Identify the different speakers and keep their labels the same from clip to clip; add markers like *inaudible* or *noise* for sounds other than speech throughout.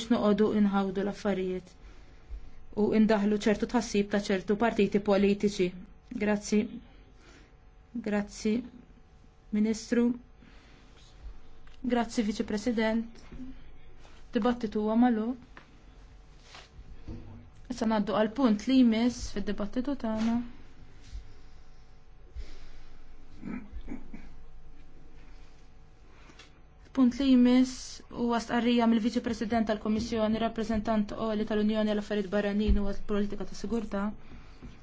Speaker 1: biex noqogħdu inħawdu l-affarijiet u indaħlu ċertu tħassib ta' ċertu partiti politiċi. Grazzi. Grazzi, Ministru. Grazzi, Viċi President. Dibattitu huwa malu. Issa ngħaddu għal punt li jmiss fid-dibattitu tagħna. Punt li jmiss u għastqarrija mill viċi President tal-Komissjoni, rappresentant oli tal-Unjoni għal-Affarijiet Barranin u għal-Politika ta' Sigurta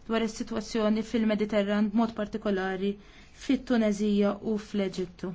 Speaker 1: dwar is-sitwazzjoni fil-Mediterran b'mod partikolari fit-Tunezija u fl-Eġittu.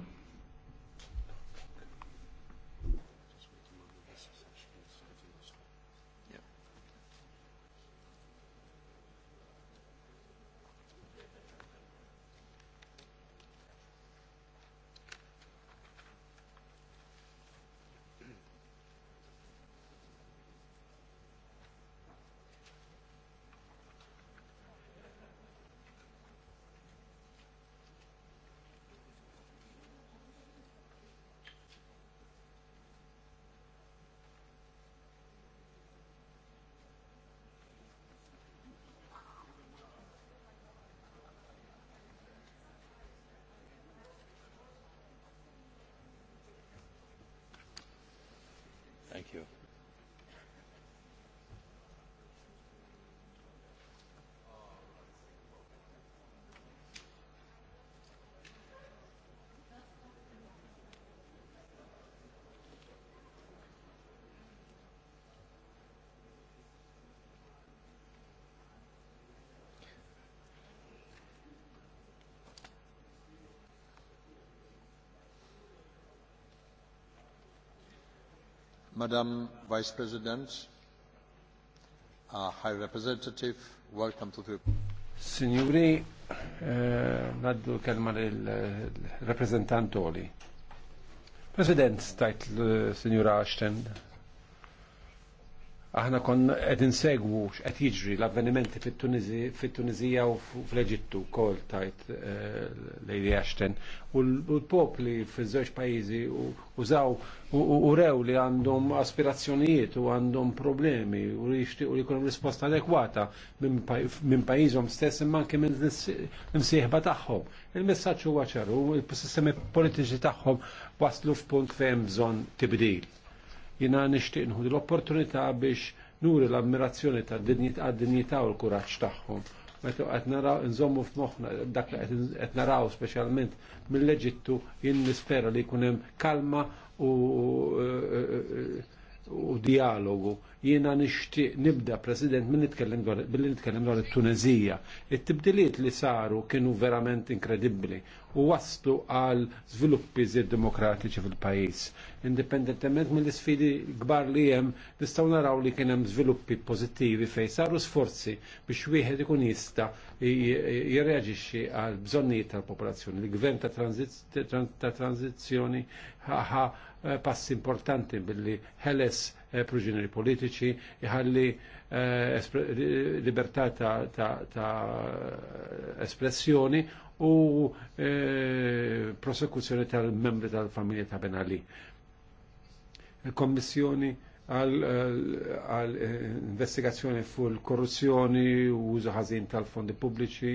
Speaker 2: Madam Vice President, uh, High Representative, welcome to the...
Speaker 3: Signori, eh, naddu kelma il oli. President, tajt l-Signora eh, Ashton, Aħna kon qed insegwu x'qed jiġri l-avvenimenti fit-Tunizija u fl-Eġittu kol tajt eh, Lady Ashton u l-popli fiż-żewġ pajjiżi użaw u rew li għandhom aspirazzjonijiet u għandhom problemi u jixtiequ li jkunu risposta adekwata minn pajjiżhom stess imma anke minn l-imsieħba tagħhom. Il-messaġġ huwa ċaru, il-sistemi politiċi tagħhom waslu f'punt fejn bżonn tibdil Jina nishtiq nħu l-opportunità biex nuri l-ammirazzjoni ta' dinjità u l kuraċ tagħhom. Meta għet naraw nżommu f'moħħna dak li qed naraw specialment mill leġittu jinn nispera li kunem kalma u u dialogu. Jiena nixtieq nibda, President, minn nitkellem billi nitkellem dwar it-Tunezija. It-tibdiliet li saru kienu verament inkredibbli u waslu għal żviluppi żied demokratiċi fil-pajjiż. Indipendentement mill-isfidi kbar li hemm, nistgħu naraw li kien hemm żviluppi pożittivi fejn saru sforzi biex wieħed ikun jista' jirreaġixxi għal bżonnijiet tal-popolazzjoni. Il-gvern ta' tranzizzjoni Eh, pass importanti billi ħeles eh, proġeneri politiċi, jħalli eh, libertà ta' espressjoni u prosekuzzjoni tal-membri tal-familja ta' Ben Ali. kommissjoni għal eh, investigazzjoni fuq korruzzjoni u użu ħażin tal-fondi pubbliċi,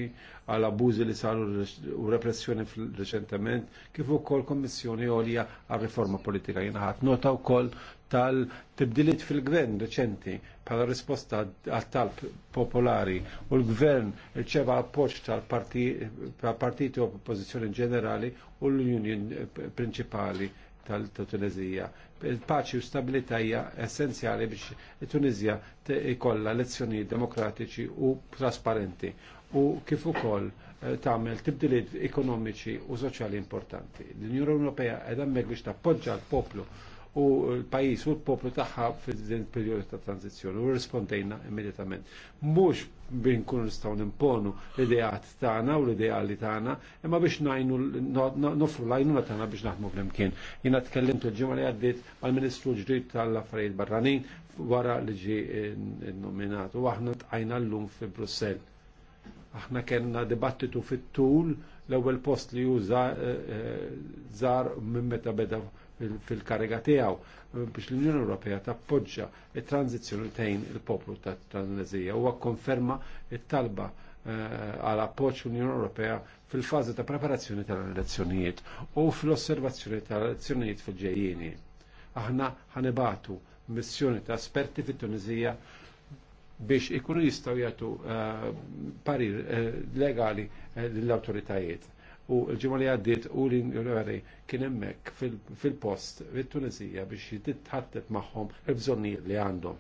Speaker 3: għal abużi li saru u repressjoni reċentement, kif ukoll kommissjoni għolja għal riforma politika. Jena ħadd nota wkoll tal-tibdiliet fil-gvern reċenti bħala risposta għal talb popolari u l-gvern irċeva appoġġ tal-partiti oppożizzjoni ġenerali u l-union prinċipali tal-Tunezija il-paċi u stabilità hija essenzjali biex it-Tunizja ikolla lezzjoni demokratiċi u trasparenti u kif ukoll eh, tagħmel tibdiliet ekonomiċi u soċjali importanti. L-Unjoni Ewropea qiegħda hemmhekk biex tappoġġa l-poplu u l-pajis u l-poplu tagħha fil-din periodu ta' tranzizjoni u rispondejna immediatament. Mhux bin kun nistgħu nimponu l-ideat tagħna u l-ideali tagħna, imma biex najnu nofru lajnu la tagħna biex naħdmu flimkien. Jiena tkellimt l ġimgħa li għaddiet għal-Ministru ġdijt tal-Affarijiet Barranin wara li ġie nominat u aħna l llum fi Brussel. aħna kellna dibattitu fit-tul l-ewwel post li ju zar eh, eh, minn meta beda fil-kariga tiegħu eh, biex l-Unjoni Ewropea tappoġġa it-tranzizzjoni tejn il-poplu ta' tanzija huwa konferma it-talba eh, għal appoġġ l-Unjoni Ewropea fil-fażi ta' preparazzjoni tal-elezzjonijiet u fl-osservazzjoni tal-elezzjonijiet fil-ġejjieni. Aħna ħanibatu missjoni ta' esperti fit-Tunizija biex ikunu jistaw jagħtu eh, parir legali lill-awtoritajiet u l-ġimgħa li għaddiet u l-Unjoni kien hemmhekk fil-post fit tunizija biex jitħattet magħhom il-bżonnijiet li għandhom.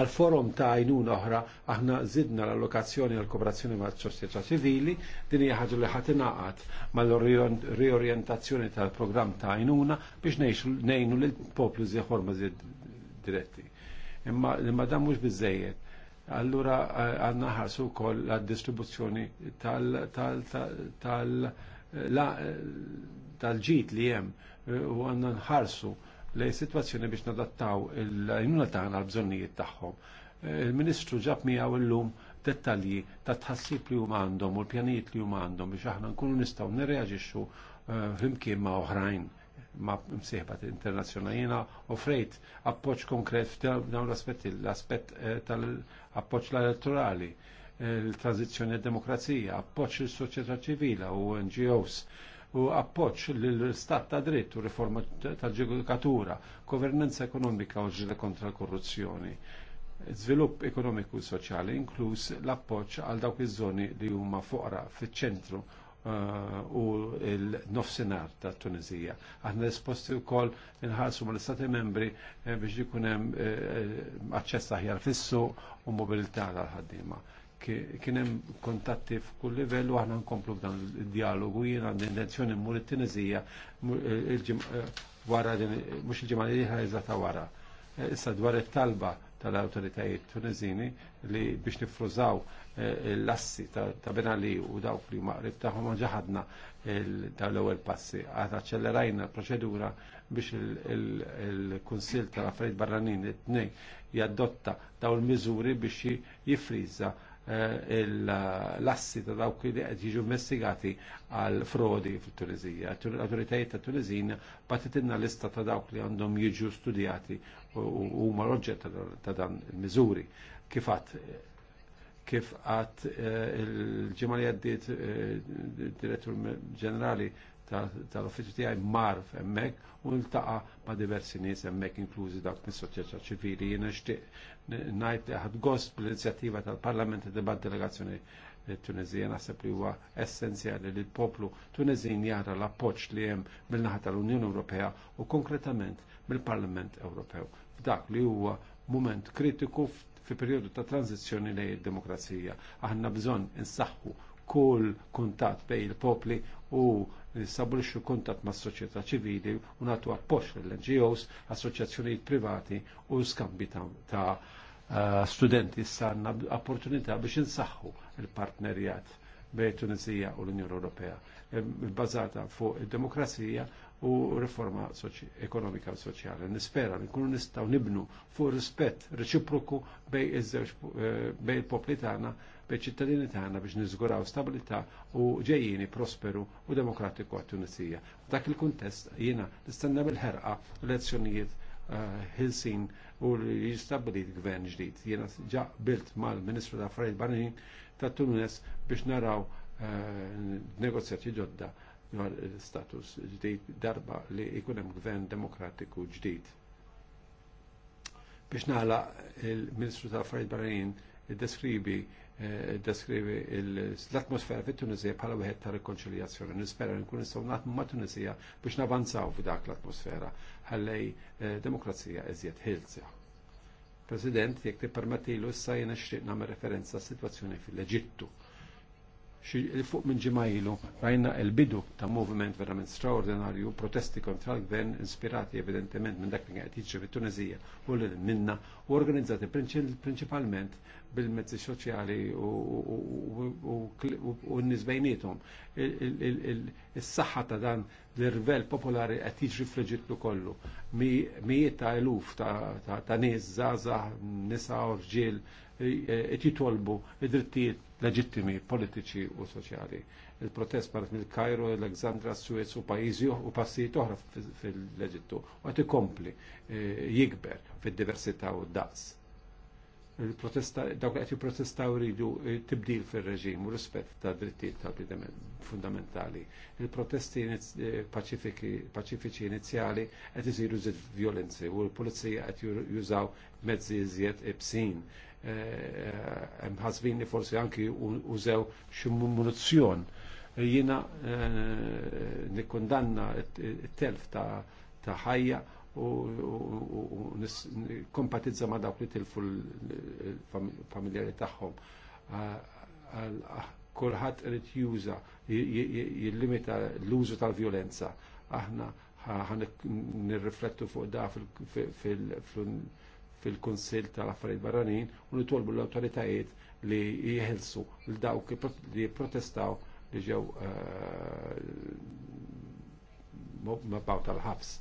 Speaker 3: Għal forum ta' għajnuna oħra aħna zidna l-allokazzjoni għal kooperazzjoni ma' soċjetà ċivili, din hija ħaġa li ħadd ingħaqad mal-riorjentazzjoni tal-programm ta' għajnuna biex ngħinu lill poplu żieħor ma' diretti. Imma dan mhux biżejjed allura eh, għanna ħarsu kol la distribuzzjoni eh, eh, tal-ġit li jem u għanna nħarsu li situazzjoni biex nadattaw il-jnuna taħna l bżonnijiet taħħom. Il-ministru ġab miegħu l-lum dettalji ta' tħassib li huma għandhom u l-pjanijiet li huma għandhom biex aħna nkunu nistgħu nirreaġixxu flimkien ma' oħrajn ma' msieħbat internazzjonalina u frejt appoċ konkret f'dawn l-aspetti, l-aspett eh, tal-appoċ l-elettorali, eh, l-tranzizjoni e demokrazija, appoċ il-soċjetà ċivila u NGOs u appoċ l-stat ta' dritt u riforma tal-ġudikatura, governanza ekonomika u ġile kontra l-korruzzjoni, żvilupp ekonomiku u soċjali, inkluż l-appoċ għal dawk iż-żoni li huma foqra fiċ-ċentru Eh, u l-nofsinar ta' Tunizija. Aħna esposti u koll nħarsu ma l istati membri eh, biex jikunem eh, aċċess ħjar fissu u mobilità għal-ħaddima. Kienem kontatti f'kull livell u aħna nkomplu b'dan il-dialogu jien għandi intenzjoni mmur it-Tunizija wara mhux il-ġimgħa li eżata wara. Issa dwar it-talba tal-awtoritajiet Tunizini li biex nifrużaw l-assi ta' Benali u dawk li ma qrib tagħhom ġaħadna dawn l-ewwel passi. Għad aċċelerajna l-proċedura biex il-Kunsill tal-Affarijiet Barranin it-tnej jaddotta daw il-miżuri biex jifriża eh, l-assi ta' dawk li qed jiġu investigati għal frodi fit tunizija L-autoritajiet ta' Tunisina batitinna lista ta' dawk li għandhom jiġu studjati u huma l-oġġett ta' dan il-miżuri. Kifat kif għat eh, il-ġimali għaddit eh, direttur ġenerali tal-offiċu tijaj marf emmek u l-taqa ma diversi nis emmek inklużi dak mis soċjetà ċivili. Jena xtiq najt għad gost bl-inizjattiva tal-Parlament e debat delegazzjoni eh, Tunezija naħseb li huwa essenzjali li l-poplu Tunezin jara l-appoġġ li hemm mill-naħa tal-Unjoni Ewropea u konkretament mill-Parlament Ewropew. F'dak li huwa moment kritiku fi periodu ta' tranzizjoni lej demokrazija. Aħna bżon insaħħu kull kuntat bej il-popli u nistabulixxu kuntat ma' soċjetà ċivili u natu appoġġ lill-NGOs, assoċjazzjonijiet privati u skambi ta', eh, studenti s-sanna opportunità biex insaħħu il-partnerjat bej Tunizija u l-Unjoni Ewropea Il-bazata eh, fuq id-demokrazija u riforma ekonomika u soċjali. Nispera li nkunu nistaw nibnu fuq rispett reċiproku bej iż-żewġ eh, bej il-popli tagħna bej ċittadini tagħna biex niżguraw stabilità u ġejjini prosperu u demokratiku għat-Tunisija. Dak il-kuntest jiena nistenna bil-ħerqa elezzjonijiet eh, ħilsin u li jistabilit gvern ġdid. Jiena ġa bilt mal-Ministru ta' Affarijiet Barranin ta' Tunis biex naraw eh, negozjati ġodda dwar status ġdid darba li jkun hemm gvern demokratiku ġdid. Biex naħlaq il-Ministru ta' Affarijiet Barranin iddeskribi eh, deskrivi l-atmosfera fit tunisija bħala wieħed ta' rikonċiljazzjoni. Nispera nkun nistgħu naħdmu ma' Tunisija biex navanzaw f'dak l-atmosfera ħallej eh, demokrazija iżjed ħilsa. President, jekk tippermettilu issa jien nixtieq nagħmel referenza s-sitwazzjoni fil-Eġittu fuq minn ġimajlu rajna il-bidu ta' moviment verament straordinarju, protesti kontra l-gvern inspirati evidentement minn dak li qed jiġri fit-Tunezija u l minna u organizzati prinċipalment bil-mezzi soċjali u n-nizbejnietom. Is-saħħa ta' dan l-irvel popolari qed jiġri fl-Eġittu kollu. Mijiet ta' eluf ta' nies, żgħażagħ, nisa orġil, rġiel e, e, qed jitolbu id-drittijiet leġittimi politiċi u soċjali. Il-protest part mill-Kajro, l-Alexandra, Suez u pajizi u passi toħra fil-Leġittu. U għati kompli, eh, jikber fil diversita u daqs. Il-protesta, Dawk għati protesta u rridu eh, tibdil fil-reġim u rispett ta' drittijiet tal fundamentali. Il-protesti eh, paċifiċi inizjali għati jisiru zid violenzi u l-polizija għati jużaw mezzi zjed ebsin. Eh, mħazbin li forsi anki użew xi munizzjon. Eh, Jina eh, nikkundanna t-telf ta' ħajja u kompatizza ma' dawk li tilfu l-familjari tagħhom. Ah, kulħadd irid juża jillimita l-użu tal-vjolenza. Aħna ħan nirriflettu fuq da fil fil konsil tal-Affarijiet Barranin u nitolbu l-awtoritajiet li jħelsu l dawk li protestaw li ġew eh, mabbaw tal-ħabs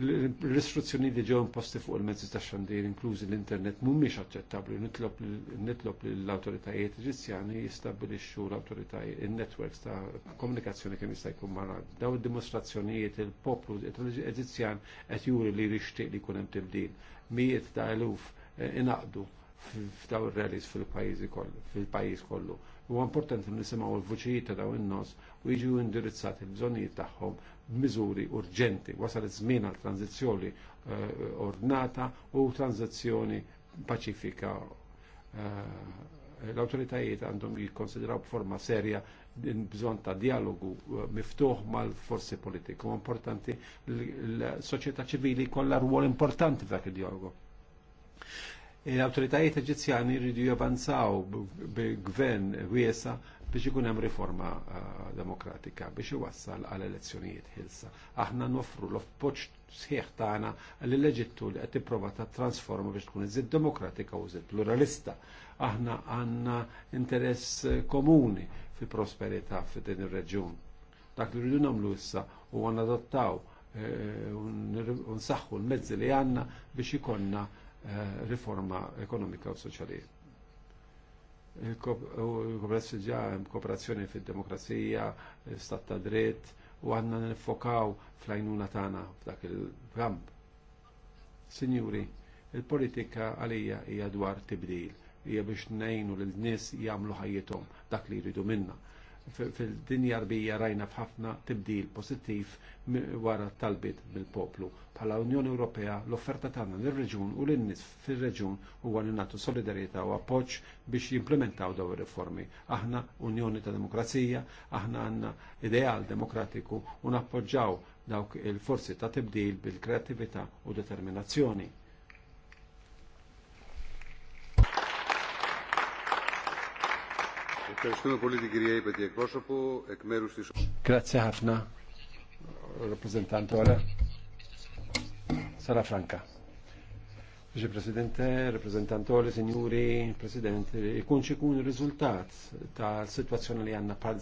Speaker 3: l-istruzzjoni li ġew imposti fuq il-mezzi ta' xandir inklużi l-internet mhumiex aċċettabbli nitlob l-awtoritajiet Eġizzjani jistabbilixxu l-awtoritajiet in-networks ta' komunikazzjoni kemm jista' jkun mara. Daw id-dimostrazzjonijiet il-poplu Eġizzjan qed juri li rixtieq li jkun hemm tibdil. Mijiet ta' eluf eh, inaqdu f'daw ir rallies fil-pajjiżi kollu, fil-pajjiż kollu. Huwa importanti nisimgħu l-vuċijiet ta' daw in-nos u jiġu indirizzati l-bżonnijiet tagħhom b'miżuri urġenti. Wasal iż-żmien għal tranzizzjoni uh, ordnata u tranzizzjoni paċifika. Uh, L-autoritajiet għandhom jikkonsidraw b'forma serja bżon ta' dialogu eh, miftuħ mal-forsi politiku. Importanti l-soċjetà ċivili kollha rwol importanti f'dak il-dialogu l-autoritajiet eġizzjani rridu javanzaw b'gvern wiesa biex ikun hemm riforma eh, demokratika biex iwassal għal elezzjonijiet ħilsa. Aħna nofru l-poċ sħiħ tagħna li leġittu li qed tipprova ta' transforma biex tkun iżid demokratika u iżid pluralista. Aħna għandna interess eh, komuni fi prosperità fi din ir-reġjun. Dak li rridu nagħmlu issa eh, u nadottaw un saħħu l-mezzi li għandna biex ikonna riforma ekonomika u soċjali. Il kooperazzjoni fil-demokrazija, stat ta' dritt, u għanna nifokaw fl-għajnuna tagħna f'dak il-kamp. Signuri, il-politika għalija hija dwar tibdil, hija biex nejnu lil nies jagħmlu ħajjithom dak li jridu minna fil-dinja rbija rajna f'ħafna tibdil pozittiv wara talbit mill-poplu. Pala Unjoni Ewropea l-offerta tagħna lir-reġun u lin-nies fir-reġun huwa li nagħtu solidarjetà u appoġġ biex jimplementaw daw ir-riformi. Aħna Unjoni ta' Demokrazija, aħna għandna ideal demokratiku u nappoġġaw dawk il-forzi ta' tibdil bil kreattività u determinazzjoni. Grazie Hafna, rappresentante ora. Sara Franca. Vice Presidente, rappresentantore, signori, Presidente, e ikun xikun il-rizultat ta' situazzjoni li għanna uh,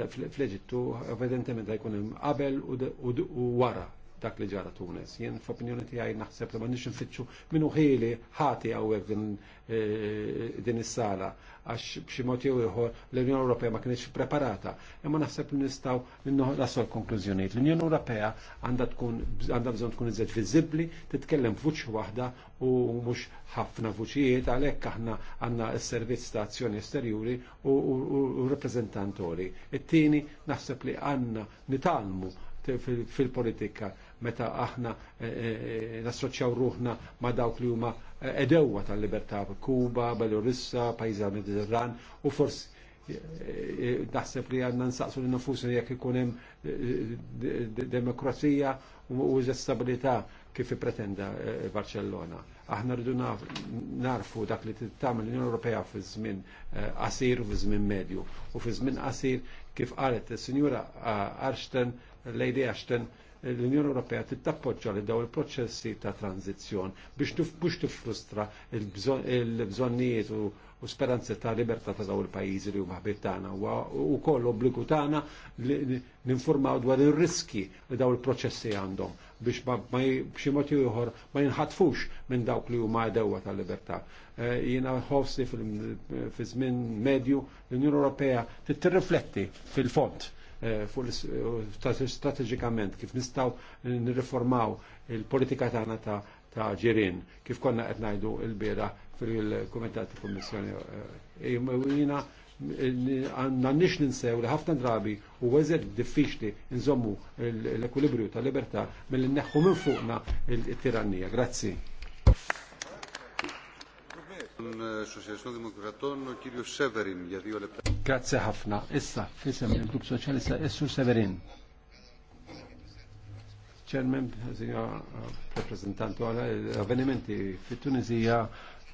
Speaker 3: eh, fl-Eġittu, evidentement jkun hemm qabel u wara dak li ġara Tunis. Jien f'opinjoni tiegħi naħseb li ma nix nfittxu minnu ħili ħati għawek e, din is-sala għax b'xi mod jew ieħor l-Unjoni Ewropea ma kienx preparata. Imma naħseb li nistgħu minnu l-konklużjonijiet. L-Unjoni Ewropea għandha tkun għandha bżonn tkun iżgħet viżibbli, titkellem f'vuċ waħda u mhux ħafna vuċijiet għalhekk aħna għandna s-servizz ta' azzjoni esterjuri u rappreżentantori. It-tieni naħseb li għandna nitalmu fil-politika meta aħna eh, eh, eh, nassoċjaw ruħna ma' dawk li huma edewa tal-libertà Kuba, Belorissa, pajjiżi mediterran u forsi daħseb li għanna nsaqsu li nafusin jekk ikun hemm demokrazija u stabilità kif pretenda Barcellona. Aħna rridu narfu dak li tagħmel l-Unjoni Ewropea fi żmien qasir u fi żmien medju. U fi żmien qasir kif qalet is-Sinjura Ashton, Lady Ashton, l-Unjoni Ewropea tittappoġġa li daw il-proċessi ta' tranzizzjon biex mhux tiffrustra il-bżonnijiet u speranzi ta' libertà ta' daw il-pajjiżi li huma ħbib tagħna u koll obbligu tagħna li ninformaw dwar ir-riski li daw il-proċessi għandhom biex ma b'xi mod ieħor ma jinħatfux minn dawk li huma dewwa tal-libertà. Eh, jiena ħossi fi żmien medju l-Unjoni Ewropea titirrifletti fil-fond Eh, fuq eh, strateġikament kif nistgħu nirriformaw il-politika tagħna ta' ta' ġirin, kif konna qed ngħidu l bieda fil-Kumitat tal-Kummissjoni. Eh, jina għanna ninsew li ħafna drabi u għazet diffiċli nżommu l-ekwilibrju tal-libertà mill-neħħu minn fuqna il-tirannija. Grazzi. Grazie ħafna. Issa, fissem il-Grupp Soċjalista, Essu Severin. Chairman, eh, rappresentantu għala avvenimenti fi tunizija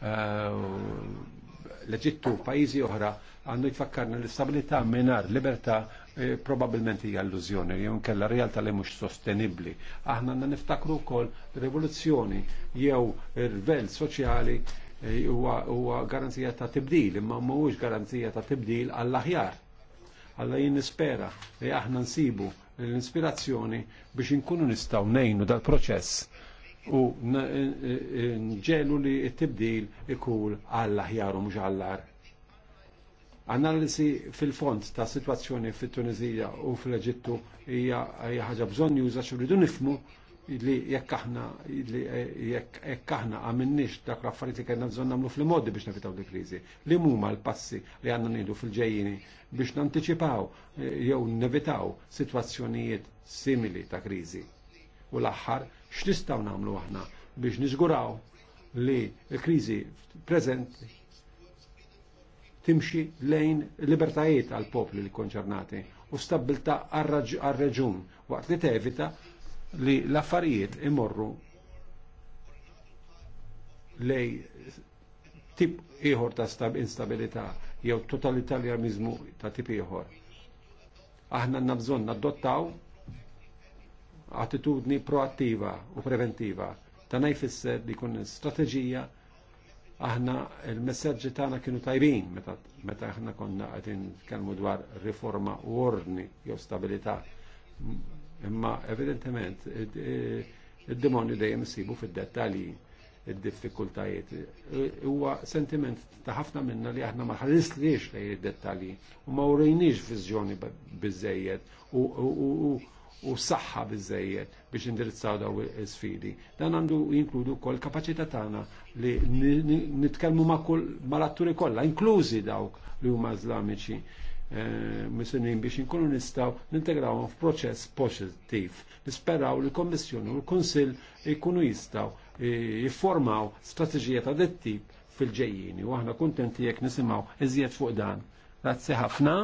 Speaker 3: eh, l-Eġittu, paesi oħra, għandu jfakkarna l-istabilità minar, libertà e probabilment hija illużjoni, jew kella realtà li mhux sostenibbli. Aħna għandna niftakru wkoll rivoluzzjoni jew rvel soċjali E, huwa garanzija ta' tibdil, imma mhuwiex garanzija ta' tibdil għall-aħjar. Alla jien nispera li aħna nsibu l-inspirazzjoni biex inkunu nistgħu nejnu dal-proċess u nġelu li t-tibdil ikul għall-aħjar u mhux għall-ar. Analisi fil-fond ta' situazzjoni fit-Tunizija u fl-Eġittu hija ħaġa bżonn juża xi rridu nifmu li jekk aħna eh, jekk aħna għamilniex dak l-affarijiet li kellna bżonn nagħmlu fil-modi biex nevitaw dik kriżi Li huma l-passi li għandna ngħidu fil-ġejjini biex nanticipaw eh, jew nevitaw sitwazzjonijiet simili ta' kriżi. U l-aħħar x'nistgħu nagħmlu aħna biex niżguraw li l-kriżi preżenti timxi lejn libertajiet għal popli li konċernati u stabilta għal-reġun waqt li tevita li l-affarijiet imorru lej tip iħor ta' stab instabilità jew totalitarjanizmu ta' tip iħor. Aħna nabżon bżonn nadottaw attitudni proattiva u preventiva. Ta' najfisser li kun strateġija aħna il-messagġi tagħna kienu tajbin meta meta aħna konna qegħdin kellmu dwar riforma u ordni jew stabilità Imma evidentement id-demonju dejjem isibu fid-dettalji id-diffikultajiet. Huwa sentiment ta' ħafna minna li aħna ma ħarisliex lejn id-dettalji u ma urejniex viżjoni biżejjed u saħħa biżejjed biex indirizzaw daw is-sfidi. Dan għandu jinkludu kol kapaċità tagħna li nitkellmu ma' l-atturi kollha, inklużi dawk li huma żlamiċi Eh, Muslimin biex inkunu nistaw nintegrawhom f'proċess pożittiv. Nisperaw li l-Kommissjoni u l-Kunsill ikunu jistaw eh, jiffformaw strateġija ta' dettib fil-ġejjini u aħna kuntenti jekk nisimgħu iżjed fuq dan. Grazzi ħafna.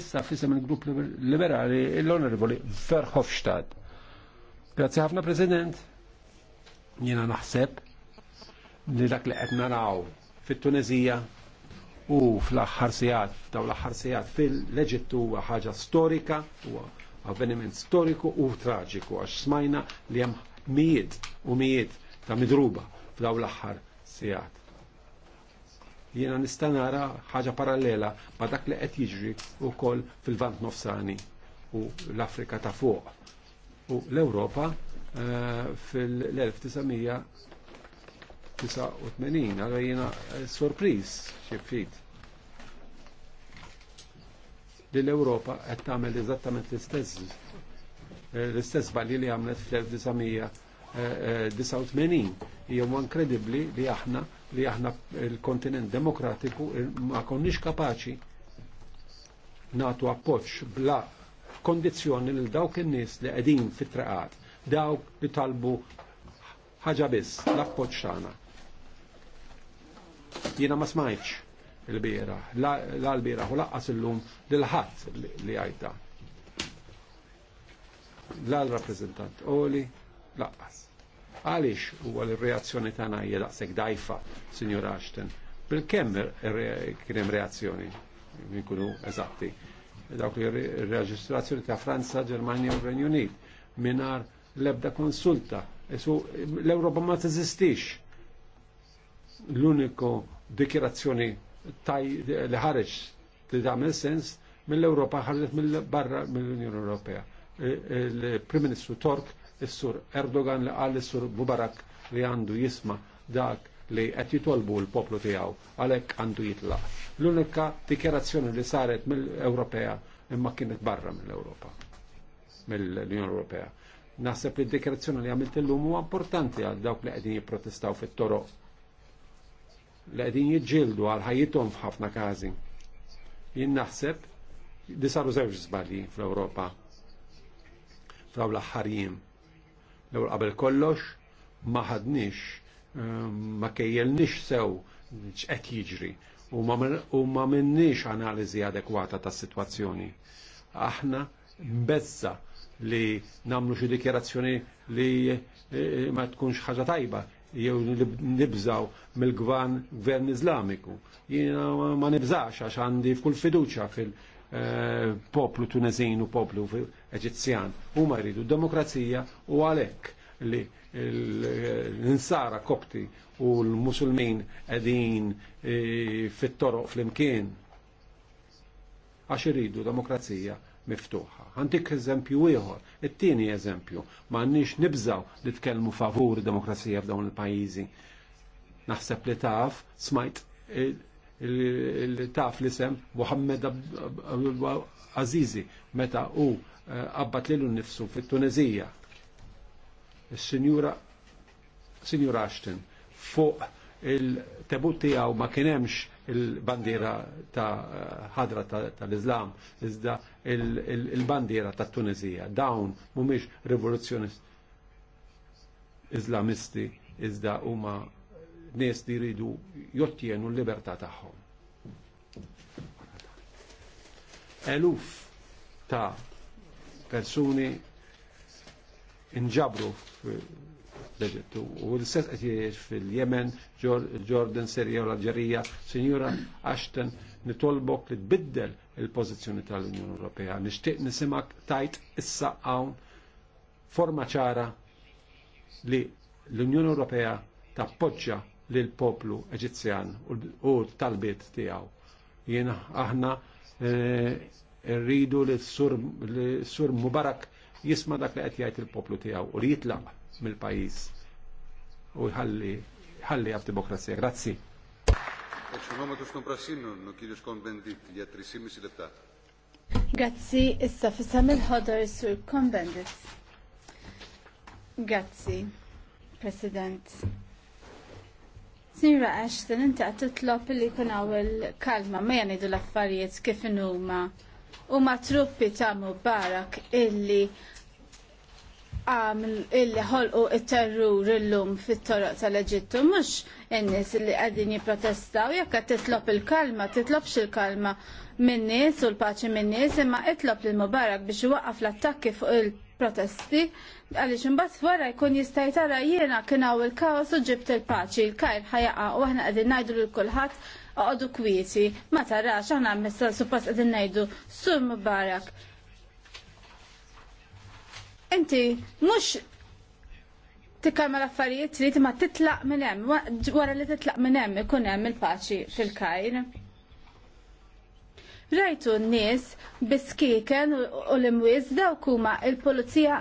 Speaker 3: Issa fisem il-Grupp Liberali l-Onorevoli Verhofstadt. Grazzi ħafna President. Jiena naħseb li dak li qed naraw fit-Tunezija u fl-aħħar sijat, daw l-aħħar sijat fil-Eġittu huwa ħaġa storika, huwa avveniment storiku u traġiku għax smajna li hemm mijiet u mijiet ta' midruba f'daw l-aħħar sijat. Jiena nista' nara ħaġa parallela ma' dak li qed jiġri wkoll fil-Vant Nofsani u l-Afrika ta' fuq. U l-Ewropa eh, fil-1900 89, għallu jena eh, sorpriz xifrit li l-Europa qed tagħmel eżattament l-istess eh, l-istess balli li għamlet fl-1989 għan kredibli li aħna li aħna il-kontinent demokratiku eh, ma konniex kapaċi natu appoċ bla kondizjoni l dawk in-nies li qegħdin fit-traqat, dawk li talbu ħaġa biss l-appoċ Jiena ma smajtx il-bira, la l-bira u laqqas illum lil-ħadd li għajta. La l-rappresentant Oli laqqas. Għaliex huwa l-reazzjoni tagħna hija daqshekk dajfa, Sinjor Ashton. bil kem kien hemm reazzjoni, nkunu eżatti. Dawk li reġistrazzjoni ta' Franza, Germania u Renjunit, Unit lebda l-ebda konsulta. L-Ewropa ma teżistix l-uniku taj li ħareġ li tagħmel sens mill-Ewropa ħarġet mill-barra mill-Unjoni Ewropea. Il-Prim Ministru Tork, is-Sur Erdogan li qal is-Sur Mubarak li għandu jisma dak li qed jitolbu l-poplu tiegħu għalhekk għandu jitlaq. L-unika dikjarazzjoni li saret mill-Ewropea imma kienet barra mill-Ewropa mill-Unjoni Ewropea. Naħseb li d dikjarazzjoni li għamilt illum huwa importanti għal dawk li qegħdin jipprotestaw fit-toroq li qegħdin jiġġieldu għal ħajjithom f'ħafna każi. Jien naħseb li saru żewġ żbalji fl-Ewropa fraw l-aħħar jiem. L-ewwel qabel kollox ma ehm, ma kejjelniex sew x'qed jiġri u ma minnix analiżi adekwata tas-sitwazzjoni. Aħna mbezza li namlu xi dikjerazzjoni li eh, ma tkunx ħaġa tajba jew nibżaw mill-gvern gvern Iżlamiku. Jiena ma nibżax għax għandi f'kull fiduċja fil-poplu tunezin eh, u poplu eġizzjan. Huma jridu demokrazija u għalhekk li l-insara kopti u l-musulmin qegħdin eh, fit-toroq fl-imkien. Għax rridu demokrazija miftuħa. Għandik eżempju ieħor, it-tieni eżempju, m'għandniex nibżaw li tkellmu favur demokrazija f'dawn il-pajjiżi. Naħseb li taf smajt li taf li sem Muhammed Azizi meta u qabbat eh, lilu nnifsu fit-Tunezija. Is-Sinjura Sinjura Ashton fuq il-tebut tiegħu ma kienemx il-bandiera ta' eh, ħadra tal-Islam, iżda il-bandiera ta' Tunizija. Dawn mhumiex rivoluzzjonist Islamisti, iżda huma nies li jridu jottienu l-libertà tagħhom. Eluf ta' persuni inġabru l U l sess għet fil jemen Jordan, Serja u l-Alġerija. Sinjura Ashton, nitolbok li tbiddel il pozizjoni tal-Unjoni Ewropea. Nixtieq nisimak tajt issa hawn forma ċara li l-Unjoni Ewropea tappoġġa l poplu Eġizzjan u tal-bit tiegħu. Jiena aħna e, rridu li sur Mubarak jisma dak li qed jgħid il-poplu tijaw u li jitlaq mill-pajis u jħalli ħalli għab demokrazija. Grazzi.
Speaker 2: Grazzi, issa
Speaker 4: fissam il-ħodar sur konvendit. Grazzi, President. Sinra Ashton, inti għat li kun għawel kalma, ma janidu l-affarijiet kif numa. U ma truppi tamu barak illi għamil illi ħolqu il-terrur illum fit-toroq tal-Eġittu mux n-nis li għadin jiprotestaw jekk qed titlob il-kalma, titlobx il-kalma minn-nies u l-paċi minn-nies imma itlob lil Mubarak biex iwaqqaf l-attakki fuq il-protesti għaliex imbagħad wara jkun jista' jtara jiena kien hawn il-kaos u ġibt il-paċi, il-kajr ħajaqa u aħna qegħdin ngħidu lil kulħadd oqogħdu kwieti, ma tarax aħna messa suppost qegħdin ngħidu sur Mubarak inti mhux tikkamel l-affarijiet trid ma titlaq minn hemm, wara li titlaq minn hemm ikun hemm il-paċi fil-kajr. Rajtu n-nies biskiken u l-imwiz dawk huma il-pulizija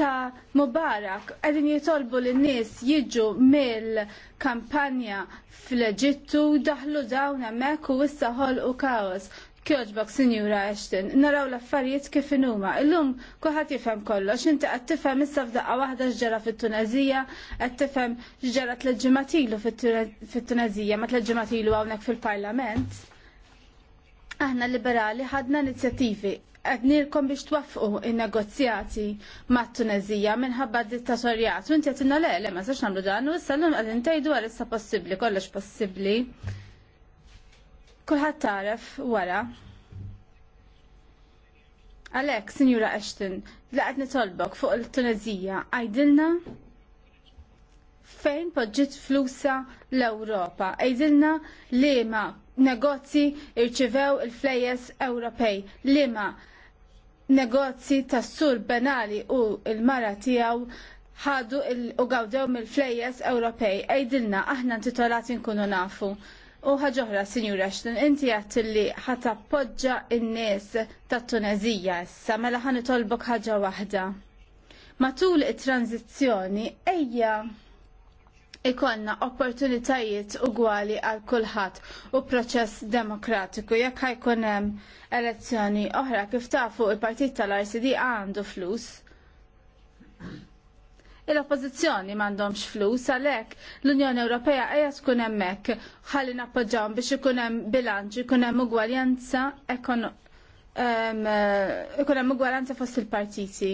Speaker 4: ta' Mubarak qegħdin jitolbu l nies jiġu mill-kampanja fl-Eġittu daħlu dawn hemmhekk u issa ħolqu kaos. Kjoġbok, Sinjura Ashton, naraw l-affarijiet kif inhuma. Illum kulħadd jifhem kollox, inti qed tifhem issa f'daqqa waħda x'ġara fit-Tunezija, qed tifhem x'ġara tleġġimat fit-Tunezija, ma tleġġimat ilu hawnhekk fil-Parlament. Aħna liberali ħadna inizjattivi qed għadnilkom biex twaffqu il-negozjati mat Tunezija minħabba d dittatorjat. u Inti għatinna le, le, ma' sax namlu dan, u issa sallum għadin tajdu għal issa possibbli kollox possibbli. Kulħadd taref wara. Għalhekk, Sinjura Ashton, laqgħet nitolbok fuq il-Tunezija, għajdilna fejn poġġiet flusa l-Ewropa. Għajdilna liema negozji irċivew il-flejes Ewropej, liema negozji tas-sur Benali u l-mara tiegħu ħadu u gawdew mill flejes Ewropej. Għajdilna aħna ntitolati nkunu nafu. U ħagħuħra, Sinjura Ashton, inti għat li appoġġa n-nies ta' Tunezija issa, mela ħan itolbok ħagħa wahda. Matul it-tranzizjoni, ejja ikonna opportunitajiet ugwali għal kulħadd u proċess demokratiku jekk ħajkun hemm elezzjoni oħra kif tafu il-partit tal-RCD għandu flus il-oppozizjoni m'għandhomx flus għalhekk l-Unjoni Ewropea eja tkun hemmhekk ħalli nappoġġawhom biex ikun hemm bilanċ, ikun hemm ugwaljanza eh, ikun hemm ugwaljanza fost il-partiti.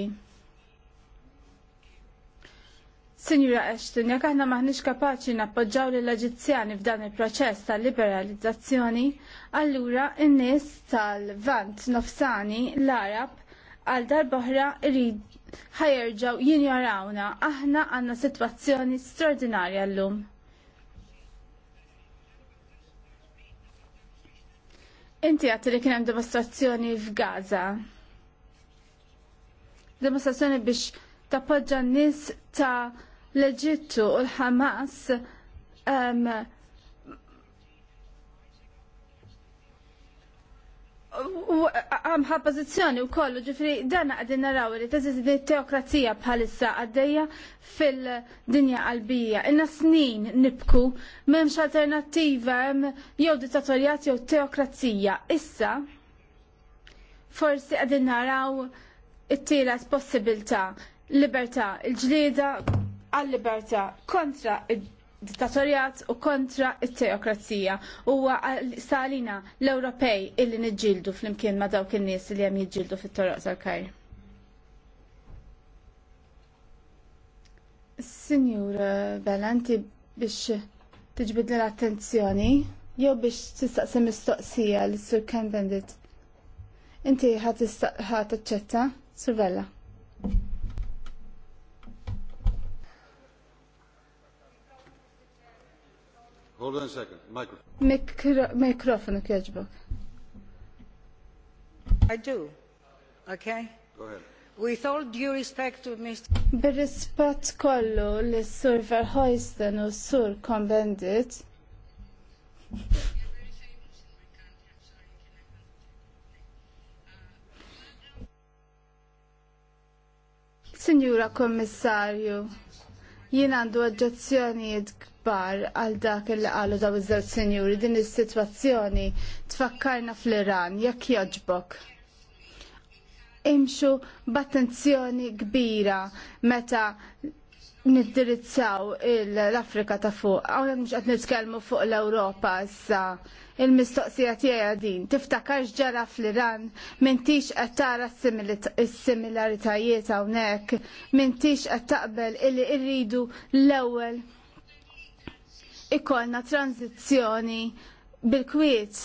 Speaker 4: Signora Ashton, jekk aħna maħniex kapaċi nappoġġaw lil eġizzjani f'dan il-proċess tal-liberalizzazzjoni, allura n-nies tal-Vant Nofsani l-Arab għal oħra irrid ħajerġaw jinjorawna. Aħna għanna situazzjoni straordinarja l-lum. Inti għat li kienem demonstrazzjoni f'Gaza. Demonstrazzjoni biex tappoġġa n-nis ta' l-Eġittu u l hamas u għam pożizzjoni u kollu ġifri dan għadin naraw li teżiz din teokrazija bħalissa għaddejja fil-dinja qalbija. Inna snin nibku memx alternativa jew dittatorjat jew teokrazija. Issa forsi għadin naraw it s-possibilta libertà, il-ġlieda għal-libertà kontra il dittatorjat u kontra il teokrazija Huwa salina l-Ewropej illi niġġieldu flimkien ma' dawk in-nies li hemm jiġġieldu fit-toroq tal-kajr. Sinjur Belanti biex tiġbid l-attenzjoni jew biex tistaqsi mistoqsija l sur Ken Bendit. Inti ħat ħat Sur Bella. Hold on a second. Microphone. Microphone, Kirchberg. I do. Okay? Go ahead. With all due respect to Mr. bir kollu li s-sur Verhoisten u sur Konbendit. Signora Commissario, jien għandu oġġezzjonijiet kbar għal dak il qalu daw iż-żewġ senjuri din is-sitwazzjoni tfakkarna fl-Iran jekk joġbok. Imxu b'attenzjoni kbira meta niddirizzaw l-Afrika ta' fuq. Għawna mhux qed nitkellmu fuq l ewropa issa. Il-mistoqsija tiegħi din tiftakar ġara fl-Iran m'intix qed tara s-similaritajiet hawnhekk, m'intix qed taqbel illi rridu l-ewwel Ikolna tranzizzjoni bil-kwiet.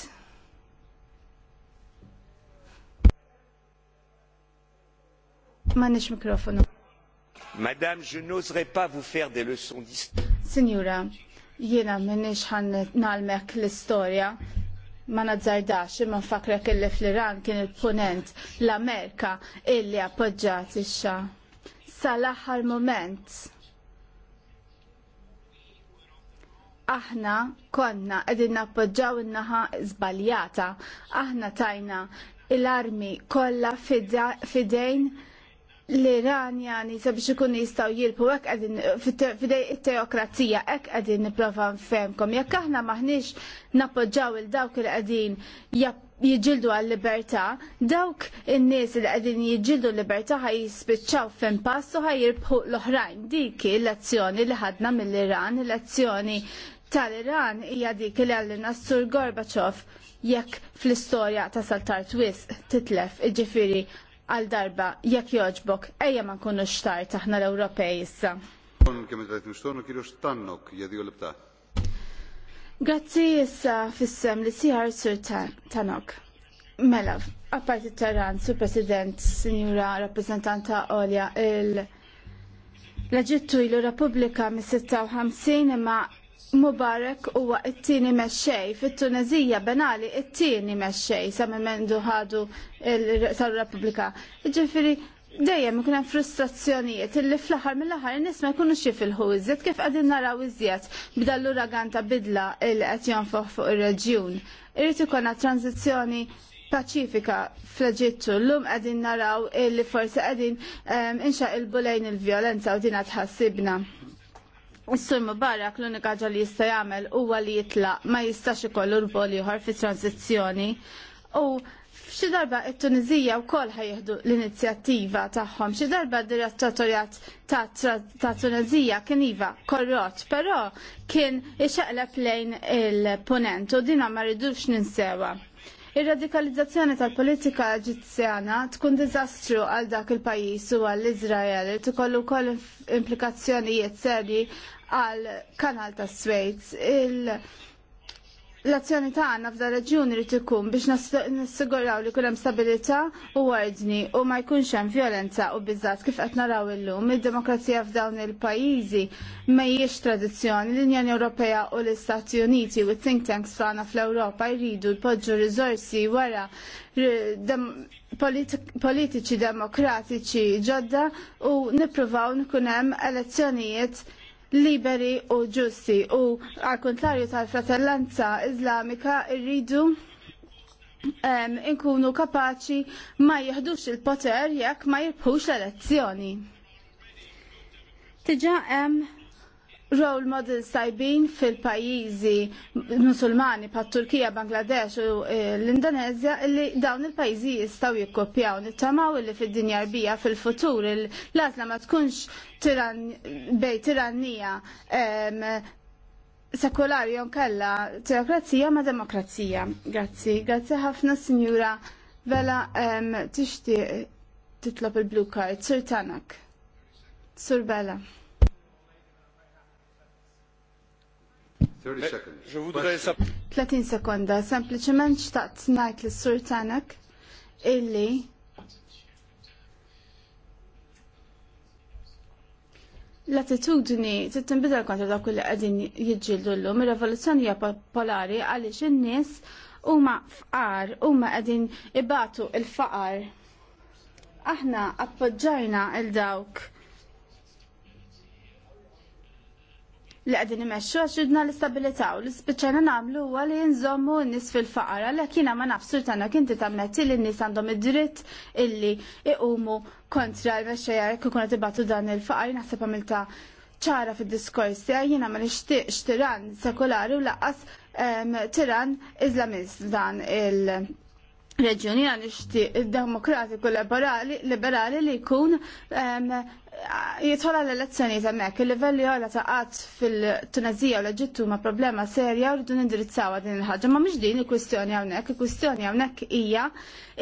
Speaker 4: M'għandniex mikrofonu.
Speaker 5: Madame, je n'oserais pas vous faire des leçons d'histoire.
Speaker 4: Signora, jiena m'għandniex ħan nalmek l-istorja ma nazzardax imma fakra kelli fl-Iran kien il-ponent l-Amerika illi appoġġat isha. Sal-aħħar moment aħna konna edin nappoġġaw in-naħa żbaljata. Aħna tajna l-armi kollha fidejn l-Iranjani sabiex ikun jistgħu jilpu hekk qegħdin fidej it-teokrazija hekk qegħdin nipprova nfemkom Jekk aħna maħniex nappoġġaw il dawk il qegħdin jiġildu għal-libertà, dawk in-nies li qegħdin jiġildu l-libertà ħaj jispiċċaw fejn pass u ħaj jirbħu l-oħrajn. Dik l-azzjoni li ħadna mill-Iran, l-azzjoni tal-Iran hija dik li għallin Assur Gorbachev jekk fl-istorja ta' saltar twis titlef iġifiri għal darba jekk joġbok ejja ma nkunu xtar taħna l-Ewropej issa. Grazzi issa fissem li siħar sur tanok. Mela, apparti Taran, sur President, Signora Rappresentanta Olja, l-Eġittu ilu Repubblika mis-56 imma Mubarak huwa it-tieni mexxej fit-Tunezija Benali it-tieni mexxej sa memendu ħadu tal-Repubblika. Ġifieri dejjem ikun hemm frustrazzjonijiet illi fl-aħħar mill-aħħar nies ma jkunux jifilħu iżjed kif qegħdin naraw iżjed b'dan l-uragan ta' bidla li qed jonfoħ fuq ir-reġjun. Irid ikolna tranzizzjoni paċifika fl-Eġittu l-lum qegħdin naraw illi forsi qegħdin ehm, inxaq il-bulejn il-vjolenza u dinha tħassibna. Is-sur Mubarak l-unika ġa li jista' jagħmel huwa li jitlaq ma jistax ikollu urbol ieħor fit-tranzizzjoni u xi darba t tunizija wkoll ħajjeħdu l-inizjattiva tagħhom. Xi darba d-direttorjat ta' Tunizija kien iva korrot, però kien ixaqleb lejn il-ponent u dinha ma rridux ninsewa. Ir-radikalizzazzjoni tal-politika Eġizzjana tkun diżastru għal dak il-pajjiż u għall iżrael li tkollu wkoll implikazzjonijiet serji għal kanal ta' Swejt L-azzjoni ta' għanna f'da reġjuni li ikun biex nassiguraw li kullem stabilita u ordni u ma jkunx hemm violenza u biżat kif qed naraw illum. Id-demokrazija f'dawn il-pajjiżi mejjiex tradizzjoni l-Unjoni Ewropea u l-Istati Uniti u think tanks tagħna fl-Ewropa jridu jpoġġu riżorsi wara politiċi demokratiċi ġodda u nippruvaw nkun hemm elezzjonijiet liberi u ġusti u għal kontrarju tal-fratellanza Islamika rridu inkunu kapaċi ma jihdux il-poter jekk ma jirbħux l-elezzjoni. Tiġa role models tajbin fil-pajizi musulmani pat turkija Bangladesh u eh, l-Indonezja li dawn il-pajizi jistaw jikkopjaw nittamaw li fil-dinja rbija fil-futur l-azla ma tkunx bej tirannija sekolari jon teokrazija ma demokrazija. Grazzi, grazzi ħafna sinjura vela tixti titlob il-blue card, Sur Tanak, Sur Bella.
Speaker 2: 30
Speaker 4: sekonda, sempliciment xtaqt najt l sur tanak illi l-attitudni tittinbidel kontra dak li qegħdin jiġġieldu llum, ir-rivoluzzjoni hija popolari għaliex in-nies huma fqar, huma qegħdin ibatu il-faqar. Aħna appoġġajna il dawk li għadin imesċu għax ridna l-istabilita u l-spiċċana namlu u li nżommu n-nis fil-faqara l kiena ma nafsu tagħna kinti titamlet li n-nis għandhom id-dritt illi iqumu kontra l-mexxejja jekk ikun tibatu dan il-faqar naħseb għamilta ċara fid-diskors tiegħi jiena ma nixtieqx tiran sekolari u laqqas tiran izlamist dan il- Reġjuni għan id demokratiku liberali li kun jitħola l-elezzjoni zemmek, il-livelli għola ta' għat fil-Tunazija u l-ġittu ma' problema serja u rridu indirizzaw din il-ħagġa. Ma' mux din il-kwistjoni għawnek, il-kwistjoni għawnek ija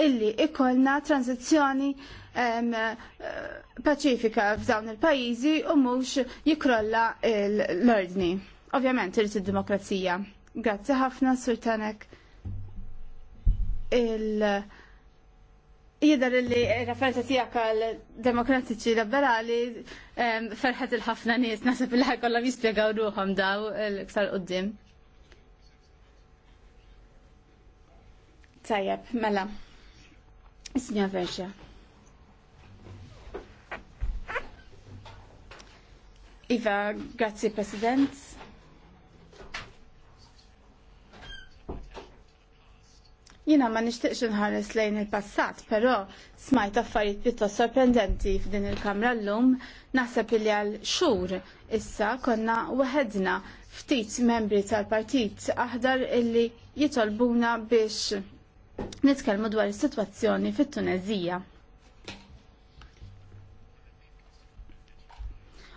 Speaker 4: illi ikolna tranzizjoni eh, paċifika f'dawn il-pajizi u mux jikrolla l-ordni. Ovvjament, irrid id-demokrazija. Grazzi ħafna, Sultanek. il- Jidher li referenza tiegħek għal demokratiċi liberali ferħet il-ħafna nies naħseb li kollha jispjegaw ruhom daw l-iktar quddiem. Tajjeb, mela. Signor Verxa. Iva, grazie President. Jina ma nishtiqx nħares lejn il-passat, pero smajt affarijiet pjuttost sorprendenti f'din il-kamra l-lum, naħseb li għal xur issa konna weħedna ftit membri tal-partit aħdar illi jitolbuna biex nitkellmu dwar is-sitwazzjoni fit-Tunezija.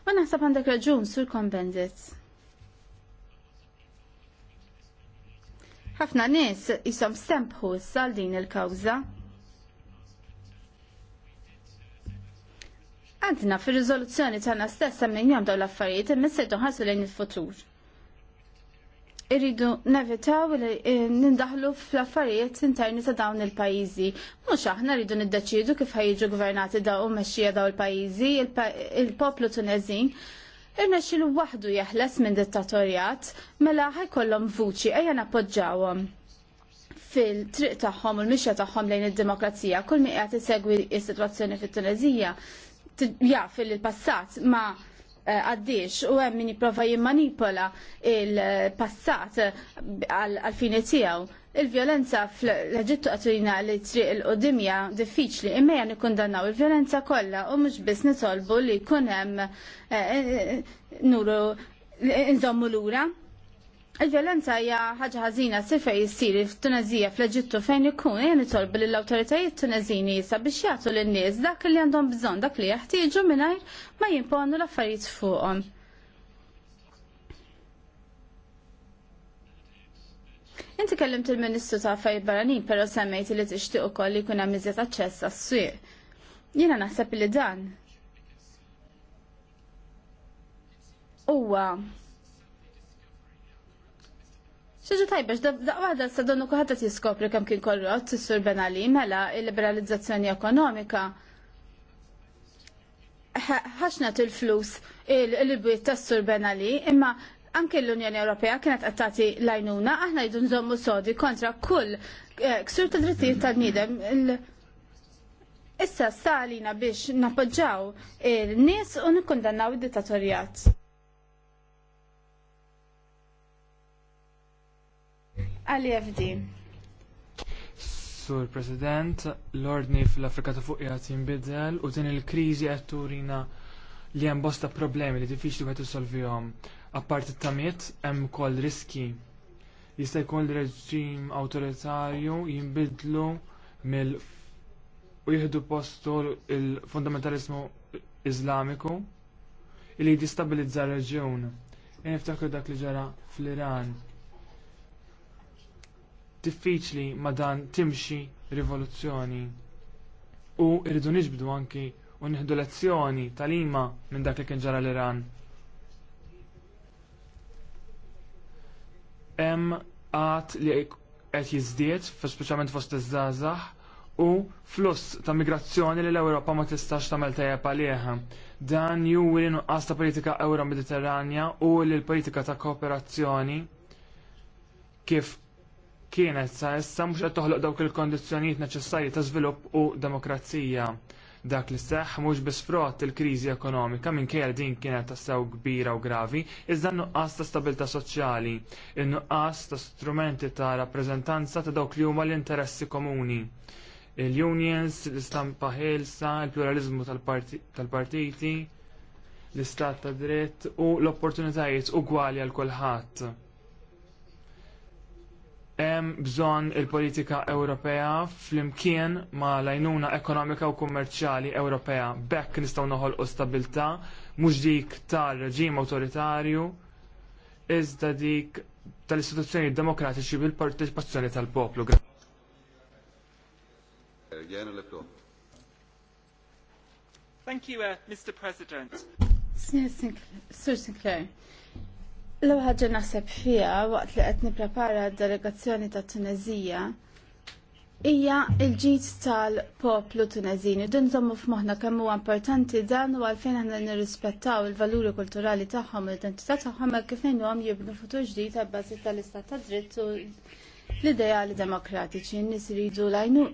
Speaker 4: U naħseb għandek raġun sur konvendit. ħafna nies isom stempħu sal din il-kawża. Għadna fil-rizoluzzjoni tagħna stessa minn jom dawn l-affarijiet imma sejdu ħassu lejn il-futur. Irridu nevitaw li eh, nindaħlu fl-affarijiet interni ta' dawn il-pajjiżi. Mhux aħna rridu niddeċiedu kif ħajġu gvernati daw u meċċija daw il-pajjiżi, il-poplu Tunezin irna xilu wahdu jahles minn dittatorjat, mela ħajkollhom vuċi ejja napoġġawhom fil-triq tagħhom u l-mixja tagħhom lejn id-demokrazija, kull mi qed isegwi s-sitwazzjoni fit-Tunezija jaf fil-passat ma' Eh, għaddix u hemm min jipprova jimmanipola il-passat għal fini tiegħu. Il-vjolenza fl-Eġittu għatulina li triq il-qodimja diffiċli imma nikkundannaw il-vjolenza kollha u mhux biss nitolbu li jkun hemm eh, eh, nuru nżommu lura. Il-violenza hija ħaġa ħażina sir fejn jsir f'Tunezija fl-Eġittu fejn ikun jien itolbu lill-awtoritajiet Tuneżini sabiex jagħtu lin-nies dak li għandhom bżonn dak li jeħtieġu mingħajr ma jimponu l-affarijiet fuqhom. Inti kellimt il-Ministru ta' Affarijiet Barranin però semmejt li tixtieq ukoll li jkun hemm iżjed aċċess għas-swieq. Jiena naħseb li dan huwa Xaġa tajba, s-sadonu donnu kuħadd jiskopri kemm kien korrott is-Sur Benali, mela il-liberalizzazzjoni ekonomika ħaxna il-flus il-bwiet tas-Sur Benali, imma anke l-Unjoni Ewropea kienet għattati lajnuna, aħna jdu zommu sodi kontra kull eh, ksur ta' drittijiet tal-nidem. Issa sta' biex napoġġaw il-nies u nikkondannaw id-dittatorjat. għal-EFD.
Speaker 6: Sur President, l-ordni fl-Afrika ta' fuq jgħat jimbidel u din il-krizi qed turina li hemm bosta problemi li diffiċli wieħed isolvihom. Apparti t-tamiet hemm ukoll riski. Jista' jkun reġim awtoritarju jinbidlu mill u jieħdu postu il islamiku Iżlamiku li jistabilizza r-reġjun. Niftakru dak li ġara fl-Iran diffiċli ma dan timxi rivoluzzjoni. U rridu niġbdu anki u nieħdu lezzjoni tal-ima minn dak li kien ġara l-Iran. Hemm għat li qed jiżdied, speċjalment fost iż-żgħażagħ, u fluss ta' migrazzjoni li l-Ewropa ma tistax tagħmel tajjeb għalih. Dan li nuqqas ta' politika Euro Mediterranja u li l-politika ta' kooperazzjoni kif kienet sa issa mhux qed toħloq dawk il-kondizzjonijiet neċessarji ta' żvilupp u demokrazija. Dak li seħħ mhux bi il-kriżi ekonomika minkejja din kienet tassew kbira u gravi, iżda nuqqas ta' stabilità soċjali, in-nuqqas ta' strumenti ta' rappreżentanza ta' dawk li huma l-interessi komuni. Il-unions, l-istampa ħelsa, il-pluralizmu tal-partiti, l-istat ta' dritt u l-opportunitajiet ugwali għal kulħadd hemm bżonn il-politika Ewropea flimkien ma lajnuna ekonomika u kummerċjali Ewropea. Bekk nistgħu noħolqu stabilità mhux dik tar reġim awtoritarju iżda dik tal-istituzzjoni demokratiċi bil-partecipazzjoni tal-poplu. Thank you, uh, Mr. President.
Speaker 4: Sir Sinclair, L-ħagġa naħseb fija waqt li qed nipprepara d-delegazzjoni ta' Tunezija hija l-ġid tal-poplu Tunezini. Din żommu f'moħħna kemm huwa importanti dan u għalfejn aħna nirrispettaw il-valuri kulturali tagħhom u l-identità tagħhom għal kif ngħinuhom jibnu futur ġdid ta' bażi tal-istat ta' dritt u l-ideali demokratiċi n-nis rridu lajnu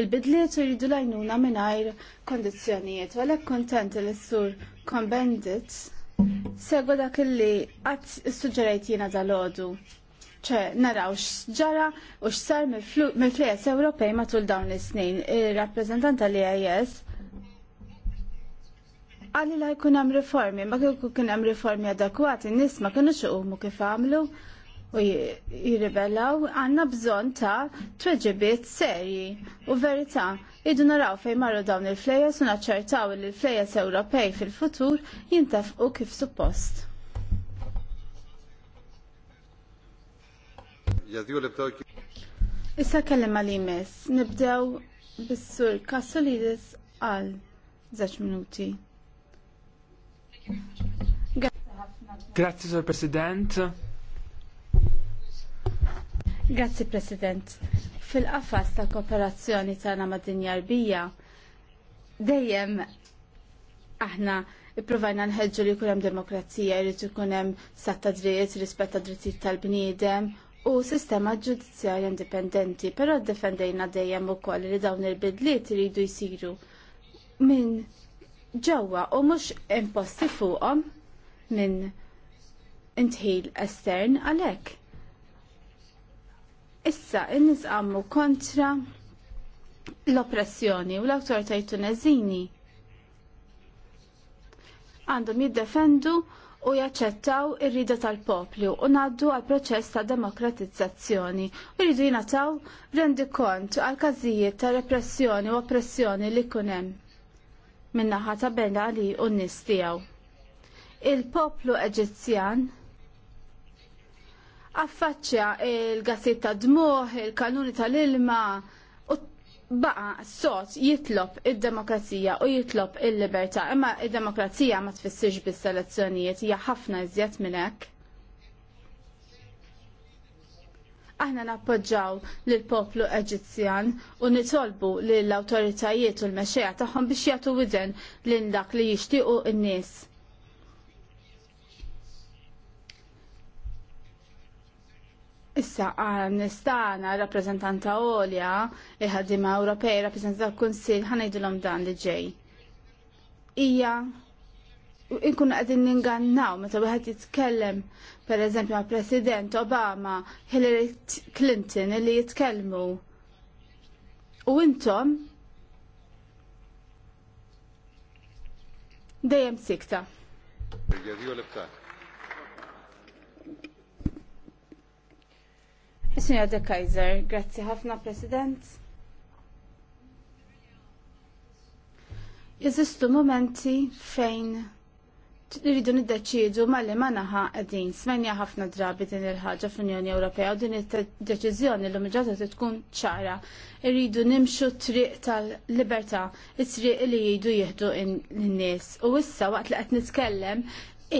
Speaker 4: il-bidliet u rridu lajnuna mingħajr kondizzjonijiet. Għalhekk kontent li sur Kombendit Segwa dak illi għat suġġerajt jena dal-ħodu. ċe naraw x'ġara u x'sar mill-flejes Ewropej matul dawn is-snin. Ir-rappreżentant tal-EIS għalli la jkun hemm riformi, ma kieku kien hemm riformi adekwati, n-nies ma kienux iqumu kif għamlu u jirribellaw għanna bżon ta' tweġibiet serji u verita. idu naraw fej marru dawn il flejas u naċċertaw li l-flejes Ewropej fil-futur jintaf u kif suppost. Issa kellima għal jmiss, nibdew bis-sur Kassolidis għal zaċ minuti.
Speaker 3: Grazie,
Speaker 6: Sir President.
Speaker 4: Grazzi President. Fil-qafas ta' kooperazzjoni tagħna madinja dinja dejjem aħna ippruvajna nħeġġu li jkun hemm demokrazija, jrid ikun hemm sat ta' dritt, rispett ta' drittijiet tal-bniedem u sistema ġudizzjarja indipendenti, però d-defendejna dejjem ukoll li dawn il-bidliet iridu jsiru minn ġewwa u mhux imposti fuqhom minn intħil estern għalhekk Issa, in-nis għammu kontra l-oppressjoni u l-autoritajt tunezini għandhom jiddefendu u jaċċettaw ir-rida tal-poplu u naddu għal proċess ta' demokratizzazzjoni u jridu jingħataw rendi kont għal każijiet ta' repressjoni u oppressjoni li jkun hemm min-naħa ta' Bella li u n-nies tiegħu. Il-poplu Eġizzjan affaċċja il-gazzetta dmuħ, il-kanuni tal-ilma, u baqa sot jitlob id-demokrazija u jitlob il-libertà, imma id-demokrazija ma tfissirx bis-selezzjonijiet hija ħafna iżjed minn hekk. Aħna nappoġġaw lill poplu Eġizzjan u nitolbu lill awtoritajiet u l-mexxejja tagħhom biex jagħtu widen lil dak li jixtiequ n-nies. Issa nistana rappresentanta Olja, il-ħaddima Ewropej, rappresentanta Kunsil, ħanajdulhom dan li ġej. Ija inkun għadin ningannaw meta wieħed jitkellem per eżempju ma' President Obama, Hillary Clinton li jitkellmu. U intom dejjem sikta. Signor De Kaiser, grazie ħafna, President. Jeżistu momenti fejn rridu niddeċidu ma li manaħa għedin. Smenja ħafna drabi din il-ħagġa fl-Unjoni Ewropea u din id-deċiżjoni l ġata tkun ċara. Irridu nimxu triq tal-libertà, it-triq li jgħidu jihdu n-nies. U issa waqt li qed nitkellem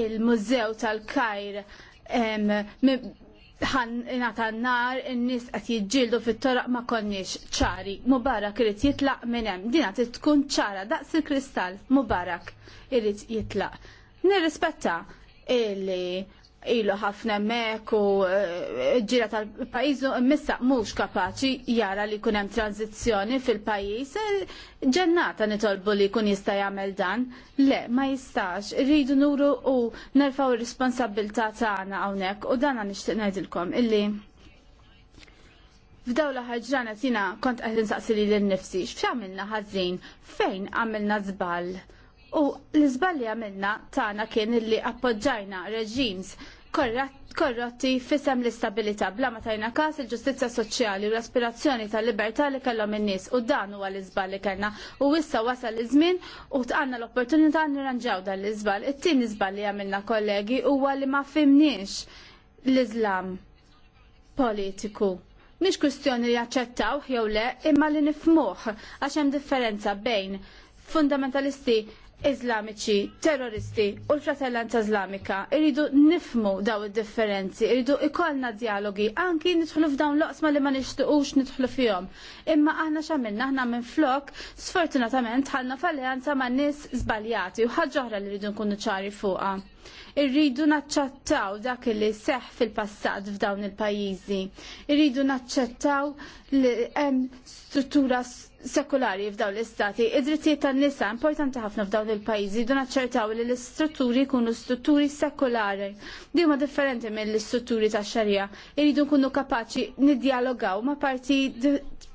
Speaker 4: il-Mużew tal-Kajr ħan nata nar n-nis qed jidġildu fit-toraq ma konniex ċari. Mubarak irid jitlaq minn hemm. Dina tkun ċara daqs il-kristall. Mubarak irid jitlaq. Nirrispetta illi ilu ħafna mek u eh, ġira tal-pajizu missa mux kapaċi jara li kunem tranzizjoni fil pajiz eh, ġennata nitolbu li kun jista jagħmel dan le ma jistax rridu nuru u nerfaw il responsabilità tagħna hawnhekk u dan nixtieq ngħidilkom illi F'daw l-aħħar ġranet jina kont qed insaqsi li l-nifsi x'għamilna ħażin fejn għamilna żball U l-izballi għamilna tana kien li appoġġajna reġims korrotti fissem l-istabilità bla ma tajna kas il-ġustizja soċjali u l-aspirazzjoni tal-libertà li kellhom in-nies u dan huwa l-iżball li kellna u issa wasal iż-żmien u tqanna l-opportunità nirranġaw dan l-iżball. It-tieni iżball li għamilna kollegi huwa li ma fimniex l-Iżlam politiku mhix kwistjoni li jaċċettaw jew le, imma li nifmuh għax hemm differenza bejn fundamentalisti Izlamiċi terroristi u l-fratellanza izlamika irridu nifmu daw id-differenzi, irridu ikollna dialogi, anki nidħlu f'dawn loqsma li ma nixtiqux nidħlu fihom. Imma aħna x'amilna aħna minn flok, sfortunatament ħalna f'alleanza ma' nis żbaljati u ħaġa oħra li rridu nkunu ċari fuqha. Irridu naċċettaw dak li seħ fil-passat f'dawn il-pajjiżi. Irridu naċċettaw li hemm struttura sekulari f'dawn l-istati. Id-drittijiet tan-nisa importanti ħafna f'dawn il-pajjiżi Irridu naċċettaw li l-istrutturi jkunu strutturi sekulari. Di huma differenti mill-istrutturi tax-xarja. Irridu nkunu kapaċi niddialogaw ma' parti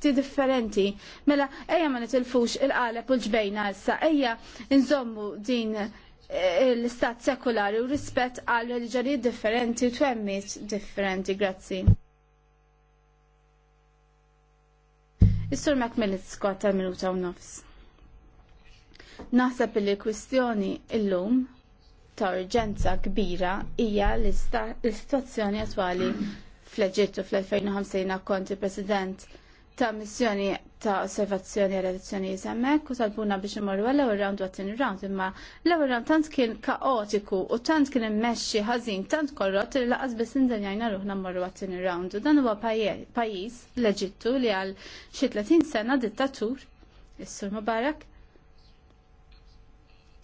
Speaker 4: differenti. Mela, ejja ma nitilfux il-qalep u l-ġbejna issa, Ejja nżommu din Eh, l-istat sekulari u rispett għal reliġjonijiet differenti u twemmit differenti, grazzi. Is-sur Macmillan Scott tal-minuta u nofs. Naħseb li kwistjoni illum ta' urġenza kbira hija l-istazzjoni attwali fl-Eġittu fl-2050 konti President ta' missjoni ta' osservazzjoni għal elezzjoni jizemmek u talbuna biex imorru għal ewwel round u għattini round imma l-ewwel round tant kien kaotiku u tant kien immexxi ħażin tant korrot li laqas biss indenjajna ruħna mmorru għattini round u dan huwa pajjiż l-Eġittu li għal xi 30 sena dittatur jessur sur Mubarak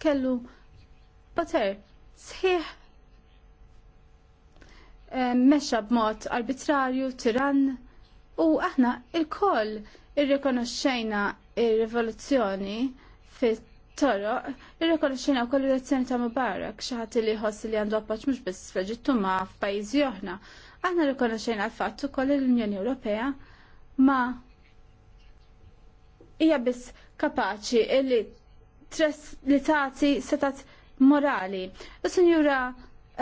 Speaker 4: kellu pater sħiħ eh, meċa b'mod arbitrarju, tiran, U aħna il-koll irrikonoxxejna ir-rivoluzzjoni fit-toroq, irrikonoxxejna wkoll ir-elezzjoni ta' Mubarak, xi ħadd li jħossi li għandu appoġġ mhux biss fl-Eġittu ma' f'pajjiżi oħra. Aħna rrikonoxxejna l-fatt ukoll l-Unjoni Ewropea ma hija biss kapaċi li tres li tagħti setat morali. Is-Sinjura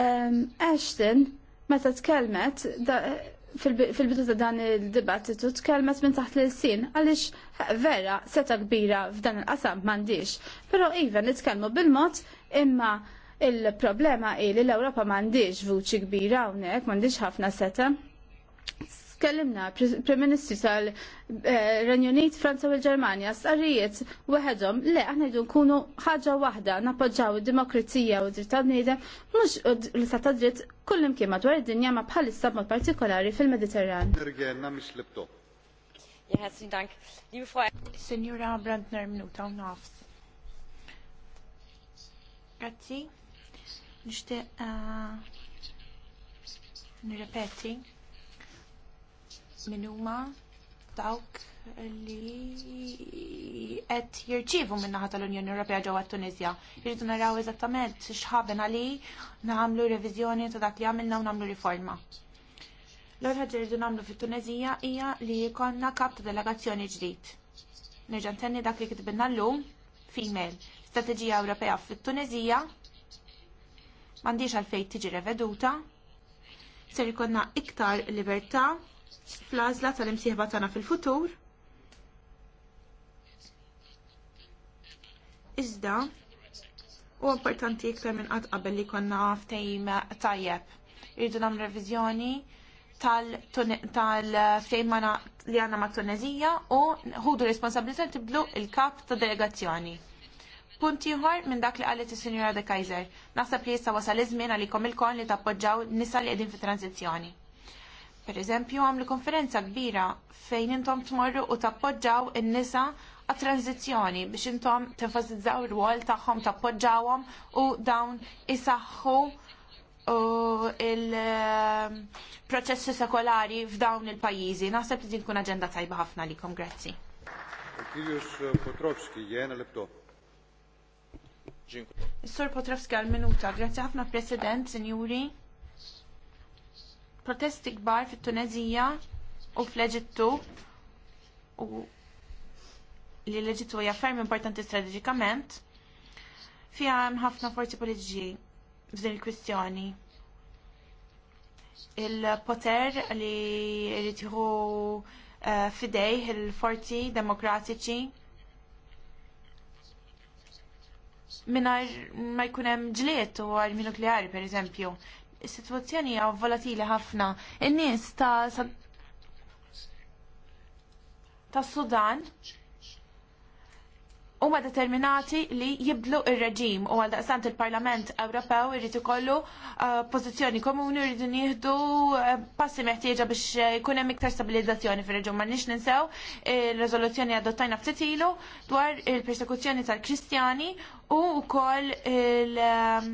Speaker 4: ehm, Ashton meta tkellmet fil-bidu ta' dan il-dibattitu tkellmet minn taħt l-sin, għalix vera seta kbira f'dan il-qasam mandiġ. Pero iva nitkellmu bil-mod imma il-problema il li l-Europa mandiġ vuċi kbira hawnhekk, mandiġ ħafna seta. Tkellimna Prim Ministri tal-Renju eh, Unit, Franza u l-Ġermanja, starijiet weħedhom le aħna jdu nkunu ħaġa waħda nappoġġaw id-demokrazija u d-dritt tal-bniedem mhux l sa ta' dritt kullim kien madwar id-dinja ma bħalissa b'mod partikolari fil-Mediterran.
Speaker 1: Signora Brandner, minuta u nofs. Grazzi. Nishtiq eh, nirrepeti min huma dawk li qed jirċievu min-naħa tal-Unjoni Ewropea ġewwa Tunisja. Jridu naraw eżattament x'ħaben għali nagħmlu reviżjoni ta' dak li għamilna u nagħmlu riforma. l għol ħagġa li nagħmlu fit-Tunisija hija li jkollna kap ta' delegazzjoni ġdid. Nerġa' ntenni dak li kitbinna llum female strategija Ewropea fit-Tunisija m'għandix għalfejn tiġi reveduta, ser ikonna iktar libertà fl-għażla tal-imsieħba tagħna fil-futur. Iżda, u importanti iktar minn qatt qabel li konna ftejm tajjeb. Irridu nagħmlu reviżjoni tal-ftejn li għandna ma' Tunezija u ħudu responsabilità tibdlu il-kap ta' delegazzjoni. Punt ieħor minn dak li qalet is-Sinjura De Kaiser. Naħseb li issa wasal iż-żmien għalikom il-kon li tappoġġaw nisa li qegħdin fit-tranzizzjoni. Pereżempju għamlu konferenza kbira fejn intom tmorru u tappoġġaw in-nisa għat tranzizjoni biex intom tenfasizzaw ir wol tagħhom tappoġġawhom u dawn isaħħu il-proċessi ehm, sekolari f'dawn il-pajjiżi. Naħseb li din tkun aġenda tajba ħafna likom, grazzi. Is-Sur Potrovski għal minuta, grazzi ħafna President, Sinjuri protesti kbar fit-Tunezija u fl-Eġittu u li l-Eġittu hija ferm importanti strateġikament fiha hemm ħafna forzi politiċi f'din il-kwistjoni. Il-poter li jrid jieħu eh, fidejh il-forzi demokratiċi minar ma hemm ġliet u armi nukleari per eżempju is-sitwazzjoni hija volatili ħafna. In-nies ta' ta' Sudan huma determinati li jibdlu ir-reġim u għal daqsant il-Parlament Ewropew irrid ikollu uh, pożizzjoni komuni rridu nieħdu uh, passi meħtieġa biex uh, jkun hemm iktar stabilizzazzjoni fir reġim Ma nix ninsew ir-riżoluzzjoni eh, adottajna ftit ilu dwar il-persekuzzjoni tal-Kristjani u wkoll il- um,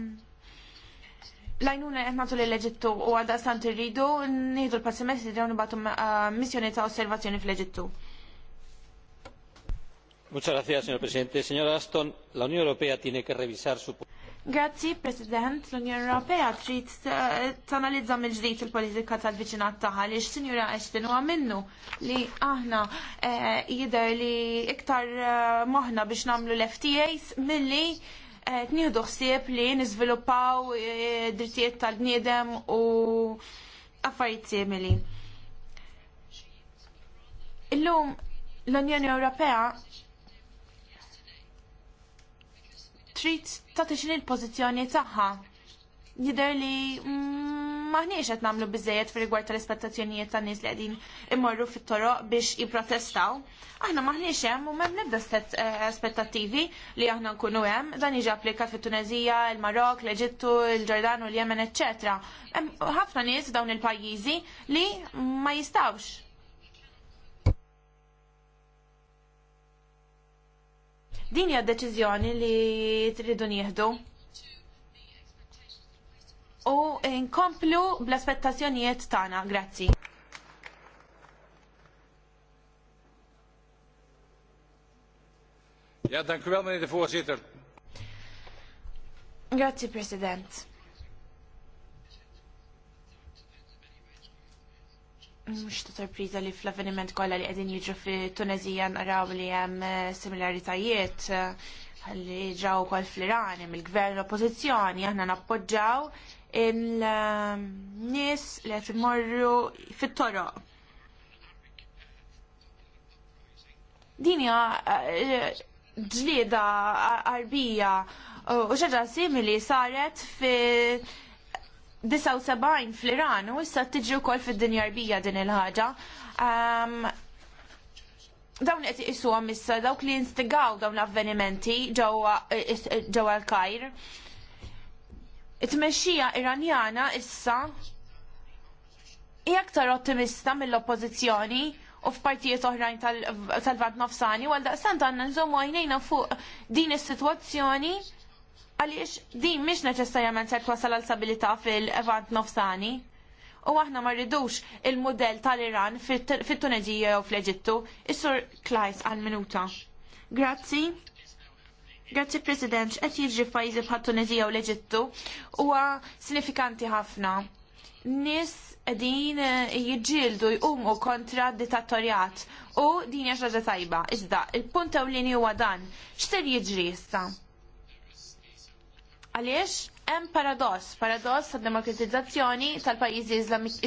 Speaker 1: Lajnuna qed nagħtu lill-Eġittu u għadda daqstant irridu nieħdu l-passimessi li batu um, uh, missjoni ta' osservazzjoni fl-Eġittu.
Speaker 2: Muchas gracias, señor presidente. Señora Aston, la Unión Europea tiene que revisar su
Speaker 1: Grazzi, President, l-Unjoni Ewropea trid eh, tanalizza mill-ġdid il-politika tal-viċinat tagħha li x-Sinjura Ashton huwa minnu li aħna eh, jidher li iktar eh, moħħna biex nagħmlu l-FTAs milli Tnieħdu ħsieb li niżviluppaw e, drittijiet tal-bniedem u affarijiet simili. Illum l-Unjoni Ewropea trid tagħti x'inhi l-pożizzjoni tagħha jider li mm, maħniex qed nagħmlu biżejjed fir-rigward tal-ispettazzjonijiet tan-nies li qegħdin immorru fit-toroq biex jipprotestaw. Aħna maħniex hemm u m'hemm nibda eh, aspettattivi li aħna nkunu hemm, dan jiġi applika fit-Tunezija, il-Marok, l-Eġittu, il-Ġordan u l jemen eċċetera. Hemm ħafna nies dawn il-pajjiżi li ma jistawx. Din hija deċiżjoni li tridu nieħdu u nkomplu bl-aspettazzjonijiet tagħna. Grazzi.
Speaker 2: Ja, dank u wel, meneer de voorzitter.
Speaker 1: Grazie, president. Mux ta' sorpriza li fl-avveniment kolla li għedin jiġu fi Tunezija naraw li hemm eh, similaritajiet eh, li ġaw kol fl-Iran, mill-gvern oppozizjoni, aħna nappoġġaw il-nies li għet morru fit toro Dinja eh, ġlieda arbija u xaġa simili saret fi 79 fl-Iran u issa tiġi wkoll fid-dinja arbija din il-ħaġa. Ehm, dawn qed iqisuhom issa dawk li instigaw dawn l-avvenimenti ġewwa eh, eh, l-Kajr it-tmexxija Iranjana issa hija aktar ottimista mill-oppożizzjoni u f'partijiet oħrajn tal-vant nofsani, għal daqstant għanna nżommu għajnejna fuq din is-sitwazzjoni għaliex din mhix neċessarjament se twasal għal stabilità fil-vant nofsani. U aħna ma rridux il-modell tal-Iran fit-Tunezija jew fl-Eġittu, is-sur Klajs għal-minuta. Grazzi. Grazzi President, qed jiġri f'pajjiżi bħal Tunezija u l-Eġittu huwa sinifikanti ħafna. Nis din eh, jiġġieldu jqumu kontra dittatorjat u din hija ħaġa tajba. Iżda, il-punt ewlieni huwa dan. X'ser jiġri issa? Għaliex Hemm paradoss, paradoss tad demokratizzazzjoni tal-pajjiżi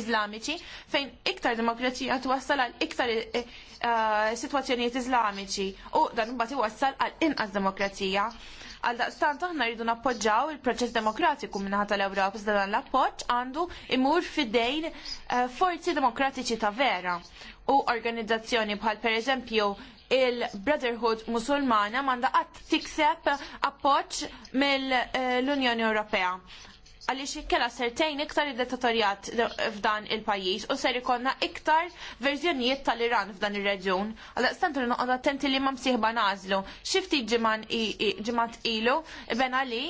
Speaker 1: iżlamiċi fejn iktar demokrazija twassal għal iktar eh, eh, sitwazzjonijiet iżlamiċi u dan imbagħad iwassal għal inqas demokrazija. Għal daqstant aħna rridu nappoġġaw il-proċess demokratiku minnaħa tal-Ewropa iżda dan l-appoġġ għandu imur fidejn eh, forzi demokratiċi ta' vera u organizzazzjoni bħal pereżempju il-Brotherhood Musulmana manda qatt tikseb appoġġ mill-Unjoni Ewropea għaliex ikkela sertejn iktar id-dettatorjat f'dan il-pajjiż u ser ikonna iktar verżjonijiet tal-Iran f'dan ir-reġjun. Għalaq stantur noqgħod attenti li ma msieħba nażlu. Xifti ġimgħat ilu Ben Ali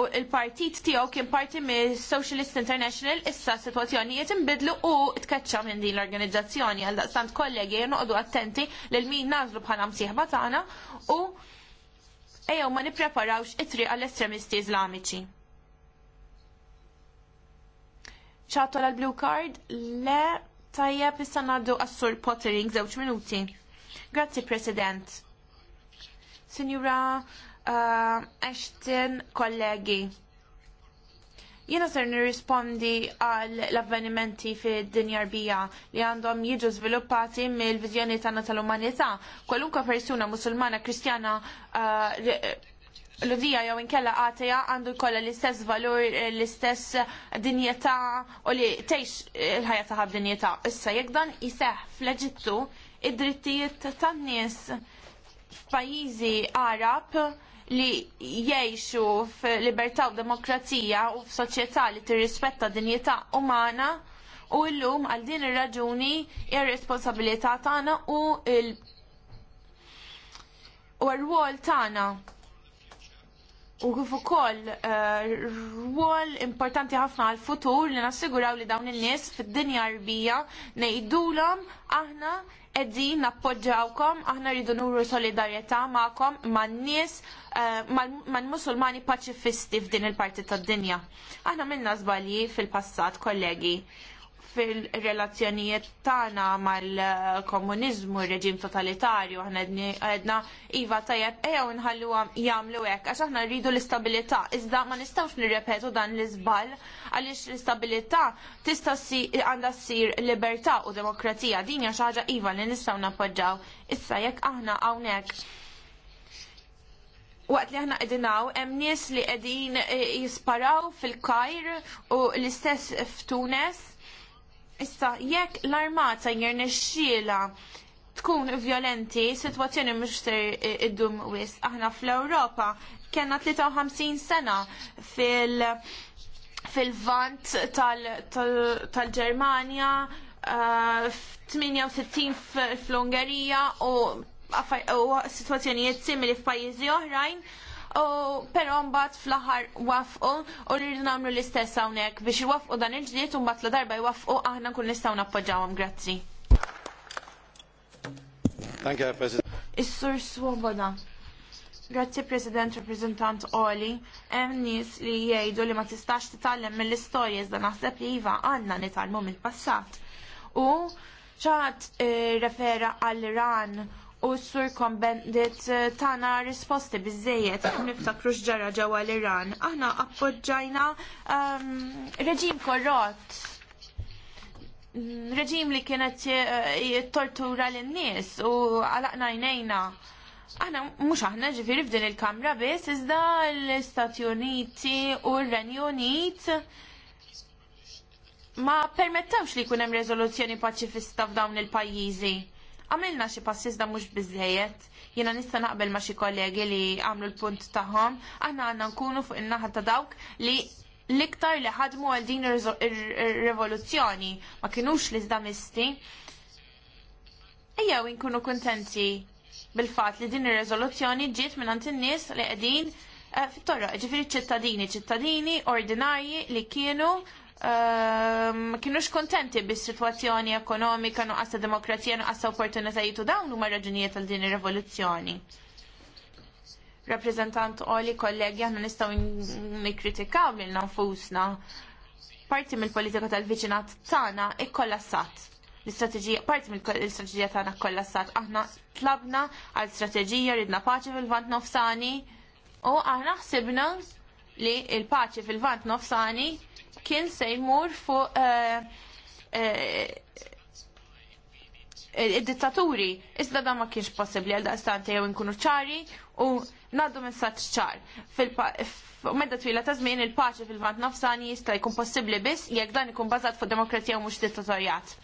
Speaker 1: u il-partit tiegħu kien parti mis Socialist International issa jiet inbidlu u tkeċċa minn din l-organizzazzjoni għal daqstant kollegi noqdu attenti lil min nażlu bħala msieħba tagħna u ejjew ma nippreparawx itri għall estremisti Iżlamiċi. ċato l blue card le tajjeb issa ngħaddu għas-sur Pottering żewġ minuti. Grazzi President. Signora Uh, Ashton kollegi. Jiena ser nirrispondi għal l-avvenimenti fid-dinja rbija li għandhom jiġu żviluppati mill-viżjoni tagħna tal-umanità. Kwalunkwe persuna Musulmana Kristjana uh, l-udija jew inkella għatija għandu jkollha l-istess valur, l-istess dinjetà u li tgħix il-ħajja taħab dinjetà. Issa jekk dan jiseħ fl-Eġittu id-drittijiet tan-nies f'pajjiżi Arab li jgħixu f'libertà u demokrazija u f'soċjetà li tirrispetta dinjità umana u llum għal din ir-raġuni ir-responsabilità tagħna u l-rwol tagħna u kif ukoll eh, rwol importanti ħafna għal futur li nassiguraw li dawn in-nies fid-dinja rbija ngħidulhom aħna qegħdin nappoġġawkom, aħna rridu nuru solidarjetà magħkom man-nies eh, mal-Musulmani paċifisti f'din il-parti tad-dinja. Aħna minna żbalji fil-passat, kollegi fil-relazzjonijiet tagħna mal-komuniżmu, reġim totalitarju, aħna għedna iva tajjeb ejjew nħallu jagħmlu hekk għax aħna rridu l-istabilità. Iżda ma nistgħux nirrepetu dan l-iżball għaliex l-istabilità tista' għandha ssir libertà u demokrazija. Din hija xi ħaġa iva li nistgħu nappoġġaw. Issa jekk aħna hawnhekk waqt li ħna għedinaw, hemm nies li qegħdin eh, jisparaw fil-kajr u l-istess f'Tunes Issa, jekk l-armata jirnexxiela tkun violenti, situazzjoni mhux ser iddum wis. Aħna fl-Ewropa kellna 53 sena fil- fil-vant tal-Ġermanja, tal, tal uh, eh, 68 fl-Ungerija u situazzjonijiet simili f'pajjiżi oħrajn però mbagħad fl-aħħar wafqu u rridu nagħmlu l-istess hawnhekk biex iwafqu dan il ġdiet u mbagħad darba jwafqu aħna nkun nistgħu nappoġġawhom. Grazzi.
Speaker 3: Thank you, President.
Speaker 1: Is-Sur Swoboda. Grazzi President Reprezentant Oli, hemm nies li jgħidu li ma tistax titgħallem mill-istorja iżda naħseb li iva għandna nitalmu mill-passat. U ċaħat e, eh, refera għall-Iran u s-sur kombendit eh, tana risposti bizzejiet niftakru xġara ġewwa l-Iran. Aħna appoġġajna um, reġim korrott reġim li kienet eh, jittortura l-nies u għalaqna jnejna. Aħna, mux aħna ġifiri f'din il-kamra biss, iżda l-Istati Uniti u r-Renju Unit ma permettawx li kunem rezoluzzjoni paċifista f'dawn il-pajjiżi Għamilna xi passis da mhux biżejjed, jiena nista' naqbel ma' xi kollegi li għamlu l-punt tagħhom, aħna għandna nkunu fuq in-naħa ta' dawk li l-iktar li ħadmu għal din ir revoluzjoni ma kinux l-iżlamisti. Ejjew inkunu kuntenti bil-fatt li din ir-riżoluzzjoni ġiet minn għantin nies li qegħdin eh, fit-torra, ġifiri ċittadini, ċittadini ordinarji li kienu ma ehm, kienux kontenti bis-sitwazzjoni ekonomika nuqqas ta' demokrazija nuqqas ta' opportunitajiet u dawn huma raġunijiet għal din ir-rivoluzzjoni. Rappreżentant oli kollegi aħna nistgħu nikkritikaw lil nafusna, Parti mill-politika tal-viċinat tagħna ikkollassat. L-istrateġija, parti mill-istrateġija tagħna kollassat. Aħna tlabna għal strateġija ridna paċi fil-vant nofsani u aħna ħsibna li l paċi fil-vant nofsani kien se jmur fuq eh, eh, eh, id-dittaturi. Iżda da ma kienx possibbli għal daqstanti jew nkunu ċari u naddu messaġġ ċar. Medda twila ta' żmien il-paċi fil-vant nafsani jista' jkun possibbli biss jekk dan ikun bażat fuq demokrazija u mhux dittatorjat.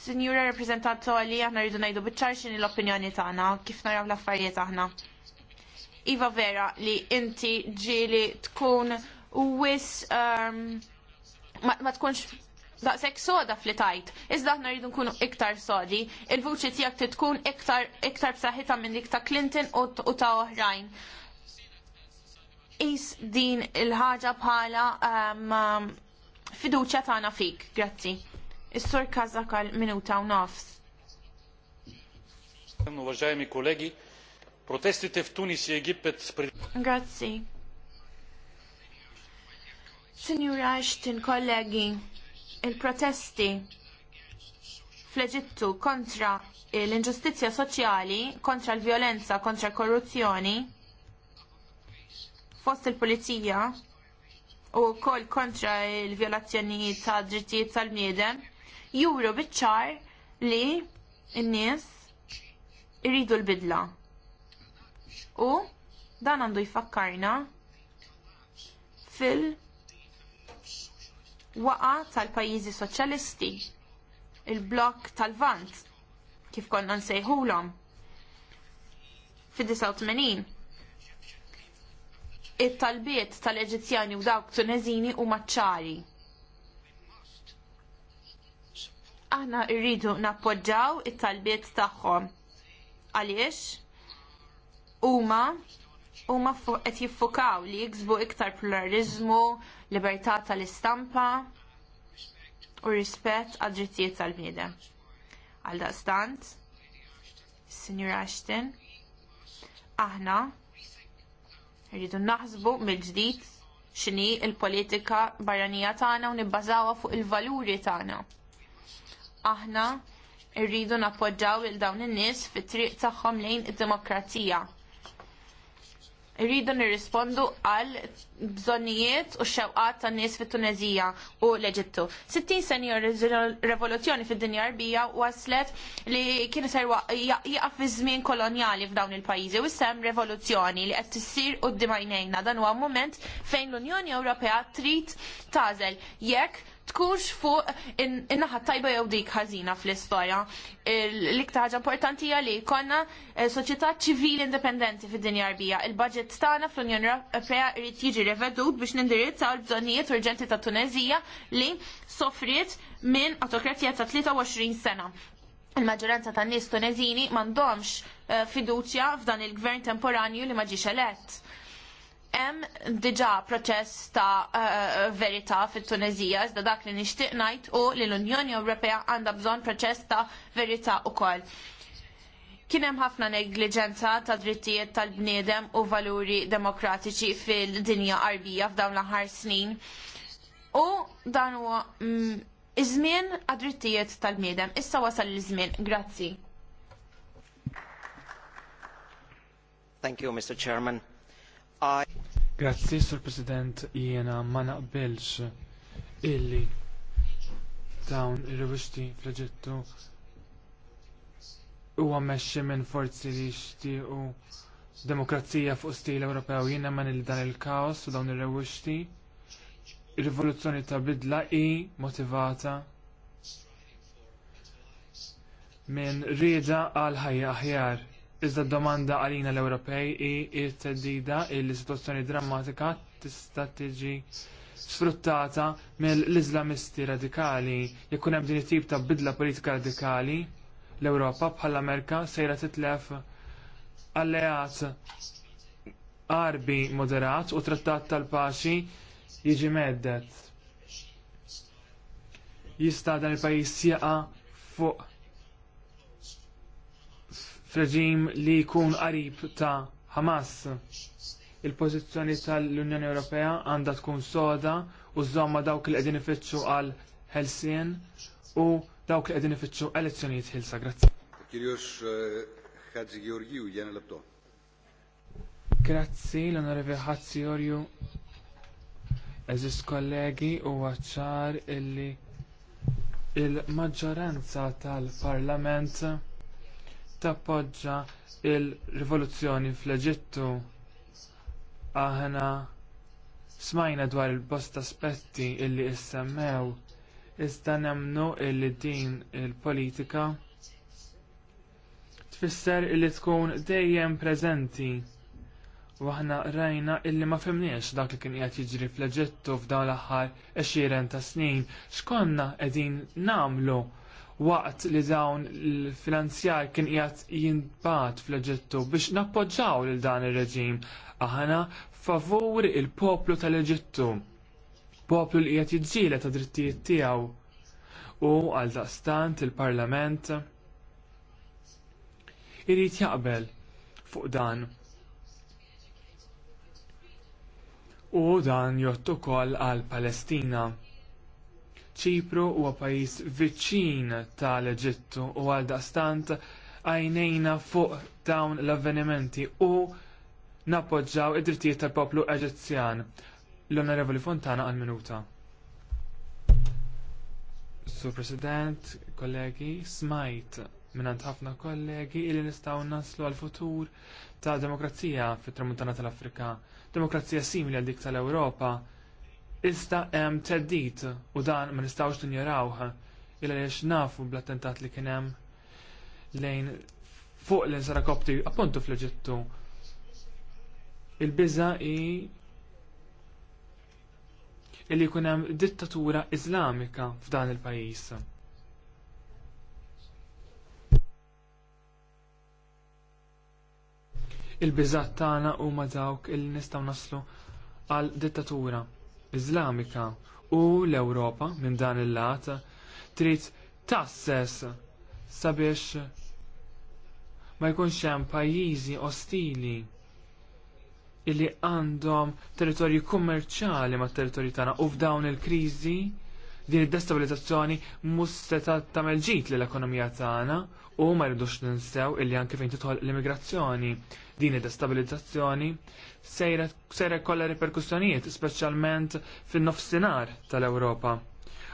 Speaker 1: Sinjura rappresentantu Ali aħna rridu ngħidu biċ-ċar x'inhi l-opinjoni tagħna kif naraw l-affarijiet aħna iva vera li inti ġili tkun wis um, ma, ma tkunx daqsek soda flitajt, iżda aħna rridu nkunu iktar sodi, il-vuċi tiegħek tkun iktar, iktar bsaħita minn dik ta' Clinton u ta' oħrajn. Is din il ħaġa bħala um, um, fiduċja tagħna fik, grazzi. Is-sur kazzakal minuta u nafs.
Speaker 6: Uważajmi kolegi, Protesti v Tunisi, Egipet...
Speaker 1: Grazzi. Signor Ashton, kollegi, il-protesti fl-Eġittu kontra l-inġustizja soċjali, kontra l-violenza, kontra l-korruzzjoni, fost il-polizija u kol kontra l-violazzjoni ta' drittijiet tal-bniedem, juru bitċar li n-nies irridu l-bidla u dan għandu jfakkarna fil waqa tal-pajjiżi soċjalisti, il-blok tal-vant, kif konna nsejħulhom fid-89. It-talbiet tal-Eġizzjani u dawk Tuneżini u maċċari. Aħna rridu nappoġġaw it-talbiet tagħhom. Għaliex? huma huma qed jiffukaw li jiksbu iktar pluralizmu, libertà tal-istampa u rispett għad drittijiet tal-bniedem. Għal daqstant, Signor Ashton, aħna rridu naħsbu mill-ġdid x'inhi l politika barranija tagħna u nibbażawha fuq il-valuri tagħna. Aħna rridu nappoġġaw lil dawn in-nies fit-triq tagħhom lejn id-demokrazija rridu nirrispondu għal bżonnijiet u xewqat tan nies fit-Tunezija u l-Eġittu. 60 senjor rivoluzzjoni fid-dinja arbija waslet li kienu serwa jaqaf fi żmien kolonjali f'dawn il-pajjiżi u sem revoluzzjoni li qed tissir u d-dimajnejna dan huwa moment fejn l-Unjoni Ewropea trid tażel jekk tkunx fuq in-naħa tajba jew dik ħażina fl-istorja. L-iktar ħaġa importanti hija li jkollna eh, soċjetà ċivili indipendenti fid-dinja rbija. Il-budget tagħna fl-Unjoni Ewropea jrid jiġi revedut biex nindirizzaw l-bżonnijiet urġenti ta' Tunezija li sofriet minn autokratija ta' 23 sena il-maġġoranza tan nies tunezini m'għandhomx eh, fiduċja f'dan il-gvern temporanju li ma ġiex elett hemm diġà proċess ta' eh, eh, verità fit-Tunezija, iżda dak li nixtieq ngħid u li l-Unjoni Ewropea għandha bżonn proċess ta' verità wkoll. Kien hemm ħafna negliġenza ta' drittijiet tal-bniedem u valuri demokratiċi fil-dinja qarbija f'dawn l-aħħar snin. U dan huwa mm, iż-żmien għad-drittijiet tal-bniedem. Issa wasal l-żmien. Grazzi.
Speaker 5: Thank you, Mr. Chairman. I...
Speaker 6: Grazzi, Sur President, jiena ma naqbilx illi dawn ir-rivusti fl-Eġittu huwa mexxi minn forzi li jixtiequ demokrazija fuq stil Ewropew jiena ma nil dan il-kaos u dawn ir-rivusti. Ir-rivoluzzjoni ta' bidla hi motivata minn rieda għal ħajja aħjar Iżda domanda għalina l-Ewropej i il-teddida il-situazzjoni drammatika tista' tiġi sfruttata mill-Iżlamisti radikali. Jekk hemm din it-tip ta' bidla politika radikali, l-Ewropa bħala Amerika sejra titlef alleat arbi moderat u trattat tal-paċi jiġi meddet. Jista' dan il-pajjiż jaqa' fuq f'reġim li jkun qarib ta' Hamas. Il-pożizzjoni tal-Unjoni Ewropea għandha tkun soda u żomma dawk li qegħdin ifittxu għal Helsien u dawk li qegħdin ifittxu elezzjonijiet ħilsa. Grazzi.
Speaker 2: Eh, jena l-abdo.
Speaker 6: Grazzi l-Onorevi Ħadzi Georgiju. Eżis kollegi u għacċar illi il-maġġoranza tal-Parlament tappoġġa il-rivoluzzjoni fl-Eġittu. Aħna smajna dwar il-bosta aspetti illi issemmew, iżda nemnu illi din il-politika tfisser illi tkun dejjem preżenti. U aħna rajna illi ma femniex dak li kien qiegħed jiġri fl-Eġittu f'dawn l-aħħar 20 ta' snin. X'konna qegħdin nagħmlu waqt li dawn il-finanzjar kien qiegħed jinbat fl-Eġittu biex nappoġġaw lil dan ir-reġim aħna favur il-poplu tal-Eġittu. Poplu li qiegħed jiġġiela ta' drittijiet tiegħu u għal daqstant il-Parlament irid jaqbel fuq dan. U dan jott ukoll għal Palestina ċipru huwa pajjiż viċin tal-Eġittu u għal daqstant għajnejna fuq dawn l-avvenimenti u nappoġġaw id-drittijiet tal-poplu Eġizzjan. L-Onorevoli Fontana għal minuta. Sur President, kollegi, smajt minnant ħafna kollegi illi nistaw naslu għal futur ta' demokrazija fit tramuntana tal-Afrika, demokrazija simili għal dik tal-Ewropa, Iżda hemm teddit u dan ma nistgħux ninjorawh illa li nafu bl-attentat li kien hemm lejn fuq l-insara kopti appuntu fl-Eġittu. Il-biża hi illi jkun hemm dittatura Iżlamika f'dan il-pajjiż. Il-biżat tagħna huma dawk il nistgħu naslu għal dittatura Iżlamika u l-Ewropa minn dan il-lat trid tasses sabiex ma jkunx hemm pajjiżi ostili illi għandhom territorji kummerċali mat territorji tagħna u f'dawn il-kriżi din id-destabilizzazzjoni mhux se tagħmel ġid lill ekonomija tagħna U ma rridux ninsew illi anke fejn titħol l-immigrazzjoni din id-destabilizzazzjoni sejra kollha reperkussjonijiet, speċjalment fin-nofsinhar tal-Ewropa.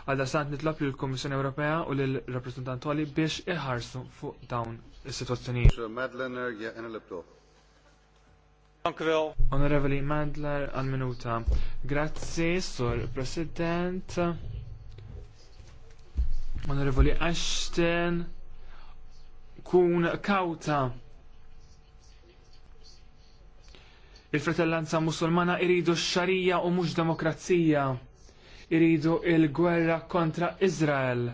Speaker 6: Għadda sant nitlob lill kummissjoni Ewropea u lill rappresentantoli biex iħarsu fuq dawn is-sitwazzjonijiet. Onorevoli Madler għal minuta. Grazzi, Sur President. Onorevoli Ashton tkun kawta. Il-fratellanza musulmana iridu x-xarija u mhux demokrazija. Iridu il-gwerra kontra Izrael.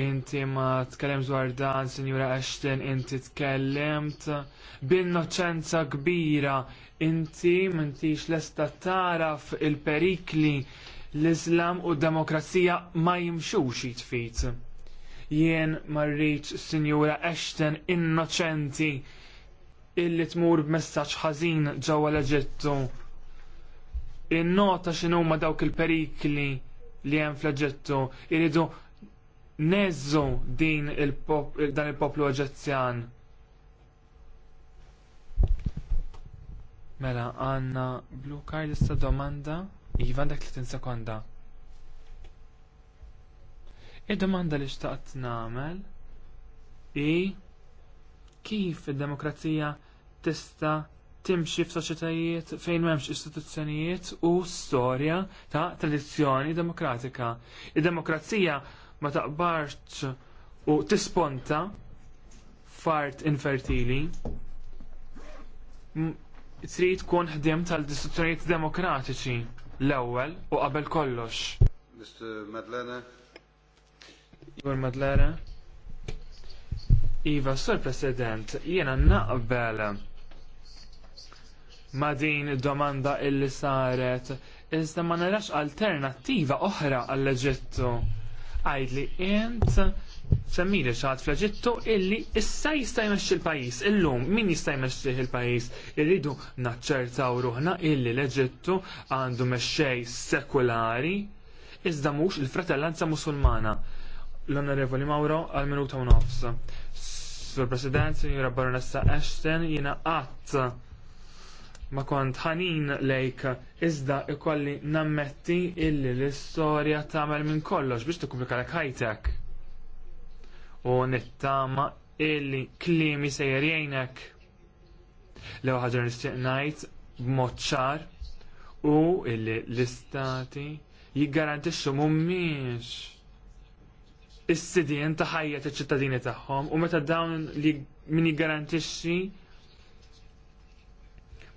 Speaker 6: Inti ma tkellem dwar dan, Sinjura Ashton, inti tkellemt b'innoċenza kbira. Inti m'intix lesta taraf il-perikli l-Islam u d-demokrazija ma jimxux jitfit jien marriċ Sinjura Ashton innoċenti illi tmur b'messaġġ ħażin ġewwa l-Eġittu. Innota x'inhu huma dawk il-perikli li hemm fl-Eġittu iridu neżżu din dan il-poplu Eġizzjan. Mela, għanna blu card issa domanda. Iva, għandek 30 sekonda. Id-domanda li xtaqt namel i kif id-demokrazija tista timxi f'soċjetajiet fejn m'hemmx istituzzjonijiet u storja ta' tradizzjoni demokratika. Id-demokrazija ma taqbarx u tisponta fart infertili trid tkun ħdiem tal-istituzzjonijiet demokratiċi l-ewwel u qabel kollox. Mr. Madlena, Igor Madlera. Iva, Sur President, jiena naqbel ma din domanda illi saret, iżda ma narax alternattiva oħra għall-Eġittu. li int semmini xaħat fl-Eġittu illi issa jista' jmexxi l-pajis, illum min jista' jmexxi l-pajis, irridu naċċertaw ruħna illi l-Eġittu għandu meċċej sekulari, iżda mhux il-fratellanza musulmana l-Onorevoli Mauro għal minuta u nofs. Sur President, Signora Baronessa Ashton, jina qatt ma kont ħanin lejk iżda ikolli nammetti illi l-istorja tagħmel minn kollox biex tikkumplika lek ħajtek. U nittama illi klimi sejjer jgħinek. Lew ħaġa nixtieq ngħid b'moċċar u illi l-istati jiggarantixxu mhumiex is-sidien ta' ħajja ta' ċittadini tagħhom u meta dawn li min jiggarantixxi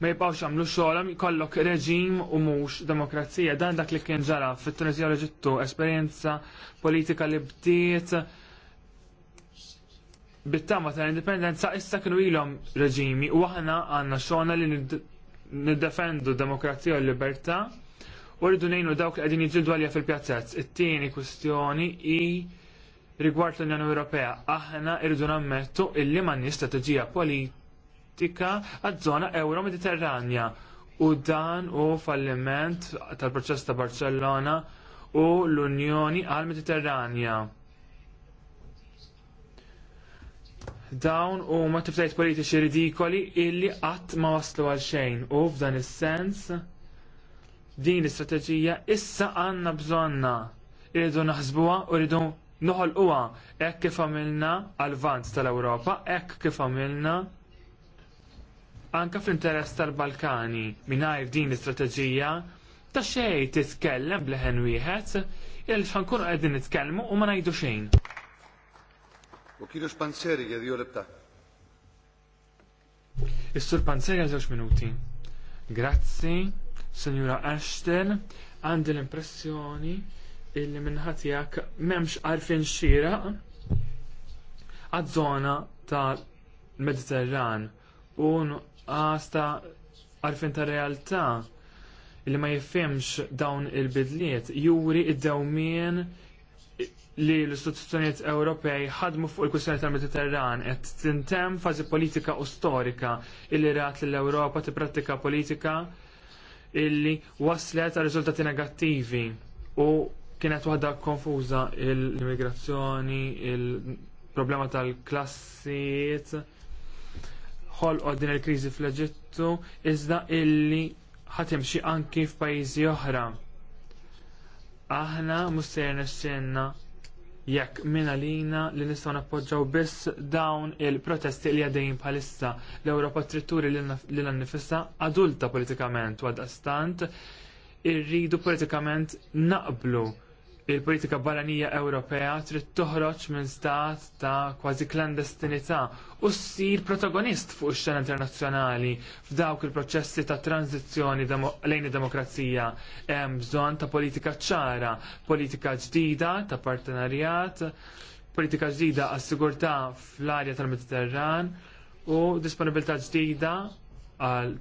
Speaker 6: ma jibqgħux jagħmlu xogħolhom jkollok reġim u mhux demokrazija. Dan dak li kien ġara fit-Tunisija u l-Eġittu esperjenza politika li bdiet bit-tama tal-indipendenza issa kienu ilhom reġimi u aħna għandna xogħolna li niddefendu demokrazija u l-libertà u rridu ngħinu dawk li qegħdin jiġġieldu għalija fil-pjazzett. It-tieni kwistjoni hi rigward l-Unjoni Ewropea. Aħna irridu nammettu illi manni strateġija politika għad-żona Euro-Mediterranja u dan u falliment tal-proċess ta' Barcellona u l-Unjoni għal-Mediterranja. dawn u ma tiftajt politiċi ridikoli illi qatt ma waslu għal xejn u f'dan is-sens din l-istrateġija issa għandna bżonna irridu naħsbuha u rridu noħol uwa ek kif għamilna għal-vant tal-Europa, ek kif għamilna anka fl-interess tal-Balkani minnajr din l-istrateġija ta' xej titkellem bleħen wieħed il xankun għedin nitkellmu u ma najdu xejn.
Speaker 2: U kienu xpanzeri għedi u libta.
Speaker 6: Is-sur panzeri għal minuti. Grazzi, Senjura Ashton, għandi l-impressjoni illi minnħat jak memx għarfin xira għad-zona ta' mediterran u għasta għarfin ta' realtà illi ma jifimx dawn il-bidliet juri id-dawmien li l-istituzzjonijiet Ewropej ħadmu fuq il-kwistjoni tal-Mediterran qed tintem fażi politika u storika illi rat l ewropa tipprattika politika illi waslet għal riżultati negattivi u kienet waħda konfuża l-immigrazzjoni, il-problema tal-klassijiet, ħolqod din il-kriżi fl-Eġittu, iżda illi ħatimxi anki f'pajjiżi oħra. Aħna mussejr nixxenna jekk minna lina li nistgħu nappoġġaw biss dawn il-protesti li għaddejjin bħalissa l-Ewropa tritturi li l-annifissa adulta politikament u għadastant irridu politikament naqblu il-politika barranija Ewropea trid toħroġ minn stat ta' kważi klandestinità u ssir protagonist fuq ix-xena internazzjonali f'dawk il-proċessi ta' tranzizzjoni lejn id-demokrazija. Hemm bżonn ta' politika ċara, politika ġdida ta' partenarjat, politika ġdida għas-sigurtà fl-arja tal-Mediterran u disponibilità ġdida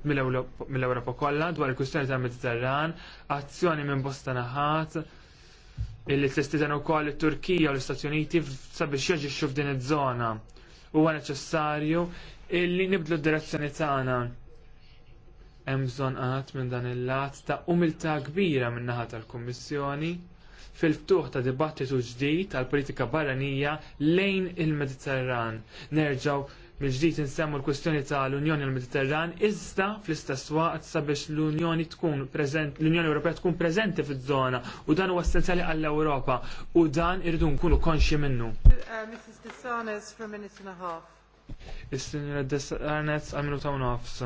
Speaker 6: mill-Ewropa kollha dwar il-kwistjoni tal-Mediterran, azzjoni minn bosta naħat, illi t-istiden u koll il-Turkija u l-Istati Uniti sabiex jaġiċu f'din iż-żona. Huwa neċessarju illi nibdlu d-direzzjoni tagħna. Hemm bżonn qatt minn dan il-lat ta' umilta kbira min naħa tal-Kummissjoni fil-ftuħ ta' dibattitu ġdid tal-politika barranija lejn il-Mediterran. Nerġaw mill-ġdid insemmu l-kwestjoni tal-Unjoni l-Mediterran, iżda fl-istess waqt sabiex l-Unjoni tkun prezent, l-Unjoni Ewropea tkun prezenti fiż-żona u dan huwa essenzjali għall-Ewropa u dan irridu nkunu konxi minnu.
Speaker 5: Uh, Mrs. for a minute and a half.
Speaker 6: Is-Sinjora Desanes għal minuta u nofs.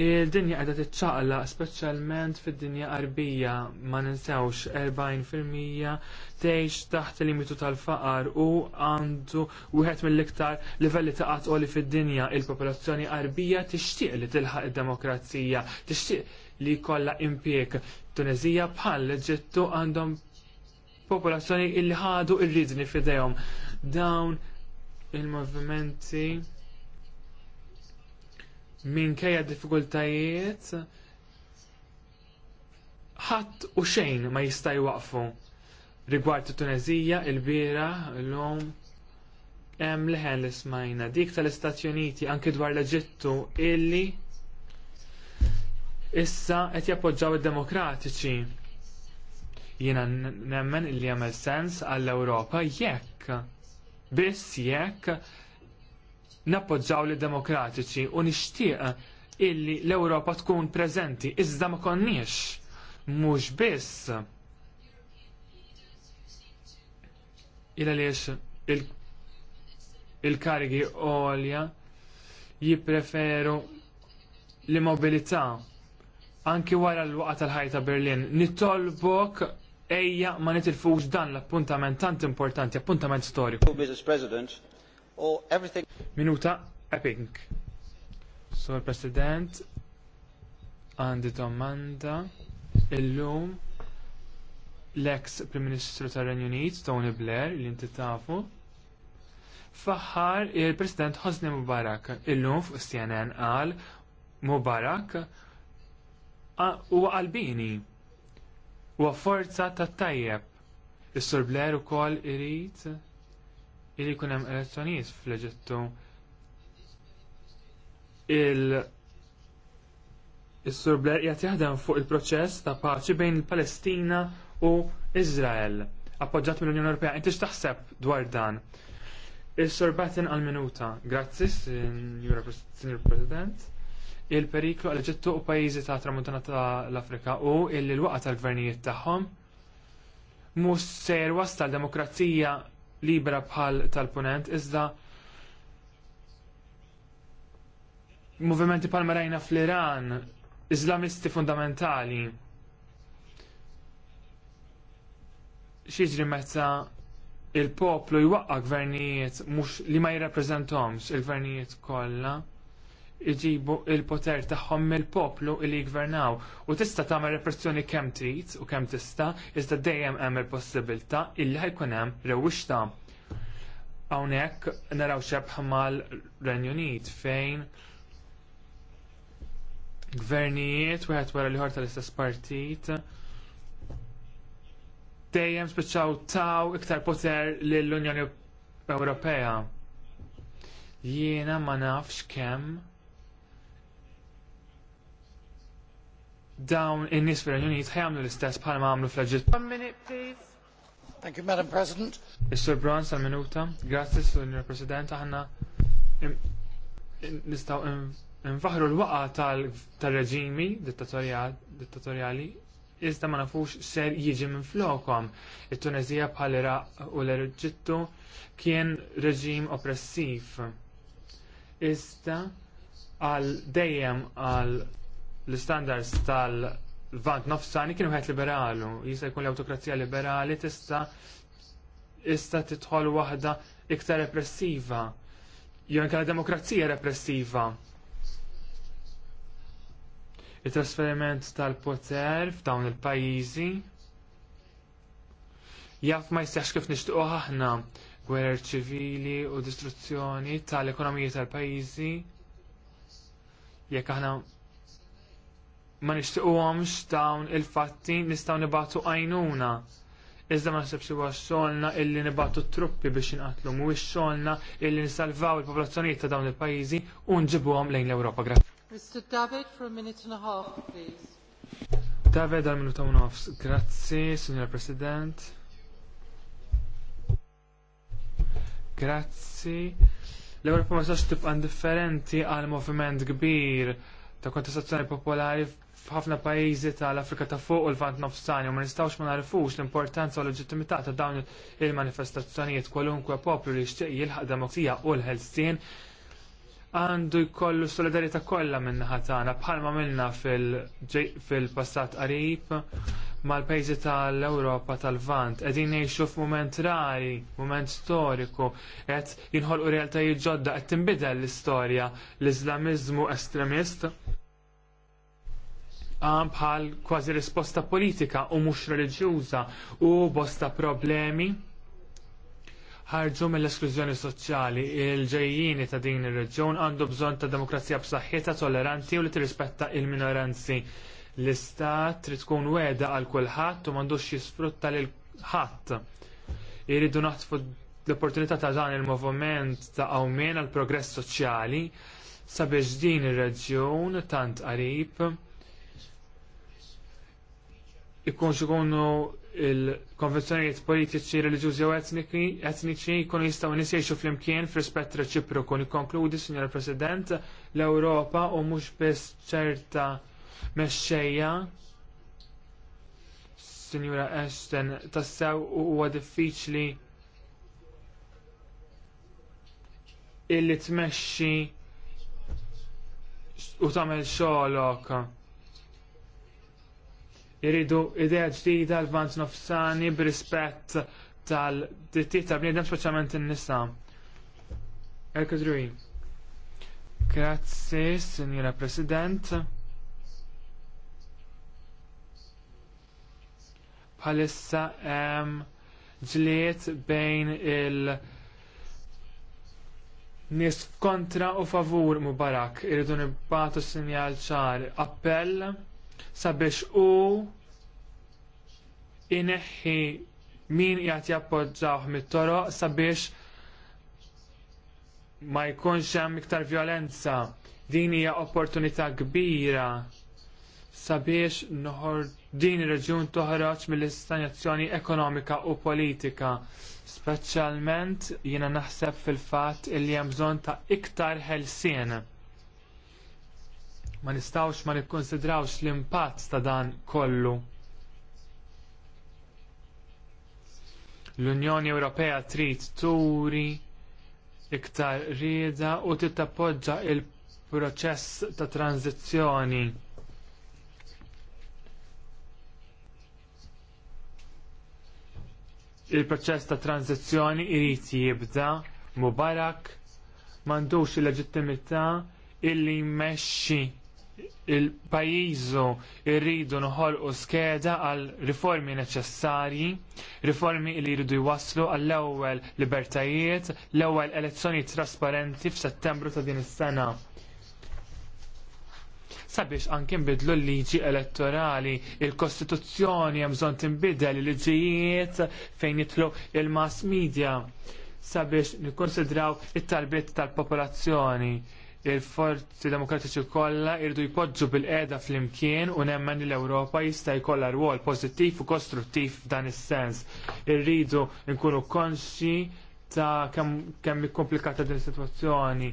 Speaker 6: Il-dinja qiegħda tiċċaqla speċjalment fid-dinja qarbija ma ninsewx 40% tgħix taħt il-limitu tal-faqar u għandu wieħed mill-iktar livelli ta' qatt fid-dinja il-popolazzjoni qarbija tixtieq li tilħaq id-demokrazija, tixtieq li jkollha impjeg. Tunezija bħal Eġittu għandhom popolazzjoni illi ħadu ir-ridni fidejhom. Dawn il-movimenti minkejja diffikultajiet ħadd u xejn ma jista' jwaqfu rigward it-Tunezija il-bira l-lum hemm leħen li smajna dik tal-Istati Uniti anki dwar l-Eġittu illi issa qed jappoġġaw id-demokratiċi. Jiena nemmen illi jagħmel sens għall-Ewropa jekk biss jekk nappoġġaw li demokratiċi u nixtieq illi l-Ewropa tkun preżenti iżda ma konniex mhux biss ila liex il-karigi għolja jippreferu l-mobilità anki wara l-waqa tal-ħajta Berlin. Nitolbok ejja ma nitilfux dan l-appuntament tant importanti, appuntament storiku.
Speaker 5: Mrs. President,
Speaker 6: or everything. Minuta Epping. So president għandi domanda illum l-ex Prim Ministru tar-Renju Unit, Tony Blair, li inti tafu, faħħar il-President Hosni Mubarak illum fuq CNN qal Mubarak huwa qalbini huwa forza tat-tajjeb. Is-Sur Blair ukoll irid li jkun hemm elezzjonijiet fl-Eġittu il- Is-Sur Blair qiegħed jaħdem fuq il-proċess ta' paċi bejn il-Palestina u Iżrael, appoġġjat mill-Unjoni Ewropea. Inti x'taħseb dwar dan? Is-Sur Batten għal minuta. Grazzi, Sinjur President. Il-periklu għal eġittu u pajjiżi ta' tramuntana tal-Afrika u l-waqa tal-gvernijiet tagħhom mhux ser wasal demokrazija libera bħal tal-punent, iżda movimenti palmarajna fl-Iran, iżlamisti fundamentali. Xieġri meta il-poplu jwaqqa gvernijiet mux li ma jirreprezentomx il-gvernijiet kollha iġibu il-poter tagħhom mill-poplu li jgvernaw u tista' tagħmel repressjoni kemm trid u kemm tista' iżda dejjem hemm il-possibilità illi ħajkun hemm rewwixta. Hawnhekk naraw xebħ mal-Renju Unit fejn gvernijiet wieħed wara l-ieħor tal-istess partit dejjem spiċċaw taw iktar poter lill-Unjoni Ewropea. Jiena ma nafx kemm dawn in-nies fir-Renju Unit ħajamlu l-istess bħalma għamlu fl-Eġitt. One minute, please. Thank you, Madam President. Is-Sur Brown sal-minuta. Grazzi, Sur President, aħna nistaw nfaħru l-waqa tal-reġimi dittatorjali iżda ma nafux ser jiġi minn flokom. Il-Tunezija bħal iraq u l-Eġittu kien reġim oppressiv. Iżda għal dejjem għal l-standards tal-vant nofsani kienu ħed liberalu, jista' jkun l-autokrazija liberali tista' ista titħol waħda iktar repressiva, jew anke demokrazija repressiva. Il-trasferiment tal-poter f'dawn il-pajjiżi jaf ma jistax kif nixtiequ aħna gwerer ċivili u distruzzjoni tal-ekonomija tal-pajjiżi jekk aħna ma nixtiequhomx dawn il-fatti nistgħu nibatu għajnuna. Iżda ma li huwa xogħolna illi nibatu truppi biex inqatlu mhuwiex xogħolna illi nisalvaw il-popolazzjonijiet ta' dawn il-pajjiżi u nġibuhom lejn l-Ewropa. Grazzi.
Speaker 5: Mr. David for a minute and a half, please.
Speaker 6: David għal minuta u nofs. Grazzi, Signor President. Grazzi. L-Ewropa ma sax tibqa' indifferenti għal moviment kbir ta' kontestazzjoni popolari f'ħafna pajjiżi tal-Afrika ta' fuq u l-Vant Nofsani u ma nistgħux ma narifux l-importanza u l-leġittimità ta' dawn il-manifestazzjonijiet kwalunkwe poplu li jixtieq jilħaq demokrazija u l-ħelsien għandu jkollu solidarita kollha min-naħa tagħna bħalma minna fil-passat qarib mal pajzi tal-Ewropa tal-Vant, edin jiexu f'mument rari, mument storiku, et jinħolqu realtajiet ġodda, qed timbidel l-istorja, l-Islamizmu estremist, Ah, bħal kważi risposta politika u mhux reliġjuża u bosta problemi ħarġu mill-esklużjoni soċjali il-ġejjini ta' din ir-reġjun għandu bżonn ta' demokrazija b'saħħitha tolleranti u li tirrispetta il-minoranzi. L-istat trid tkun weda għal kulħadd u m'għandux jisfrutta lil ħadd. Iridu naħtfu l-opportunità ta' dan il movement ta' għawmien għal progress soċjali sabiex din ir-reġjun tant qarib ikun ikunu il-konvenzjonijiet politiċi, reliġjużi u etniċi jkunu jistgħu fil flimkien f'rispett reċiproku. Nikkonkludi, signor President, l-Ewropa u mhux biss ċerta mexxejja signora Ashton tassew huwa diffiċli illi tmexxi u tagħmel xogħolok. Iridu idea ġdida l-vant nofsani b'rispett tal-dittijiet ta' bniedem speċjalment in-nisa. Elkadruj. Grazzi, Signora President. Palissa hemm ġliet bejn il- nies kontra u favur Mubarak irridu nibbatu sinjal ċar appell sabiex u ineħħi min jgħat jappoġġawh mit-toroq sabiex ma jkunx hemm iktar violenza. Din hija opportunità kbira sabiex noħor din ir-reġjun toħroġ mill-istanjazzjoni ekonomika u politika. Speċjalment jiena naħseb fil-fatt li hemm bżonn ta' iktar ħelsien ma nistawx ma nikkonsidrawx l-impatt ta' dan kollu. L-Unjoni Ewropea trid turi iktar rieda u titappoġġa il-proċess ta' tranzizzjoni. Il-proċess ta' tranzizzjoni irid jibda Mubarak m'għandux il-leġittimità illi jmexxi il-pajizu irridu nħolqu skeda għal riformi neċessarji, riformi li jridu jwaslu għall ewwel libertajiet, l ewwel elezzjoni trasparenti f'Settembru ta' din is-sena. Sabiex anke nbidlu l-liġi elettorali, il-Kostituzzjoni hemm bżonn tinbidel il-liġijiet fejn jitlu il-mass media sabiex nikkonsidraw it-talbiet tal-popolazzjoni il-forzi demokratiċi kollha irdu jpoġġu bil-qeda fl-imkien u nemmen l-Ewropa jista' jkollha rwol pożittiv u kostruttiv f'dan is-sens. Irridu nkunu konxi ta' kemm kem komplikata din is-sitwazzjoni.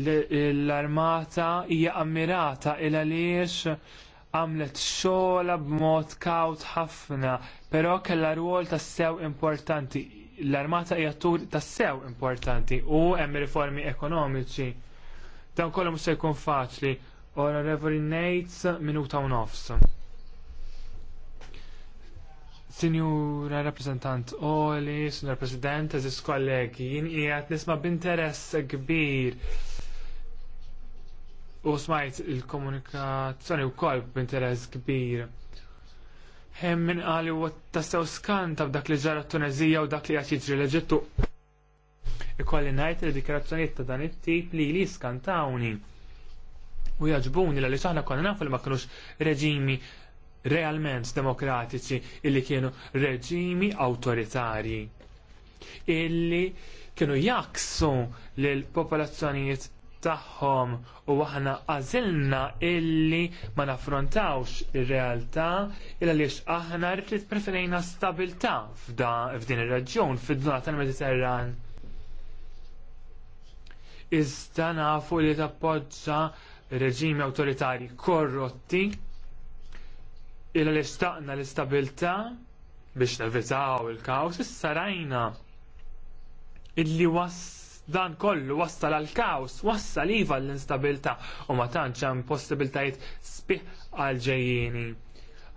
Speaker 6: L-armata hija ammirata il għaliex għamlet xogħla b'mod kawt ħafna, però kellha rwol tassew importanti l-armata hija tur tassew importanti u hemm riformi ekonomiċi. Dan kollu mhux se jkun faċli. Onorevoli Nates, minuta u nofs. Signora rappresentant Oli, Signor President, eżis kollegi, jien qiegħed nisma' b'interess kbir u smajt il-komunikazzjoni wkoll b'interess kbir hemm min qal huwa tassew skanta b'dak li ġara t-Tunezija u dak li qed jiġri l-Eġittu. Ikolli ngħid li dikarazzjonijiet ta' dan it-tip li li skantawni. U jaġbuni li aħna konna nafu li ma kinux reġimi realment demokratiċi illi kienu reġimi awtoritarji illi kienu jaksu lill popolazzjonijiet tagħhom u aħna għażilna illi ma naffrontawx ir-realtà il għaliex aħna rrid preferejna stabilità f'din ir-raġun fid dona tal-Mediterran. Iżda nafu li tappoġġa reġimi awtoritarji korrotti il għaliex taqna l istabbiltà biex nevitaw il-kaos issa rajna illi wass Dan kollu wassal għal kaos, wassal iva l-instabilta u ma tantx hemm possibiltajiet spiħ għal ġejjini.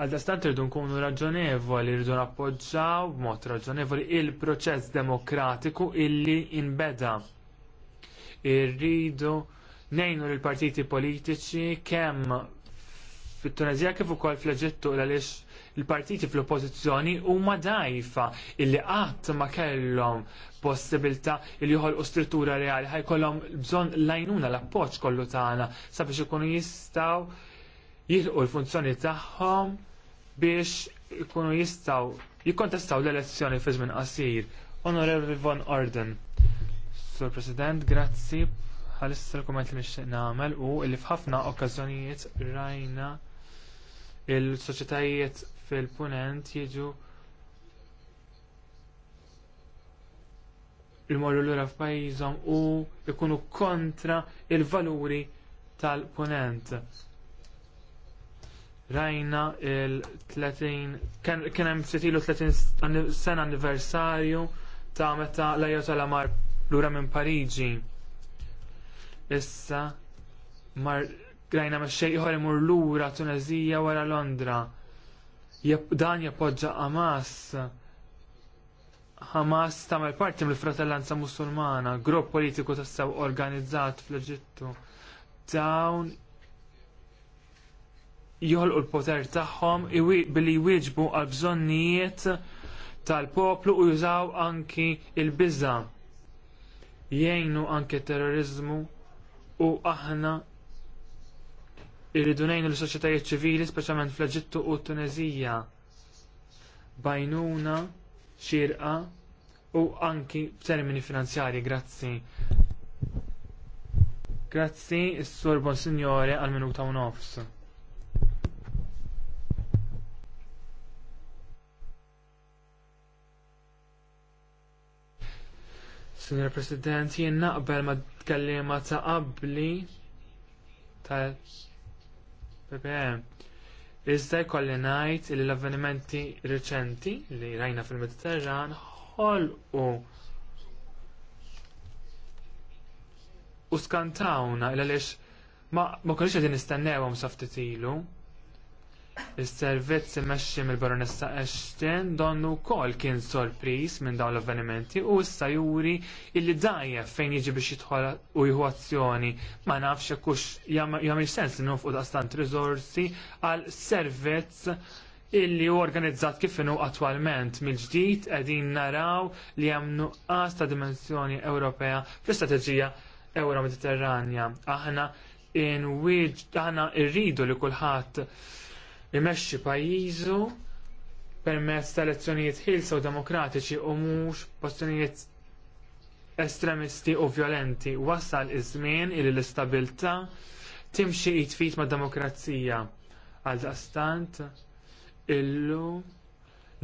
Speaker 6: Għal dastant irdu nkunu raġonevoli, irdu nappoġġaw b'mod raġonevoli il-proċess demokratiku illi inbeda. Irridu nejnu l-partiti politiċi kemm fit-Tunezija kif ukoll fl-Eġittu għaliex il-partiti fl-oppozizjoni huma dajfa illi qatt ma kellhom possibilità li u struttura reali ħajkollhom bżonn lajnuna l-appoġġ kollu tagħna sabiex ikunu jistgħu jilqu l-funzjoni tagħhom biex ikunu jistgħu jikkontestaw l-elezzjoni fi żmien qasir. Onorevoli Von Orden. Sur President, grazzi għalissa l-komment li nixtieq nagħmel u li f'ħafna okkażjonijiet rajna il-soċjetajiet fil-punent jiġu l lura f'pajjiżhom u jkunu kontra l valuri tal-punent. Rajna il-30, kena hemm 30 sena anniversarju ta' meta l-ajja tal-amar lura minn Pariġi. Issa mar rajna ma' xejn ieħor imur lura Tunezija wara Londra dan jappoġġa Hamas. Hamas tagħmel parti mill-Fratellanza Musulmana, grupp politiku ta' sew organizzat fl-Eġittu. Dawn joħolqu l-poter tagħhom billi jwieġbu għal bżonnijiet tal-poplu u jużaw anki il-biża. Jgħinu anke terrorizmu u aħna Irridu ngħinu l-soċjetajiet ċivili speċjalment fl-Eġittu u t-Tunezija bajnuna xirqa u anki b'termini finanzjarji grazzi. Grazzi s-sur Bonsignore għal minuta u nofs. Signor President, jien naqbel ma tkellima ta' qabli ta' PPM. Iżda jkolli ngħid li l-avvenimenti riċenti li rajna fil-Mediterran ħolqu u skantawna għaliex ma, ma konniex qegħdin nistennewhom sa ftit ilu. Is-servizz imexxi mill-Baronessa Ashton donnu wkoll kien sorpriż minn dawn l-avvenimenti u issa juri illi dajjef fejn jiġi biex jidħol u jieħu azzjoni ma nafx jekk jagħmel sens li u daqstant riżorsi għal servizz illi hu organizzat kif inhu attwalment mill-ġdid qegħdin naraw li hemm nuqqas ta' dimensjoni Ewropea fl-istrateġija Euro Mediterranja. Aħna in aħna rridu li kulħadd imexxi pajjiżu permezz ta' elezzjonijiet ħilsa u demokratiċi u mhux postjonijiet estremisti u vjolenti. Wasal iż-żmien li l-istabilità timxi jitfit mad demokrazija għal daqstant illu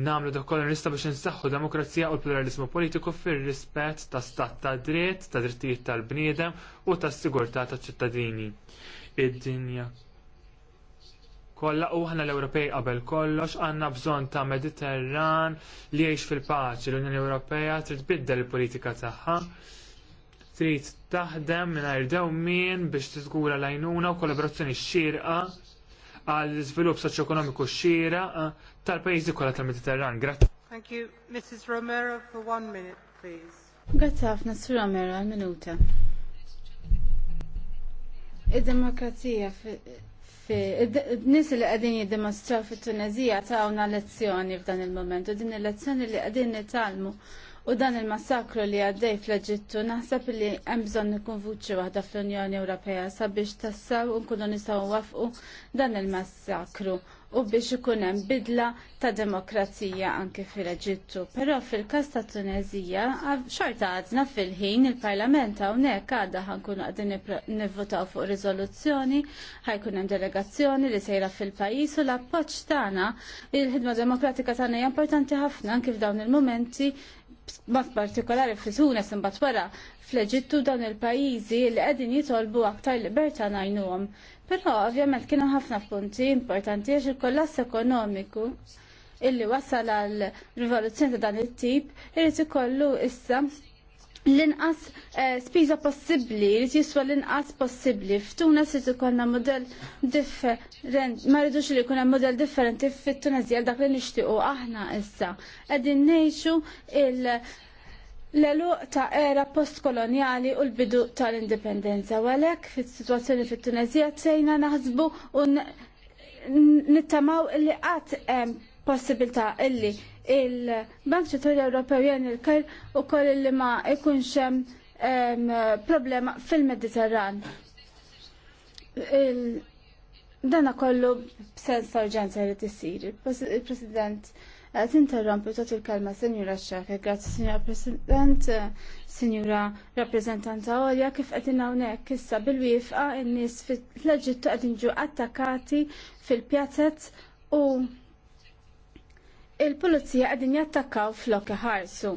Speaker 6: namlu dak kollu nista biex nsaħħu demokrazija u pluralizmu politiku fir-rispett ta' stat ta' dritt, ta' drittijiet tal-bniedem u ta' sigurtà taċ ċittadini. Id-dinja kollha u ħana l-Ewropej qabel kollox għandna bżonn ta' Mediterran li jgħix fil-paċi. L-Unjoni Ewropeja trid biddel il-politika tagħha. Trid taħdem mingħajr dewmien biex tiżgura lajnuna u kollaborazzjoni xxierqa għall iżvilupp soċjoekonomiku xxieraq tal-pajjiżi kollha tal-Mediterran. Grazzi.
Speaker 5: Thank you, Mrs. Romero, for one minute, please.
Speaker 4: Grazzi ħafna, Sur Romero, għal-minuta. Id-demokrazija Nis li għadin jiddemonstraw fit tunezija tawna lezzjoni f'dan il-moment u din il-lezzjoni li għadin nitalmu u dan il-massakru li għaddej fl-Eġittu naħseb li hemm bżonn ikun vuċi waħda fl-Unjoni Ewropea sabiex tassaw u nkunu nistgħu wafqu dan il-massakru u biex ikun hemm bidla ta' demokrazija anke fil-Eġittu. Però fil-każ ta' Tunezija xorta għadna fil-ħin il-Parlament hawnhekk għadha ħankunu qegħdin nivvotaw fuq riżoluzzjoni, ħajkun hemm delegazzjoni li sejra fil-pajjiż u l-appoġġ tagħna il-ħidma demokratika tagħna hija importanti ħafna anke f'dawn il-momenti mat partikolari fi Tunis imbagħad wara fl-Eġittu dawn il-pajjiżi li qegħdin jitolbu aktar libertà ngħinuhom Però ovvjament kienu ħafna punti importanti għax il-kollass ekonomiku illi wasal għal rivoluzzjoni ta' dan it-tip irid ikollu issa l-inqas eh, spiża possibbli, irid jiswa l-inqas possibbli. F'Tuna se ikollna modell differenti, ma rridux li jkun hemm modell differenti fit-Tunezija dak li nixtiequ aħna issa. Qegħdin ngħixu il- l-eluq ta' era postkoloniali u l-bidu tal-indipendenza. Walek, fit-situazzjoni fit-Tunezija tsejna naħsbu u nittamaw li għat possibilta illi il-Bank Ċentrali Ewropew jen il-kajr u koll illi ma jkunx hemm problema fil-Mediterran. Dana kollu b-sens ta' urġenza li tisir. Il-President Għet eh, interrompu tot il-kalma, Senjura Xek, grazzi Senjura President, eh, Senjura Rappresentanta għolja, kif għedin għawnek issa bil-wifqa n-nis fil-leġittu għedin ġu attakati fil-pjazzet u il-polizija għedin jattakkaw flok ħarsu.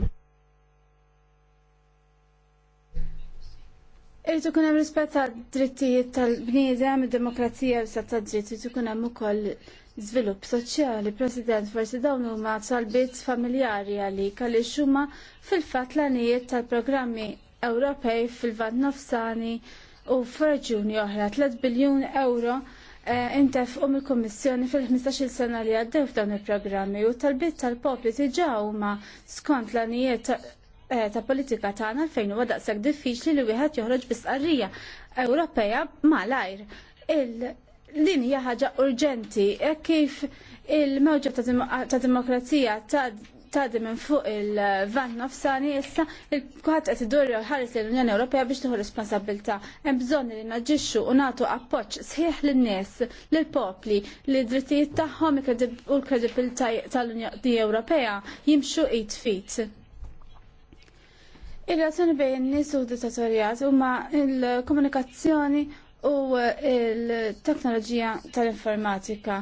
Speaker 4: Irritu kun hemm rispetta għad drittijiet tal-bniedem, id-demokrazija u s-satta irritu kun hemm ukoll żvilupp soċjali, President, forsi dawn huma salbiet familjari għalik għaliex huma fil-fatt l-għanijiet tal-programmi Ewropej fil vat Nofsani u f'reġjuni oħra 3 biljun euro eh, intef u il-Kommissjoni fil-15 sena li għaddew f'dawn il-programmi u talbiet tal-popli diġà huma skont l-għanijiet eh, ta' politika tagħna fejn huwa daqshekk diffiċli li wieħed joħroġ bis-qarrija ma' lajr din hija ħaġa urġenti hekk kif il-mewġa ta' demokrazija tgħaddi minn fuq il-vant nofsani issa il-kuħat qed idur ħares l-Unjoni Ewropea biex tieħu responsabilità. Hemm bżonn li naġixxu u nagħtu appoġġ sħiħ lin-nies, lill-popli, li drittijiet tagħhom u l-kredibilità tal-Unjoni Ewropea jimxu id fit. Il-relazzjoni bejn in-nies u dittatorjat huma l komunikazzjoni u eh, il-teknoloġija tal-informatika.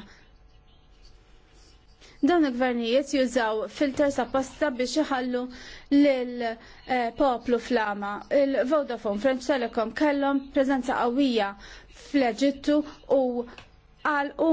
Speaker 4: Dawn il-gvernijiet jużaw filters apposta biex iħallu l eh, poplu flama. Il-Vodafone, French Telecom kellhom preżenza qawwija fl-Eġittu u għalqu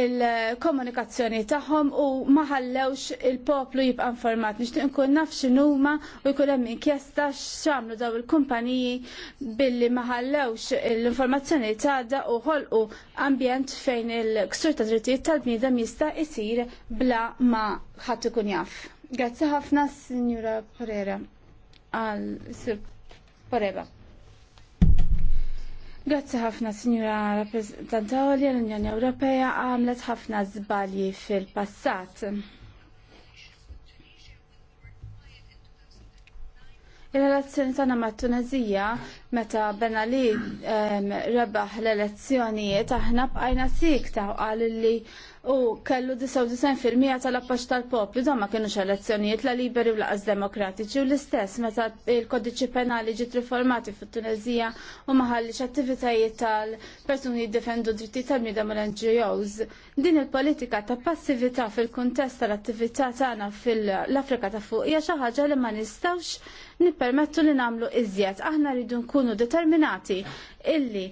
Speaker 4: il-komunikazzjoni tagħhom u ma ħallewx il-poplu jibqa' informat. Nixtieq nkun naf x'inhuma u jkun hemm inkjesta x'għamlu daw il-kumpaniji billi ma ħallewx l-informazzjoni tagħda u ħolqu ambjent fejn il-ksur ta' drittijiet tal-bniedem jista' isir bla ma ħadd ikun jaf. Grazzi ħafna, Signora Porera, għal Sir Poreba. Grazzi ħafna, Signora Rappresentantoli, l-Unjoni Ewropea għamlet ħafna żbalji fil-passat. Il-relazzjoni tagħna mat Tunezija meta Ben Ali rebaħ l-elezzjonijiet aħna bqajna sikta u qal li u kellu 99% tal-appoġġ tal-poplu dan ma kienux elezzjonijiet la liberi u laqas demokratiċi u l-istess meta il-kodiċi penali ġiet riformati fit-Tunezija u ħallix attivitajiet tal-persuni jiddefendu dritti tal-mida mal-NGOs. Din il-politika ta' passività fil-kuntest tal-attività tagħna fil-Afrika ta' fuq hija xi ħaġa li ma nistgħux nippermettu li nagħmlu iżjed. Aħna rridu nkunu determinati illi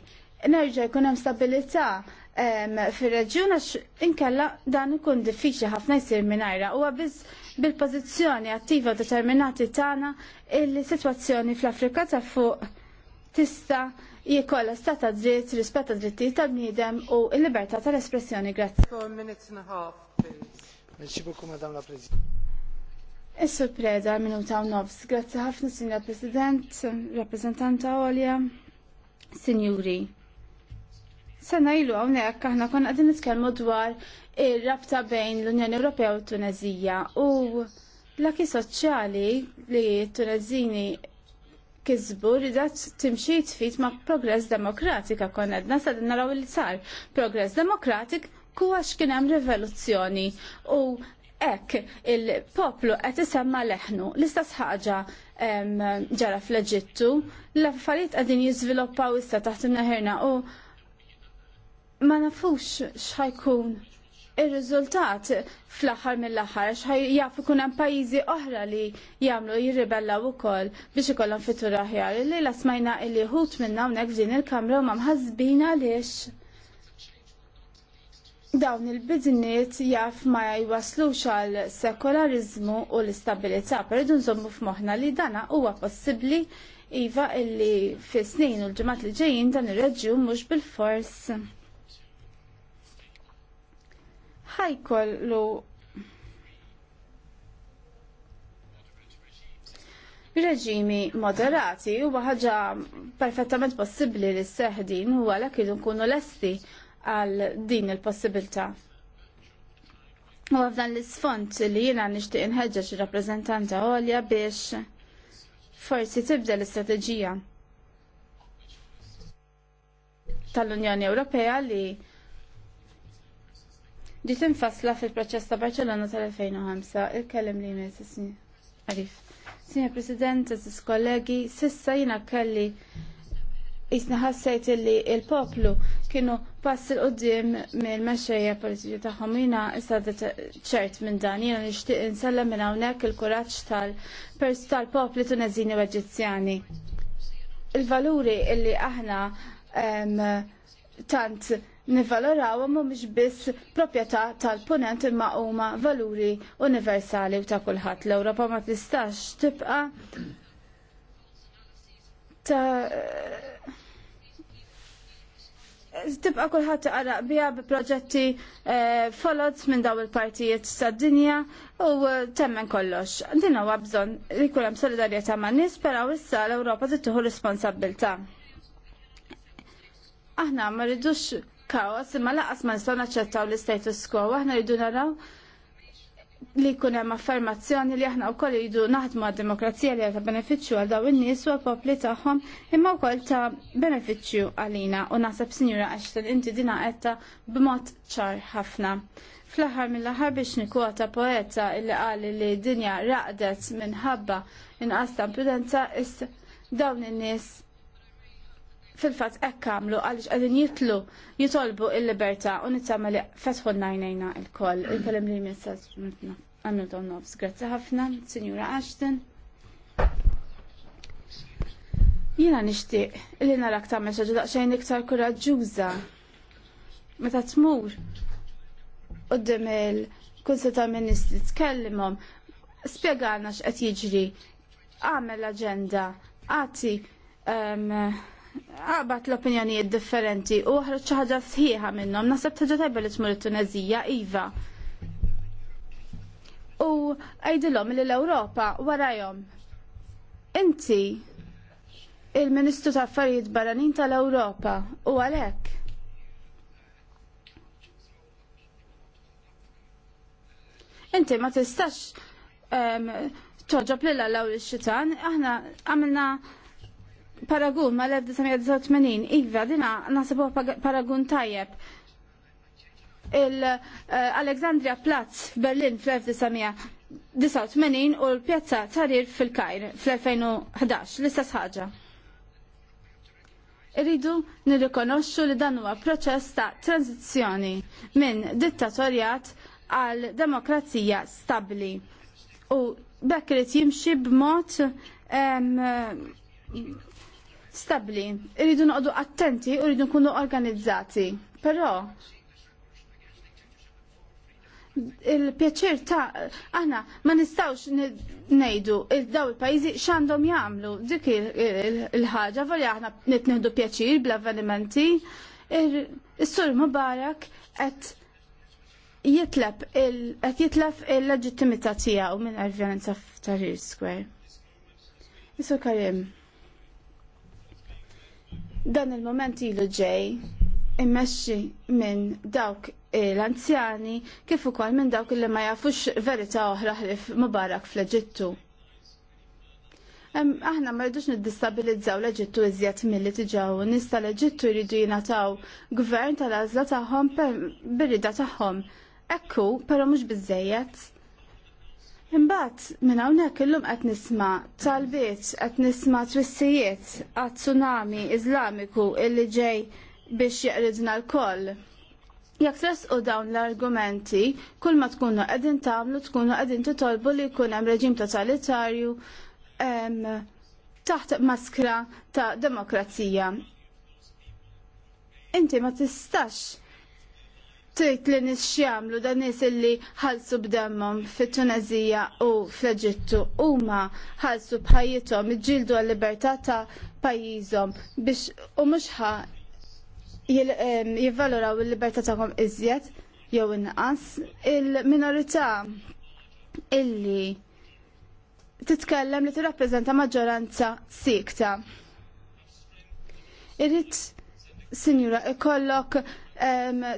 Speaker 4: nerġa' jkun hemm stabilità fir-reġjun għax inkella dan ikun diffiċli ħafna jsir minajra huwa biss bil-pożizzjoni attiva determinati tagħna il-sitwazzjoni fl-Afrika ta' fuq tista' jikolla stata dritt, rispetta drittijiet tal-bniedem u l-libertà tal-espressjoni. Grazie.
Speaker 2: Four minutes and a half,
Speaker 6: please. Merci beaucoup, Madame la Presidente.
Speaker 4: Issu preda minuta u nofs. Grazie ħafna, Signor President, Rappresentanta Olja, Signori. Sena ilu għawnek, aħna kon għadin nitkellmu dwar il-rabta bejn l-Unjoni Ewropea u Tunezija u l-aki soċjali li Tunezini kizbu ridat timxi tfit ma' progress demokratika kon għedna sa' naraw li sar. Progress demokratik ku għax hemm rivoluzzjoni u ek il-poplu qed isemma leħnu. L-istess ħagġa ġara fl-Eġittu, l-affarijiet qegħdin jiżviluppaw issa taħt imneħirna u ma nafux xħajkun il-rizultat fl-axar mill-axar, xħaj jafu kun hemm pajjiżi oħra li jagħmlu jirribellaw ukoll biex ikollhom fitur aħjar. Li lasmajna il li hut minna hawnhekk f'din il-kamra ma mamħazbina għaliex dawn il-bidniet jaf ma jwaslux għal sekolarizmu u l-istabilità, peridu nżommu f'moħħna li dana huwa possibbli iva illi fi snin u l-ġemat li ġejjin dan ir-reġjun mhux bil-fors ħajkollu reġimi moderati u ħaġa perfettament possibbli li s-seħdin u għalek id nkunu lesti għal din il-possibilta. U għafdan l-sfont li jina nishtiq nħedġaġ il-rappresentanta għolja biex forsi tibda l-istrateġija tal-Unjoni Ewropea li ġiet infasla fil-proċess ta' Barcelona tal-2005 il-kellim li jmiss isni. Arif. Signor President, eżis kollegi, sissa jina kelli jisna ħassajt li il-poplu kienu pass il-qoddim mill-mexxejja politiċi tagħhom jiena issa ċert minn dan jiena nixtieq insellem minn hawnhekk il-kuraġġ tal-pers tal-popli Tuneżini u Eġizzjani. Il-valuri illi aħna tant nivvalorawhom mhumiex biss proprjetà tal-punent imma huma valuri universali u ta' kulħadd. L-Ewropa ma tistax tibqa' ta' tibqa' kulħadd taqraq biha bi proġetti eh, folot minn daw il-partijiet tad-dinja u temmen kollox. Din huwa bżonn li jkun hemm solidarjetà man nies, però issa l-Ewropa tittieħu responsabbiltà. Aħna ma rridux kaos, imma laqas ma nistgħu naċċettaw l-status quo, aħna jridu naraw li jkun hemm affermazzjoni li aħna wkoll jridu naħdmu għad-demokrazija li ta' benefiċċju għal dawn in-nies u għall-popli tagħhom imma wkoll ta' benefiċċju għalina u naħseb Sinjura Ashton inti dina qedta b'mod ċar ħafna fl-aħħar mill-aħħar biex nikwota poeta illi qal li dinja raqdet minħabba inqas ta' imprudenza is dawn in-nies fil-fat ekkamlu għalix għadin jitlu jitolbu il-libertà u nittama li fetħu najnejna il-koll il-kellim li jmissas għamlu Donovs. Grazzi ħafna, Signora Ashton. Jina nishtiq li narak ta' meċa ġudaqxajn iktar kuraġġuża meta tmur qoddim il-Kunsil ta' Ministri tkellimhom spjegana x'qed jiġri għamel l-aġenda għati um, għabat l-opinjonijiet differenti u ħarġ xi ħaġa sħiħa minnhom. Naħseb ħaġa tajba li tmur it-Tunezija, iva. U għajdilom li l-Ewropa warajhom. Inti il-Ministru ta' Affarijiet Barranin tal-Ewropa u għalhekk. Inti ma tistax toġob lil l xitan aħna għamilna paragun ma l-1989, iva, dina nasibu paragun tajjeb. Il-Alexandria eh, Platz f'Berlin fl-1989 u l-Pjazza Tarir fil-Kajr fl-2011, l-istess ħaġa. Irridu nirrikonoxxu li dan huwa proċess ta' tranzizzjoni minn dittatorjat għal demokrazija stabbli. U bekk irid jimxi b'mod stabli, irridu noqdu attenti u rridu nkunu organizzati. Però il-pjaċir ta' aħna ma nistawx nejdu daw il-pajzi xandom jamlu dik il-ħagġa volja aħna nitnihdu pjaċir bl-avvenimenti il-sur Mubarak et jitlef il-leġittimità tijaw minn għal-vjolenza f'Tahrir Square. Isur Karim. Dan il-moment ilu ġej immexxi minn dawk l-anzjani kif ukoll minn dawk li ma jafux verità oħra ħrif Mubarak fl-Eġittu. Aħna ma rridux niddistabilizzaw l-Eġittu iżjed milli tiġaw nies tal-Eġittu jridu jingħataw gvern tal-għażla tagħhom birrida tagħhom. Ekku, però mhux biżejjed. Imbagħad minn hawnhekk illum qed nisma' talbiet qed nisma' twissijiet għat tsunami Iżlamiku illi ġej biex jeqridna l-koll. Jekk tresqu dawn l-argumenti, kull ma tkunu qegħdin tagħmlu tkunu qegħdin titolbu li jkun hemm reġim totalitarju taħt maskra ta' demokrazija. Inti ma tistax tgħid li nisċamlu dan nies li ħalsu b'demmhom fit tunazija u fl-Eġittu huma ħalsu bħajjithom iġildu għal-libertà ta' pajjiżhom biex u mhux ħa jivvaloraw il-libertà tagħhom iżjed jew inqas il-minorità illi titkellem li tirrappreżenta maġġoranza sikta. Irrid Sinjura, ikollok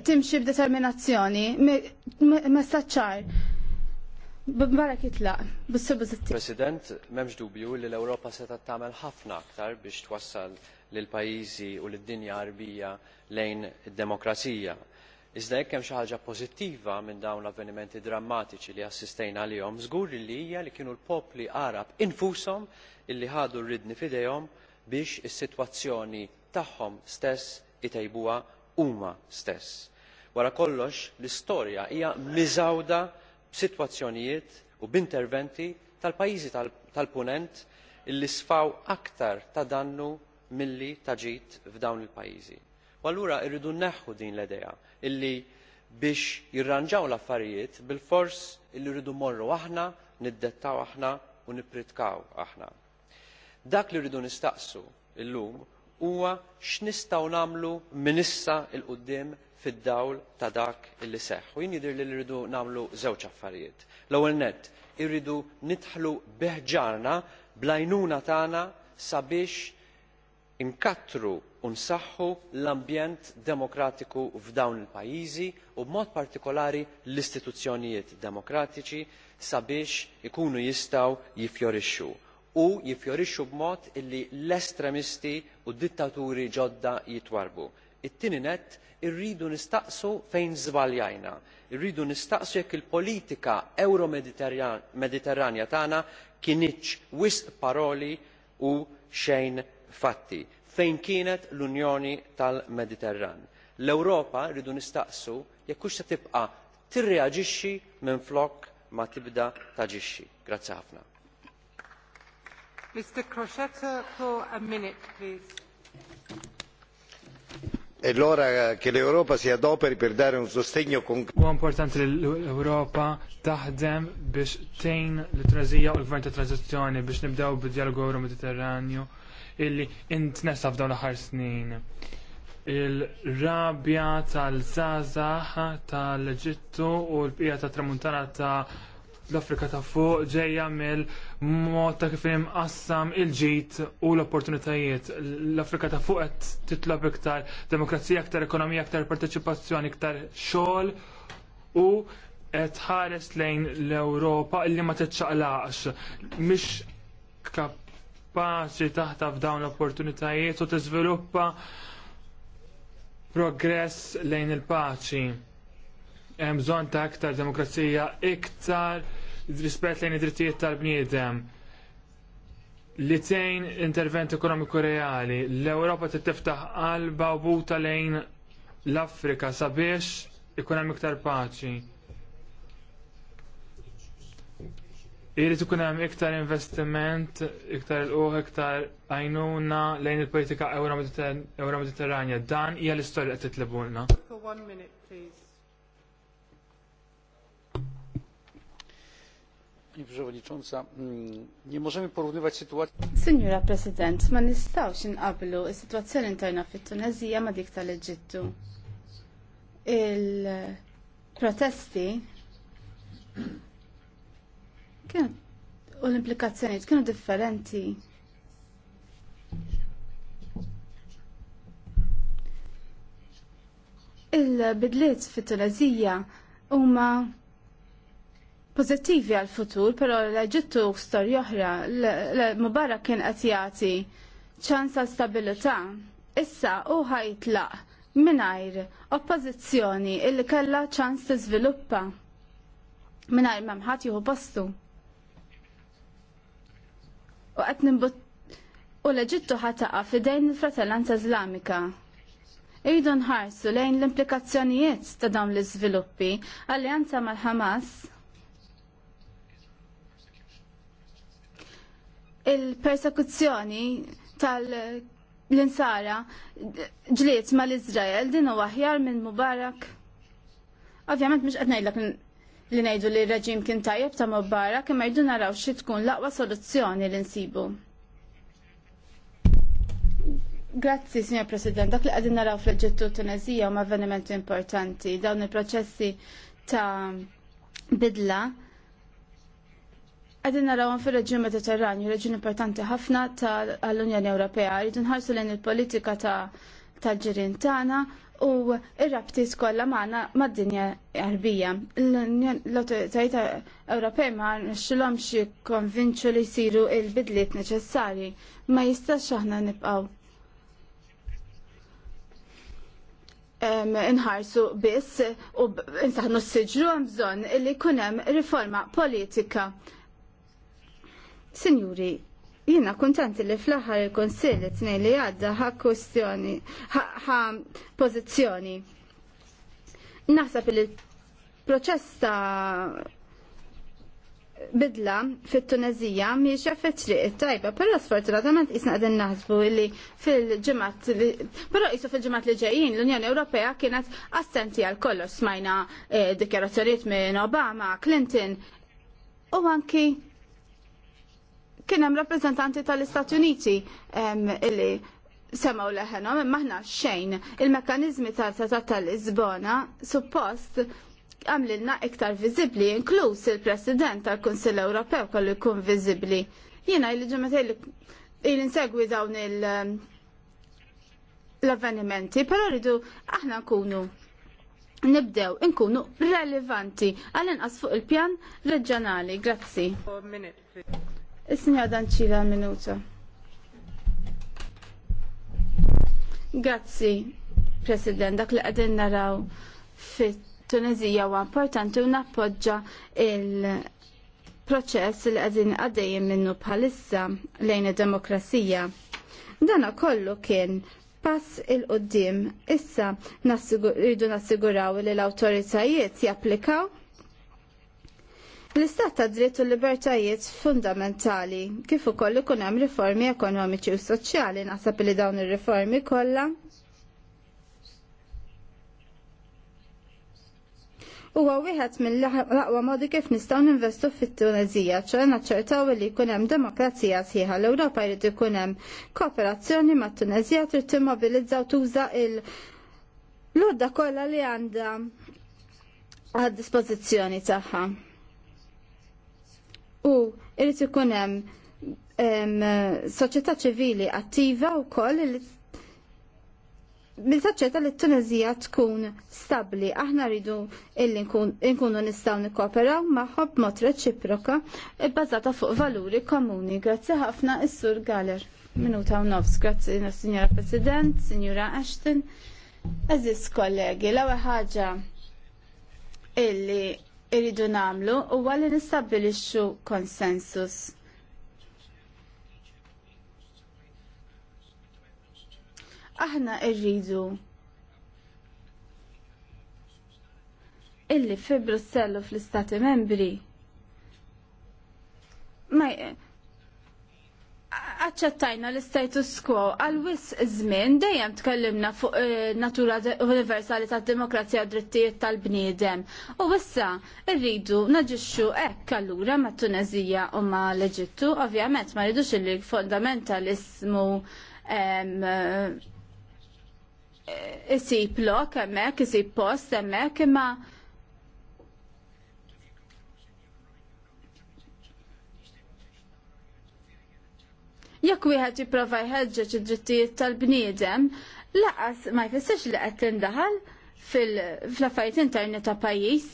Speaker 4: timxi b'determinazzjoni, messaċċar. Barak jitlaq, bussu bussu.
Speaker 5: President, memx dubju li l-Ewropa se tagħmel ħafna aktar biex twassal l pajjiżi u lid-dinja arbija lejn id-demokrazija. Iżda jekk hemm xi ħaġa pożittiva minn dawn l-avvenimenti drammatiċi li assistejna jom, żgur li hija li kienu l-popli Arab infushom illi ħadu rridni f'idejhom biex is-sitwazzjoni tagħhom stess itejbuha huma stess. wara kollox l-istorja hija miżawda b'sitwazzjonijiet u b'interventi tal pajjiżi tal punent illi sfaw aktar ta' dannu milli ta' ġid f'dawn il pajjiżi. u allura rridu nneħħu din l-idea illi biex jirranġaw l-affarijiet bilfors illi rridu mmorru aħna niddettaw aħna u nippritkaw aħna. dak li rridu nistaqsu llum huwa x'nistgħu nagħmlu minn issa il quddiem fid-dawl ta' dak illi seħħ. U jien jidher li rridu nagħmlu żewġ affarijiet. L-ewwel nett irridu nidħlu beħġarna bl-għajnuna tagħna sabiex inkattru u nsaħħu l-ambjent demokratiku f'dawn il-pajjiżi u b'mod partikolari l-istituzzjonijiet demokratiċi sabiex ikunu jistgħu jiffjorixxu u jiffjorixxu b'mod illi l-estremisti u dittaturi ġodda jitwarbu. It-tieni nett irridu nistaqsu fejn żbaljajna, irridu nistaqsu jekk il-politika euro mediterranja tagħna kienitx wisq paroli u xejn fatti. Fejn kienet l-Unjoni tal-Mediterran? L-Ewropa rridu nistaqsu jekk hux se tibqa' tirreaġixxi minflok ma tibda taġixxi. Grazzi ħafna. È
Speaker 2: e l'ora che l'Europa si adoperi per dare un sostegno concreto.
Speaker 6: Huwa importanti li l-Ewropa taħdem biex tgħin li trażija u l-gvern ta' tranzizzjoni biex nibdew bid-dialogu Euro Mediterranju illi intnesa f'dawn l-aħħar snin. Il-rabja tal-żazax tal-Eġittu u l-bqija tat tramuntana ta' l-Afrika ta' fuq ġejja mill-mod ta' kif imqassam il-ġid u l-opportunitajiet. L-Afrika ta' fuq qed titlob iktar demokrazija, iktar ekonomija, iktar parteċipazzjoni, iktar xogħol u qed ħares lejn l-Ewropa illi ma titxaqlaqx. Mhix kapaċi taħtaf dawn l-opportunitajiet u tiżviluppa progress lejn il-paċi hemm bżonn ta' aktar demokrazija iktar rispett lejn id-drittijiet tal-bniedem li tgħin intervent ekonomiku reali l-Ewropa tiftaħ qalba u buta lejn l-Afrika sabiex ikun hemm iktar paċi. Irid ikun hemm iktar investiment, iktar il iktar għajnuna lejn il-politika Euro Mediterranja. Dan hija l-istorja qed titlibulna.
Speaker 5: one minute, please. Mm,
Speaker 4: Signora President, ma nistawx inqablu is-sitwazzjoni interna fit-Tunezija ma dik tal-Eġittu. Il-protesti u l-implikazzjonijiet kienu differenti. Il-bidliet fit-Tunezija huma pozittivi għal futur, pero l-Eġittu storja oħra, l-Mubarak kien qed jagħti ċans għal stabilità. Issa u ħajtlaq mingħajr oppożizzjoni illi kellha ċans tiżviluppa mingħajr memħat jieħu postu. U qed nimbut u l-Eġittu ħataqa fidejn il-Fratellanza Iżlamika. Ejdu nħarsu lejn l-implikazzjonijiet ta' dawn l-iżviluppi, alleanza mal-Ħamas il-persekuzzjoni tal-insara ġliet mal iżrael din huwa aħjar minn Mubarak. Ovvjament mhux qed ngħidlek li ngħidu li r-reġim kien tajjeb ta' Mubarak imma jdu naraw xi tkun l-aqwa soluzzjoni li nsibu. Grazzi, signor President, dak li qegħdin naraw fl-Eġittu Tunezija huma avvenimenti importanti dawn il-proċessi ta' bidla Għadin naraw fil-reġjun Mediterranju, reġim importanti ħafna tal-Unjoni Ewropea, rridu nħarsu lejn il-politika tal-ġirin tagħna u ir-rabtis kollha maħna mad-dinja għarbija. L-awtoritajiet Ewropej ma rnexxilhomx jikkonvinċu li jsiru il-bidliet neċessarji, ma jistax aħna nibqgħu inħarsu biss u nsaħnu s-sġru għamżon li kunem riforma politika Signori, jina kontanti li fl-aħħar il li it-tnejn li għadda ħa kustjoni, ħa pozizjoni. Naħseb li proċess ta' bidla fit-Tunezija miex jaffetri it-tajba, però sfortunatament jisna qegħdin naħsbu li fil-ġimgħat però jisu fil-ġimgħat li ġejjin l-Unjoni Ewropea kienet assenti għal kollox smajna eh, dikjarazzjonijiet minn Obama, Clinton u anki Kien hemm rappreżentanti tal-Istati Uniti illi semaw leħenom, maħna xejn il-mekanizmi tal-tata tal-Lisbona suppost għamlilna iktar viżibli, inkluż il-President tal-Kunsill Ewropew kollu jkun viżibli. Jiena il-ġemet il-insegwi dawn il- l-avvenimenti, pero rridu aħna nkunu nibdew nkunu relevanti għal inqas fuq il-pjan reġjonali. Grazzi. Is-sinjor ċila minuta. Grazzi, President, dak li qegħdin naraw fit-Tunezija huwa importanti u nappoġġa il- proċess li għadin għaddejjem minnu bħalissa lejn id-demokrazija. Dana kollu kien pass il-qoddim. Issa rridu nassiguraw li l-autoritajiet japplikaw L-istat ta' dritt u libertajiet fundamentali kif ukoll ikun hemm riformi ekonomiċi u soċjali naħseb li dawn ir-riformi kollha huwa wieħed mill-aqwa modi kif nistgħu ninvestu fit-Tunezija, ċe naċċertaw li jkun hemm demokrazija sħiħa l-Ewropa jrid ikun hemm kooperazzjoni mat-Tunezija trid timmobilizzaw tuża il lodda kollha li għandha għad dispożizzjoni tagħha u irrit ikun hemm soċjetà ċivili attiva wkoll bil taċċetta li t-Tunezija tkun stabli. Aħna rridu illi nkunu nistaw nikkooperaw maħob mod reċiproka bbażata fuq valuri komuni. Grazzi ħafna is-Sur Galer. Minuta u nofs, grazzi Signora President, Signora Ashton, eżis kollegi, l ewwel ħaġa illi irridu namlu u għalli nistabilixxu konsensus. Aħna irridu illi fi Brussellu fl-Istati Membri ma Aċċettajna l-status quo għal wis żmien dejjem tkellimna fuq eh, natura universali tad-demokrazija drittijiet tal-bniedem. U issa rridu naġixxu hekk allura mat Tunezija u mal eġittu ovvjament ma rridux illi fondamentalismu eh, isib lok hemmhekk, isib post hemmhekk imma jekk wieħed jipprova jħeġġeġ id-drittijiet tal-bniedem, laqas ma jfissirx li qed tindaħal fl affarijiet interni ta' pajjiż.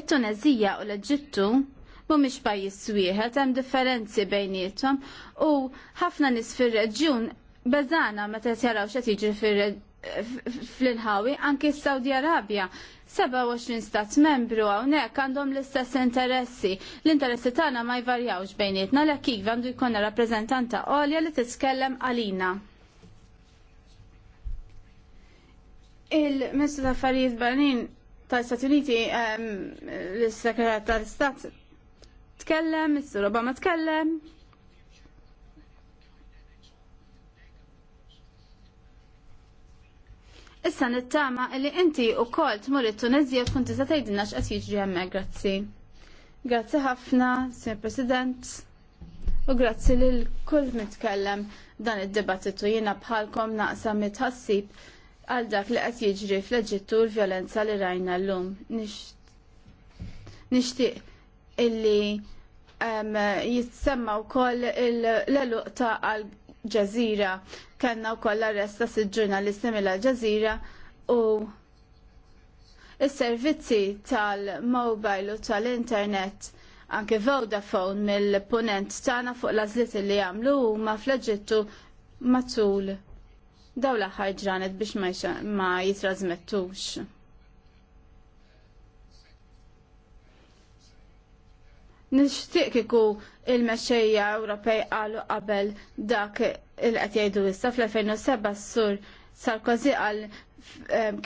Speaker 4: It-Tunezija u l-Eġittu mhumiex pajjiż wieħed hemm differenzi bejniethom u ħafna nies fir-reġjun beżana meta jaraw x'qed jiġri fir-reġjun fl-inħawi anki s-Saudi Arabia. 27 stat membru għawnek għandhom l-istess interessi. L-interessi tagħna ma jvarjawx bejnietna l kif iva għandu jkun rappreżentanta għolja li titkellem għalina. Il-Ministru ta' Affarijiet Barranin tal-Stati Uniti, ehm, l-Sekretar tal-Stat, tkellem, Mr. Obama tkellem, Issa nittama li inti u kol tmur il tunezija tkun tista' tgħidilna x'qed jiġri hemmhekk, grazzi. Grazzi ħafna, Sir President. U grazzi lil kull mitkellem dan id-dibattitu jiena bħalkom naqsam mitħassib għal dak li qed jiġri fl-Eġittu l-vjolenza li rajna llum. Nixtieq illi jitsemma wkoll l-eluq ta' għal ġazira kanna u koll arresta s-ġurnalisti mill-Ġazira u il-servizzi tal-mobile u tal-internet anke Vodafone mill-ponent tagħna fuq l li jagħmlu huma fl-Eġittu matul daw l-aħħar ġranet biex ma jitrażmettux. Nixtieq kieku il-mexxejja Ewropej qalu qabel dak il-qed jgħidu issa fl-2007 s-sur Sarkozy għal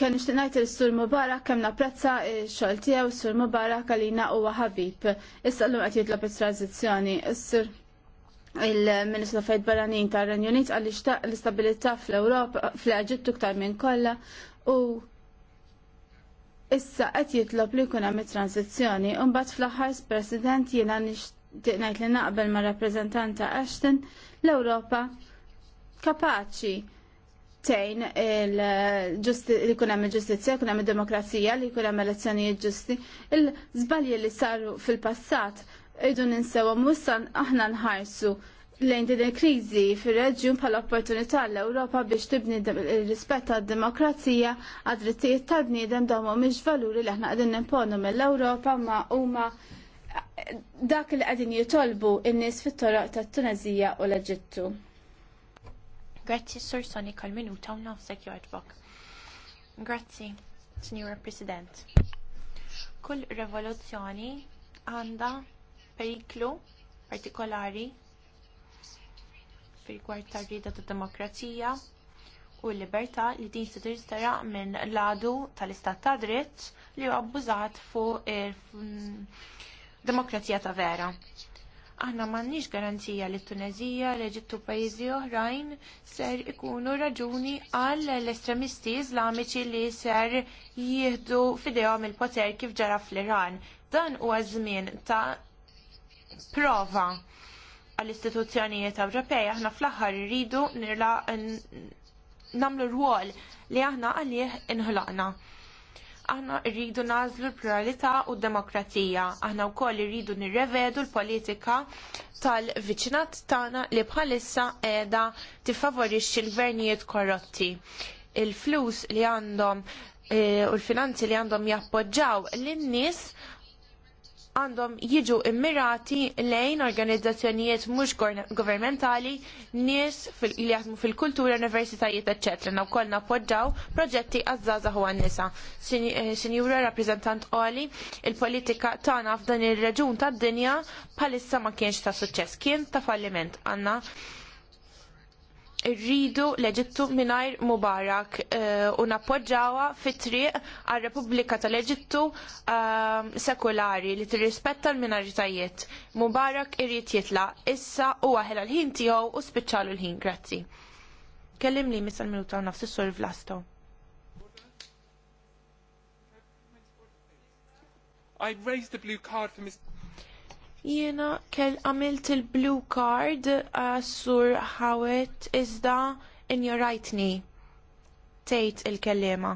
Speaker 4: kien nixtieq ngħid il-Sur Mubarak kemm napprezza x-xogħol tiegħu sur Mubarak jina huwa ħabib. Issa llum qed jitlob it-tranzizzjoni. Is-Sur il-Ministru Fejt Barranin tar-Renju Unit għal l-istabilità fl-Ewropa fl-Eġittu ktar minn kollha u issa qed jitlob li jkun hemm it-transizzjoni u mbagħad fl-aħħar President jiena nixtieq ngħid li naqbel ma' rappreżentanta Ashton l-Ewropa kapaċi tejn li kun hemm il-ġustizzja, kun hemm id-demokrazija, li kun hemm elezzjonijiet ġusti, il-żbalji li saru fil-passat ninsewhom u issa aħna nħarsu lejn din il-kriżi fir-reġjun bħala opportunità l-Ewropa biex tibni il-rispett għad-demokrazija għad-drittijiet tal-bniedem dawn mhumiex valuri li aħna qegħdin nimponu mill-Ewropa ma huma dak li qegħdin jitolbu
Speaker 1: n-nies fit-toroq tat-Tunezija
Speaker 4: u l-Eġittu.
Speaker 1: Grazzi Sur Sonic għal minuta u nafsek bok. Grazzi, Signor President. Kull rivoluzzjoni għandha periklu partikolari fil-gwart tar-rida tad demokrazija u l-libertà li din se tinstera minn ladu tal-istat ta' dritt li huwa abbużat fuq il-demokrazija mm, ta' vera. Aħna m'għandniex garanzija li t Tunezija, l-Eġittu pajjiżi oħrajn ser ikunu raġuni għal l-estremisti iżlamiċi li ser jieħdu fidejhom il-poter kif ġara fl-Iran. Dan huwa żmien ta' prova għall-istituzzjonijiet Ewropej, aħna fl-aħħar irridu nirla namlu rwol li aħna għalih inħlaqna. Aħna rridu nażlu l-pluralità u d-demokrazija. Aħna wkoll irridu nirrevedu l-politika tal-viċinat tagħna li bħalissa qiegħda tiffavorixxi l-gvernijiet korrotti. Il-flus li għandhom eh, u l-finanzi li għandhom jappoġġaw lin-nies għandhom jiġu immirati lejn organizzazzjonijiet mhux governmentali, nies li jaħdmu fil-kultura, universitajiet, ecc. kol nappoġġaw proġetti għaż huwa u għan-nisa. Eh, Sinjura rappreżentant Oli, il-politika tagħna f'dan ir-reġun tad-dinja bħalissa ma kienx ta' suċċess, kien ta' falliment għandna rridu l-Eġittu mingħajr Mubarak eh, u nappoġġawha fit-triq għar-Repubblika tal-Eġittu eh, sekulari li tirrispetta l-minoritajiet. Mubarak irrid jitlaq issa huwa ħela l-ħin tiegħu u spiċċalu l-ħin, grazzi. Kellim li misal minuta u nafs sur Vlasto.
Speaker 6: I raised the blue card for Mr.
Speaker 1: Jiena kell għamilt il-blue card uh, sur ħawet iżda knee. tgħid il-kellima.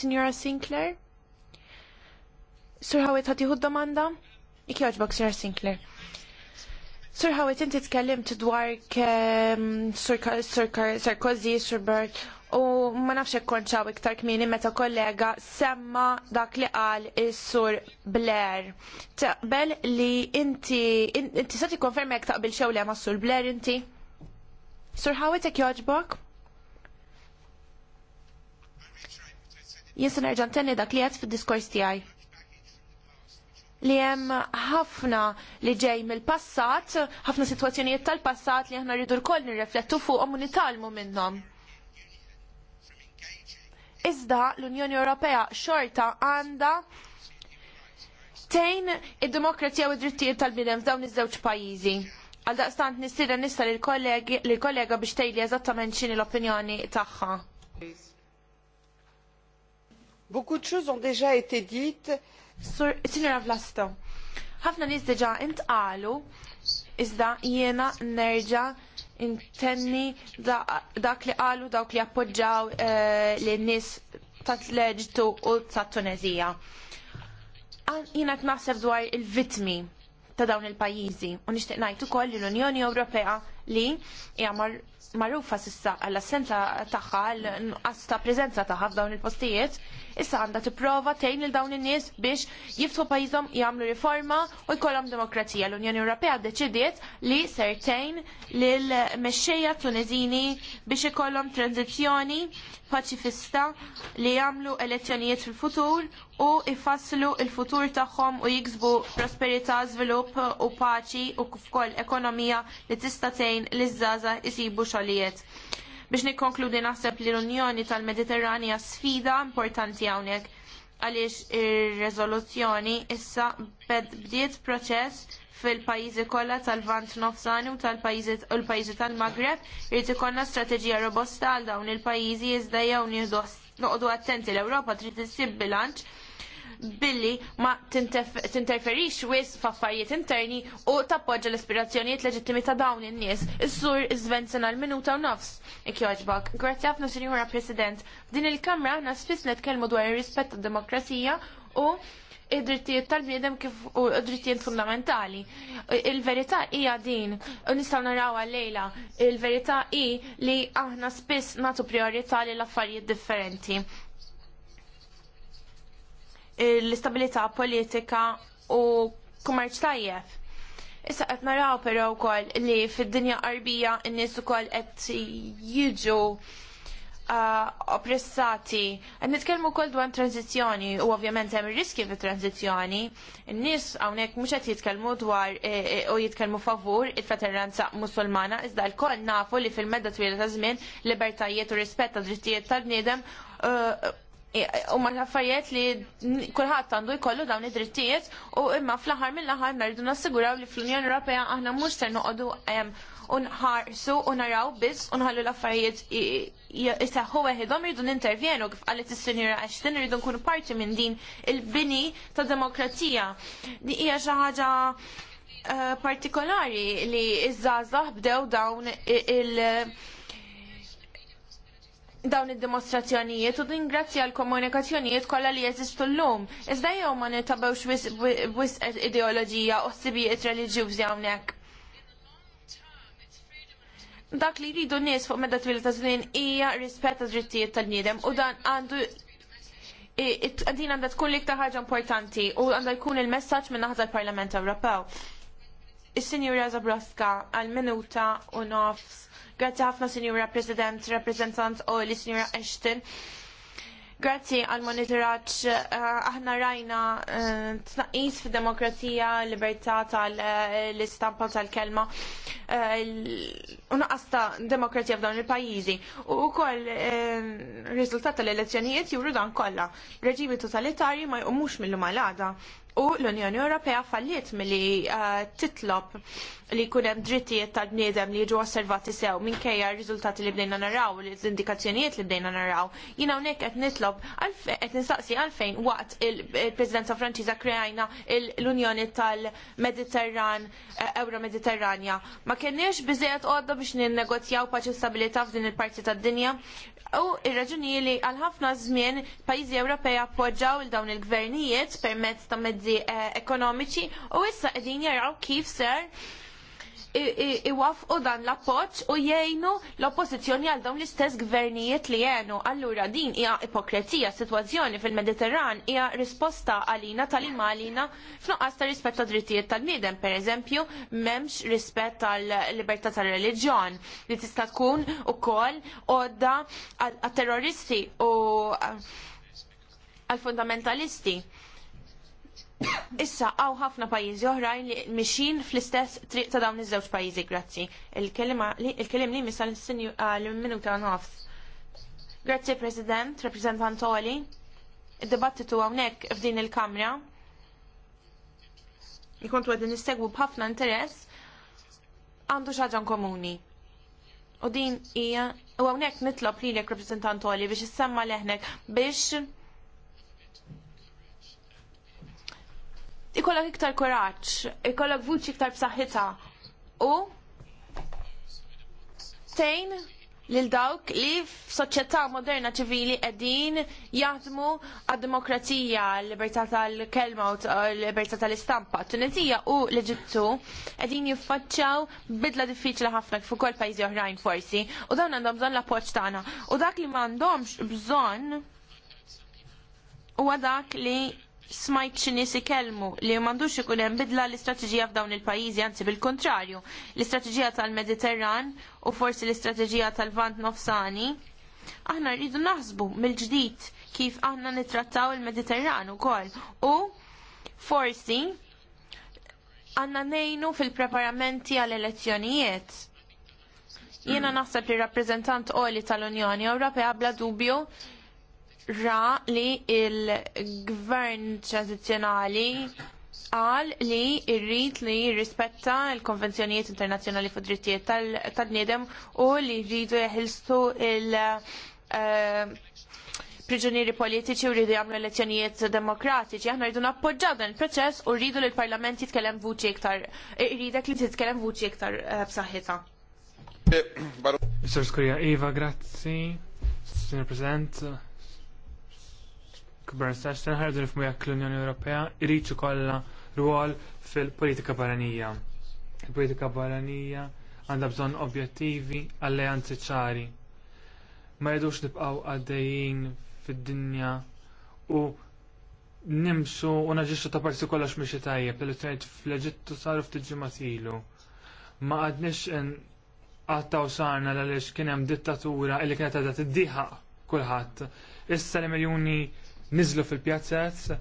Speaker 1: Signora Sinclair? Sur ħawet ħatiħu domanda? Ikjoġbok, Signora Sinclair. Sur ħawet inti tkellimt dwar Sur Sarkozy, Sur Bert, u ma nafx konċaw iktar kmini meta kollega semma dak li qal is-sur Blair. Taqbel li inti inti se tikkonfermi jekk taqbel xew li sur Blair inti? Sur Hawit jekk joġbok? Jinsan se nerġa' ntenni dak li qed fid-diskors tiegħi li hemm ħafna li ġej mill-passat, ħafna sitwazzjonijiet tal-passat li aħna rridu l-koll nirreflettu fuqhom u nitalmu minnhom. Iżda l-Unjoni Ewropea xorta għandha tejn id-demokrazija u d-drittijiet tal-bidem f'dawn iż-żewġ pajjiżi. Għaldaqstant daqstant nista lill-kollega biex tgħidli eżattament x'inhi l-opinjoni tagħha. Beaucoup de choses ont déjà été dites. Signora Vlasto, ħafna nies diġà intqalu iżda jiena nerġa' intenni dak li qalu dawk li appoġġaw eh, lin nies tat leġtu u tat Tunezija. Jiena t naħseb dwar il-vitmi ta' dawn il-pajjiżi u nixtieq ngħid ukoll li l-Unjoni Ewropea li hija magħrufa sissa għall-assenza tagħha għall nuqqas ta' preżenza tagħha f'dawn il-postijiet issa għandha tipprova tgħin lil dawn in-nies biex jiftħu pajjiżhom jagħmlu riforma u jkollhom demokrazija. L-Unjoni Ewropea ddeċidiet li ser tgħin lil mexxejja Tunizini biex ikollhom tranzizzjoni paċifista li jagħmlu elezzjonijiet fil-futur u ifasslu il-futur tagħhom u jiksbu prosperità, żvilupp u paċi u kif ekonomija li tista' tgħin liż-żgħażagħ isibu xogħlijiet. Biex nikkonkludi naħseb li l-Unjoni tal-Mediterranija sfida importanti hawnhekk għaliex ir-rezoluzzjoni issa bdiet proċess fil-pajjiżi kollha tal-Vant Nofsani u tal-pajjiżi tal-Magreb irid ikollna strateġija robusta għal dawn il-pajjiżi iżda jew nieħdu noqogħdu attenti l-Ewropa trid issib bilanċ billi ma tinterferix wis f'affarijiet interni u tappoġġa l-ispirazzjonijiet leġittimi ta' dawn in-nies. Is-sur Svensen għal minuta u nofs. Ikjoġbok. Grazzi ħafna Sinjura President. Din il-Kamra aħna spiss netkellmu dwar ir-rispett tad-demokrazija u id-drittijiet tal-bniedem kif u id-drittijiet fundamentali. Il-verità hija din, u nistgħu naraw għal-lejla, il-verità hi li aħna spiss nagħtu priorità li l-affarijiet differenti l-istabilità politika u kummerċ tajjeb. Issa qed naraw però wkoll li fid-dinja qarbija n-nies ukoll qed jiġu uh, oppressati. Qed nitkellmu wkoll dwar tranzizzjoni u ovvjament hemm ir riski fit tranzizzjoni. In-nies hawnhekk mhux qed jitkellmu dwar eh, eh, u jitkellmu favur il-fraternanza Musulmana, iżda lkoll nafu li fil-medda twila ta' żmien libertajiet u rispett ta' drittijiet tal-bniedem uh, u ma affarijiet li kulħadd għandu jkollu dawn id-drittijiet u imma fl-aħħar mill ħar narridu nassiguraw li fl-Unjoni Ewropea aħna mhux se noqogħdu unħarsu u naraw biss u nħallu l-affarijiet jisaħħu weħidhom irridu nintervjenu kif qalet is-Sinjura Ashton rridu nkunu parti minn din il-bini ta' demokrazija. Di hija xi ħaġa eh, partikolari li iż-żgħażagħ bdew dawn il- dawn id-dimostrazzjonijiet u dingrazzja l-komunikazzjonijiet kollha li jeżistu llum. Iżda jew ma nitabewx wisq ideoloġija u s-sibijiet reliġjużi hawnhekk. Dak li jridu nies fuq medda twil ta' żmien hija rispett drittijiet tal-bniedem u dan għandu din għandha tkun liktar ħaġa importanti u għandha jkun il-messaġġ minn naħa l parlament Ewropew. Is-Sinjura Zabrowska għal minuta u nofs Grazzi ħafna, Sinjura President, Rappresentant Oli, Sinjura Ashton. Grazie għal monitoraċ, eh, aħna rajna eh, tnaqis fi demokrazija, libertà tal-istampa tal-kelma, eh, unaqqas ta' demokrazija f'dawn il-pajjiżi. U wkoll riżultat tal-elezzjonijiet juru dan kollha. Reġimi totalitarji ma jqumux mill-lumalada u l-Unjoni Ewropea falliet milli uh, titlob li jkun hemm drittijiet tal-bniedem li jiġu osservati sew minkejja r-riżultati li bdejna naraw, u l-indikazzjonijiet li bdejna naraw. Jina hawnhekk qed nitlob qed nistaqsi għalfejn waqt il-Presidenza Franċiża kreajna l-Unjoni tal-Mediterran eh, Euro-Mediterranja. Ma kenniex biżejjed għodda biex ninnegozjaw paċi stabilità f'din il-parti tad-dinja U ir-raġuni li għal ħafna żmien pajjiżi Ewropea appoġġaw il dawn il-gvernijiet permezz ta' medzi kriżi eh, ekonomiċi u issa qegħdin jaraw kif ser iwafqu dan l-appoġġ u jgħinu l-oppożizzjoni għal dawn l-istess gvernijiet li jgħinu. Allura din hija ipokretija sitwazzjoni fil-Mediterran hija risposta għalina tal-imma għalina f'nuqqas ta' rispetta drittijiet tal per pereżempju, m'hemmx rispett tal-libertà tal-reliġjon li tista' tkun ukoll għodda għat-terroristi u għal-fundamentalisti. Issa għaw ħafna pajjiżi oħrajn li mixin fl-istess triq ta' dawn iż-żewġ pajjiżi, grazzi. Il-kelim li misal l-minuta nofs. Grazzi President, rappresentant Oli, id-dibattitu hawnhekk f'din il-Kamra. Ikont għed nistegwu b'ħafna interess għandu xaġan komuni. U din hija u hawnhekk nitlob lilek rappresentant Oli biex issemma leħnek biex ikollok iktar koraċ, ikollok vuċi iktar b'saħħitha u tejn lil dawk li f'soċjetà moderna ċivili qegħdin jaħdmu għad-demokrazija, l-libertà tal-kelma u eh, l-libertà tal-istampa. t-Tunisija u l-Eġittu qegħdin jiffaċċjaw bidla diffiċli ħafna kif ukoll pajjiżi oħrajn forsi u dawn għandhom bżonn l-appoġġ tagħna. U dak li m'għandhomx bżonn huwa dak li smajt xi nies ikellmu li m'għandux ikun hemm bidla l-istrateġija f'dawn il-pajjiżi anzi bil-kontrarju. L-istrateġija tal-Mediterran u forsi l-istrateġija tal-Vant Nofsani. Aħna rridu naħsbu mill-ġdid kif aħna nittrattaw il-Mediterran ukoll u forsi għanna nejnu fil-preparamenti għal-elezzjonijiet. Jiena naħseb li rappreżentant qoli tal-Unjoni Ewropea bla dubju ra li il-gvern tranzizjonali qal li rrit li jirrispetta l-konvenzjonijiet internazzjonali fuq drittijiet tal-bniedem u li jridu jeħilsu il- eh, priġunieri politiċi u rridu jagħmlu elezzjonijiet demokratiċi. Aħna rridu nappoġġaw dan il-proċess u rridu li l-Parlament jitkellem vuċi iktar, Rridek eh, li jitkellem vuċi iktar eh, b'saħħitha.
Speaker 3: *clears throat*
Speaker 6: Mr. Skurja, Iva, grazzi. Signor President, kbar sax tanħarġu nifmu jekk l-Unjoni Ewropea irriċu kolla rwol fil-politika barranija. Il-politika barranija għandha bżonn objettivi alleanzi ċari. Ma jidux nibqgħu għaddejjin fid-dinja u nimxu u naġixxu ta' parti kollox mhix tajjeb li tgħid fl-Eġittu saru ftit ġimgħatilu. Ma għadnix għattaw sarna l-għaliex kien hemm dittatura li kienet għadha diħa kulħadd. Issa li miljuni niżlu fil-pjazzat,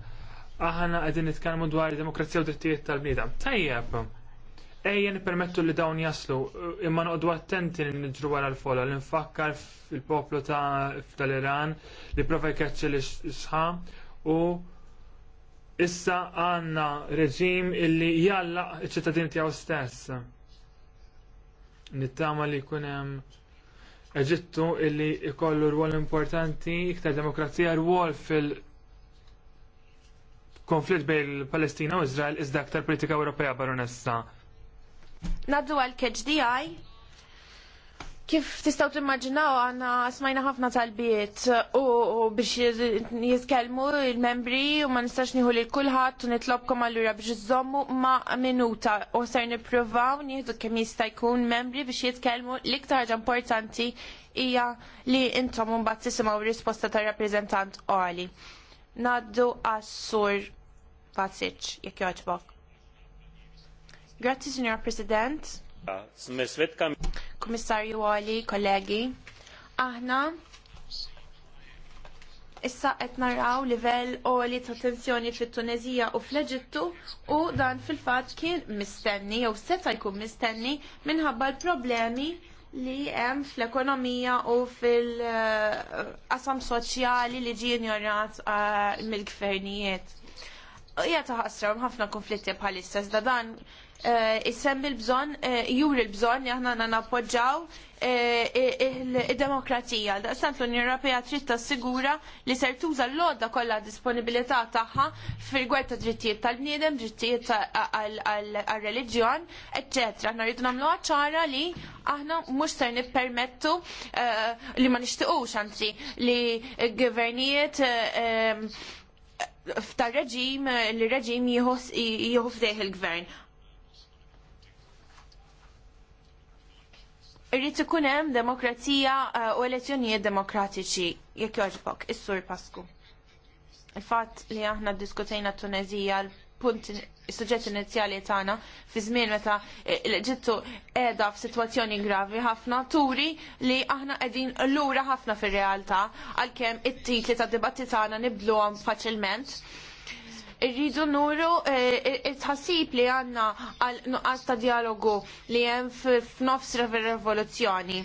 Speaker 6: aħna qegħdin nitkellmu dwar demokrazija u drittijiet tal-bniedem. Tajjeb, ejja nippermettu li dawn jaslu, imma noqdu attenti li nġru wara l-fola, li nfakkar il-poplu ta' tal-Iran li prova jkeċċi li sħa u issa għandna reġim illi jalla ċ-ċittadini tiegħu stess. Nittama li jkun hemm Eġittu illi ikollu rwol importanti iktar demokrazija rwol fil konflitt bejn Palestina u Izrael iżda aktar politika Ewropea baronessa.
Speaker 1: Naddu għal KHDI Kif tistaw timmaġinaw għanna smajna ħafna talbiet u biex jizkelmu il-membri u ma nistax nieħu li kulħadd u nitlobkom allura biex jizzommu ma' minuta u ser niprovaw nieħdu kemm jista' jkun membri biex jitkellmu l-iktar ħaġa importanti hija li intom mbagħad tisimgħu risposta tar-rappreżentant għali. Naddu għassur Vasic, jekk jogħġbok. Grazzi, Signor President. Komissarju għali, kollegi, aħna issa qed naraw livell għoli ta' tensjoni fit-Tunezija u fl-Eġittu u dan fil-fatt kien mistenni jew seta' jkun mistenni minħabba l-problemi li hemm fl-ekonomija u fil-qasam soċjali li ġie ignorat eh, mill-gvernijiet. Hija ta' ħafna konflitti bħalissa iżda dan Eh, issemmi l-bżon, eh, juri l-bżon li aħna nappoġġaw eh, il-demokrazija. Daqstant l-Unjoni Ewropea trid tassigura li ser tuża l-lodda kollha disponibilità tagħha fil-gwer ta' drittijiet tal-bniedem, drittijiet għal-reliġjon, etc. Aħna rridu nagħmlu ċara li aħna mhux ser nippermettu li ma nixtiequx anzi li gvernijiet ftar reġim li reġim jieħu fdejh il-gvern. Irrid ikun hemm demokrazija eh, u elezzjonijiet demokratiċi jekk jogħġbok, is-Sur Pasku. Il-fatt li aħna ddiskutejna t-Tunezija l-punt is-suġġett inizjali tagħna fi żmien meta l-Eġittu qiegħda f'sitwazzjoni gravi ħafna turi li aħna qegħdin lura ħafna fir-realtà għalkemm it-titli tad-dibatti tagħna nibdluhom faċilment. Irridu nuru eh, it tħassib li għanna għal nuqqas ta' dialogu li hemm f'nofs revoluzzjoni.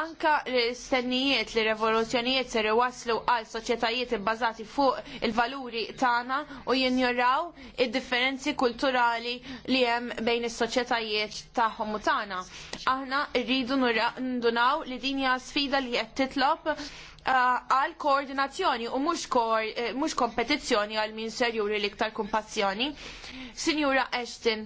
Speaker 1: Anka l-istennijiet li revoluzzjonijiet ser waslu għal soċjetajiet bazati fuq il-valuri tagħna u jinjoraw id-differenzi kulturali li hemm bejn is-soċjetajiet tagħhom u tagħna. Aħna rridu ndunaw li din hija sfida li qed titlob Eh, għal koordinazzjoni u eh, mhux kompetizzjoni għal min ser juri l-iktar kumpassjoni. Sinjura Ashton,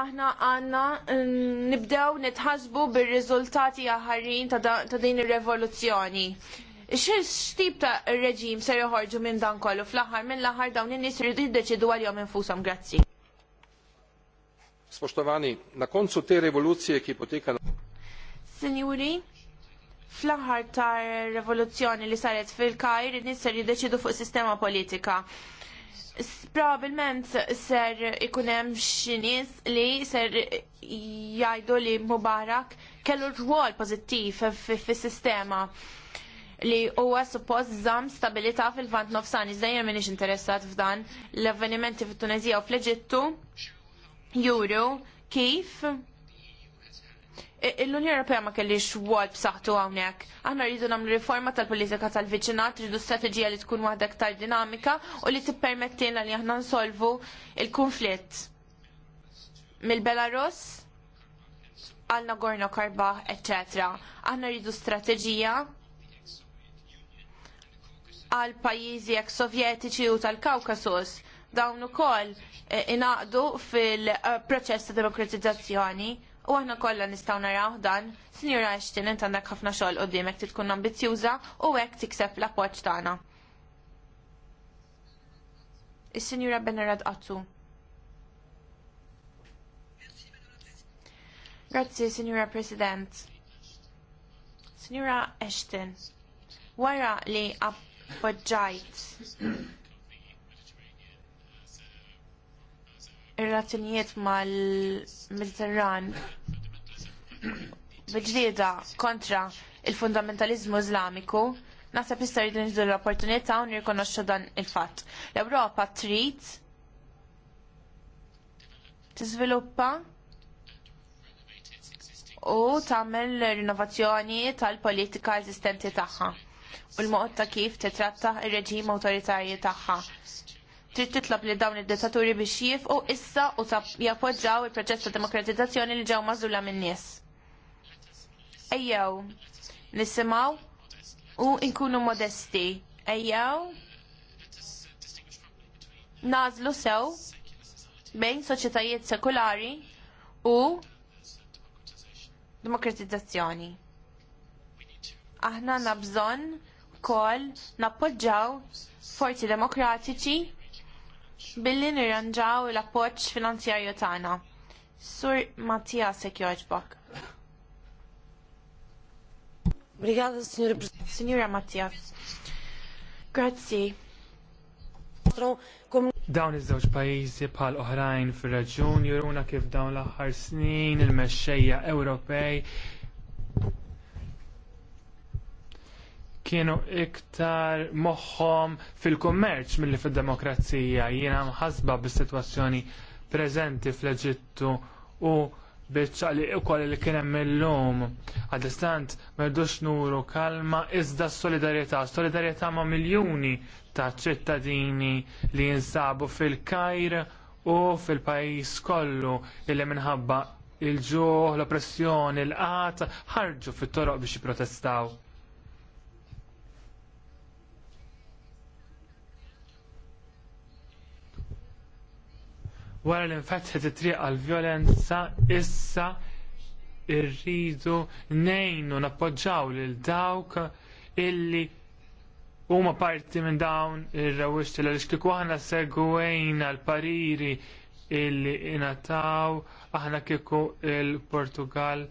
Speaker 1: aħna għanna mm, nibdew nitħasbu bir-riżultati aħarin ta' din ir-revoluzzjoni. xtib ta' reġim ser joħorġu minn dan kollu fl-aħħar mill-aħħar dawn in-nies jridu jiddeċidu għalihom infusam. grazzi.
Speaker 2: Spoštovani, na koncu te revolucije, ki poteka na.
Speaker 1: Senjuri, fl-aħħar tar revoluzzjoni li saret fil-Kajr, nisser nies jiddeċidu fuq sistema politika. Probabilment ser ikun hemm xi nies li ser jgħidu li Mubarak kellu rwol pożittiv fis-sistema li huwa suppost zam stabilità fil-vant nofsani, iżda minix interessat f'dan l avvenimenti fit-Tunezija u fl-Eġittu Juru, kif l-Unjoni Ewropea ma kellix wol b'saħħtu hawnhekk. Aħna rridu nagħmlu riforma tal-politika tal-viċinat, rridu strateġija li tkun waħda aktar dinamika u li tippermettilna li aħna nsolvu l-kunflitt. mill-Belarus għal Nagorno Karabakh, etc. Aħna rridu strateġija għal pajjiżi eks sovjetiċi u tal-Kawkasus dawn ukoll eh, inaqdu fil-proċess ta' demokratizzazzjoni u aħna kollha nistgħu naraw dan. Sinjura Ashton, int għandek ħafna xogħol qudiemek tkun ambizzjuża u hekk tikseb l-appoġġ tagħna. Is-Sinjura Benerad Qattu. Grazzi, Signora President. Signora Ashton, wara li appoġġajt ir-razzjonijiet mal-Mediterran bġdida kontra il-fundamentalizmu iżlamiku, naħseb jista' jridu l-opportunità u nirkonoxxu dan il-fatt. L-Ewropa trid tiżviluppa u tagħmel rinnovazzjoni tal-politika eżistenti tagħha u l-mod ta' kif titratta il reġim awtoritarji tagħha trid titlob li dawn id dettaturi biex jifqu issa u jappoġġaw il-proċess ta' demokratizzazzjoni li ġew mażula min-nies. Ejjew, nisimgħu u nkunu modesti. Ejjew, nażlu sew bejn soċjetajiet sekulari u demokratizzazzjoni. Aħna nabżon kol nappoġġaw forzi demokratiċi billi nirranġaw l-appoġġ finanzjarju tagħna. Sur Mattia Sekjoġbok. Brigada, signora Signora Mattia. Grazzi.
Speaker 6: Dawn iż-żewġ pajjiżi bħal oħrajn fir-raġun juruna kif dawn l-aħħar snin il-mexxejja Ewropej kienu iktar moħħom fil-kummerċ milli fil-demokrazija. Jiena mħasba bis-sitwazzjoni preżenti fl-Eġittu u biċċaqli ukoll li kien hemm illum. Għadistant m'għadux nuru kalma iżda solidarjetà, solidarjetà ma' miljuni ta' ċittadini li jinsabu fil-kajr u fil-pajis kollu illi minħabba il-ġuħ, l-oppressjoni, l-qat ħarġu fit-toroq biex jipprotestaw wara li nfetħet it-triq għal-violenza issa irridu nejnu nappoġġaw lil dawk illi huma parti minn dawn ir-rawixti l kieku aħna segwejna l-pariri illi inataw aħna kieku il-Portugal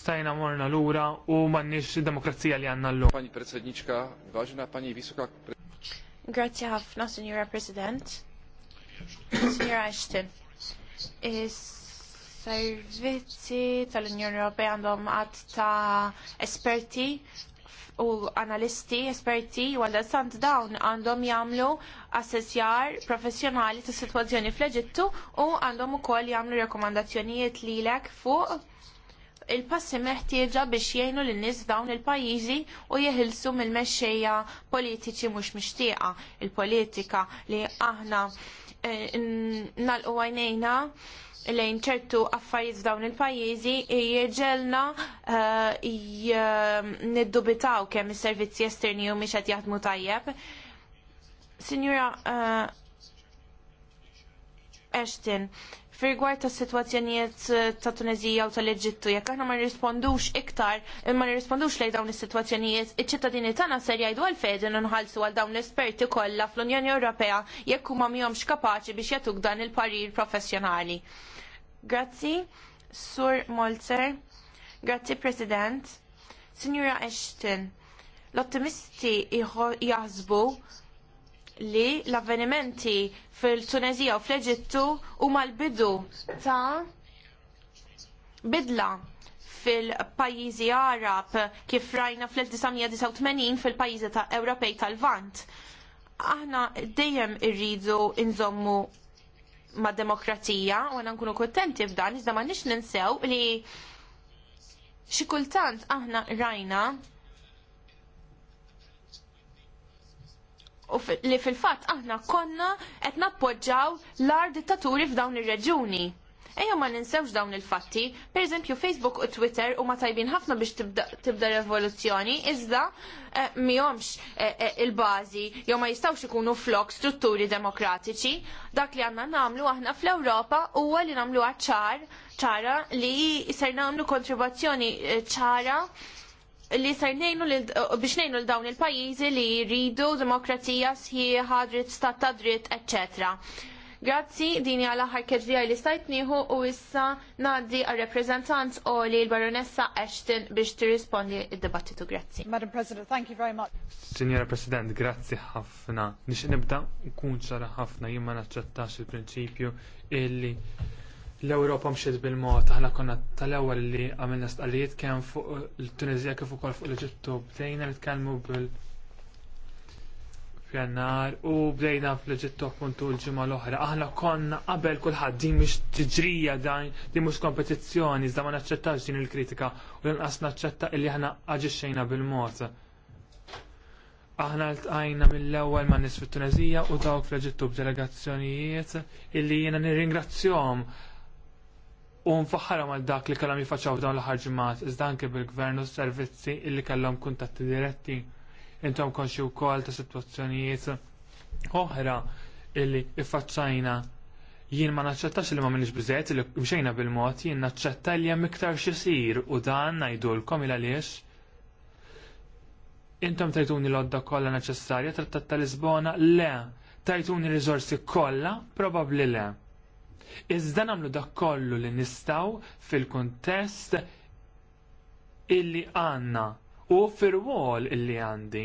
Speaker 6: stajna morna lura u m'għandniex id demokrazija li għandna llum. Pani Pani
Speaker 1: Grazie ħafna, Signora President Signora Ashton, is-servizzi tal-Unjoni Ewropea għandhom għad ta' esperti u analisti, esperti, u għal-sant dawn għandhom jamlu assessjar professjonali ta' situazzjoni fl-Eġittu u għandhom u koll jamlu rekomandazzjonijiet li l-ek fuq il-passi meħtieġa biex jgħinu l nies dawn il-pajjiżi u jihilsu mill-mexxejja politiċi mhux mixtieqa il-politika li aħna Eh, nalqu għajnejna lejn ċertu affarijiet f'dawn il-pajjiżi jeġelna eh, eh, niddubitaw kemm is-servizzi esterni u mhix qed jaħdmu tajjeb. Sinjura Ashton, Firgwar ta' situazzjonijiet eh, ta' Tunezija u tal-Eġittu, jekk aħna ma nirrispondux iktar, eh, ma nirrispondux lejn dawn is-sitwazzjonijiet, iċ-ċittadini tagħna ser jgħidu għal fedin nħallsu għal dawn l-esperti kollha fl-Unjoni Ewropea jekk huma mihomx kapaċi biex jagħtuk dan il-parir professjonali. Grazzi, Sur Molzer, grazzi President, Signora Ashton, l-ottimisti jaħsbu li l-avvenimenti fil-Tunezija u fl-Eġittu huma l-bidu ta' bidla fil-pajjiżi Arab kif rajna fl-1989 fil-pajjiżi ta' Ewropej tal-Vant. Aħna dejjem irridu nżommu ma' demokrazija u għana nkunu kontenti f'dan, iżda ma' nix ninsew li xikultant aħna rajna u li fil-fatt aħna konna qed nappoġġaw l-ar dittaturi f'dawn ir-reġuni. Ejja ma ninsewx dawn il-fatti, per eżempju Facebook u Twitter u ma tajbin ħafna biex tibda, revoluzzjoni, iżda eh, miħomx eh, eh, il-bazi, jew ma jistawx ikunu flok strutturi demokratiċi, dak li għanna namlu aħna fl-Europa u li namlu għacċar ċara li ser namlu kontribuzzjoni eh, ċara eh, li jnejnu nejnu biex nejnu l-dawn il-pajizi li jridu demokrazija sħiħa, dritt stat ta' dritt, etc. Grazzi, dini għala aħħar kedvijaj li stajt u issa naddi għal reprezentant u li l-baronessa Ashton biex tirrispondi id debattitu Grazzi. Madam President, thank you very much.
Speaker 6: Signora President, grazzi ħafna. Nix nibda nkun ħafna jimma naċċettax il-prinċipju illi l-Ewropa mxiet bil-mod, aħna konna tal-ewwel li għamilna stqallijiet kemm fuq il-Tunizija eh, kif ukoll fuq l-Eġittu bdejna nitkellmu bil fjannar u bdejna fl-Eġittu appuntu l-ġimgħa l-oħra. Aħna konna qabel kulħadd din mhux tiġrija dan din mhux kompetizzjoni iżda ma naċċettax din il-kritika u lanqas naċċetta li aħna aġixxejna bil-mod. Aħna tqajna mill-ewwel ma' nies fit-Tunezija u dawk fl-Eġittu b'delegazzjonijiet illi jiena nirringrazzjahom u nfaħħara mal dak li kellhom jifaċċaw dawn l-ħarġimat iżda anke bil-gvern u s-servizzi illi kellhom kuntatti diretti intom konxi wkoll ta' sitwazzjonijiet oħra illi iffaċċajna jien ma naċċettax li ma minnix biżejt li mxejna bil-mod jien naċċetta li hemm iktar xisir u dan ngħidulkom il għaliex intom tajtuni l-odda kollha neċessarja trattat ta' Lisbona le tajtuni riżorsi kollha probabbli le. Iżda nagħmlu dak kollu li nistgħu fil-kuntest illi għandna u fir-wol illi għandi.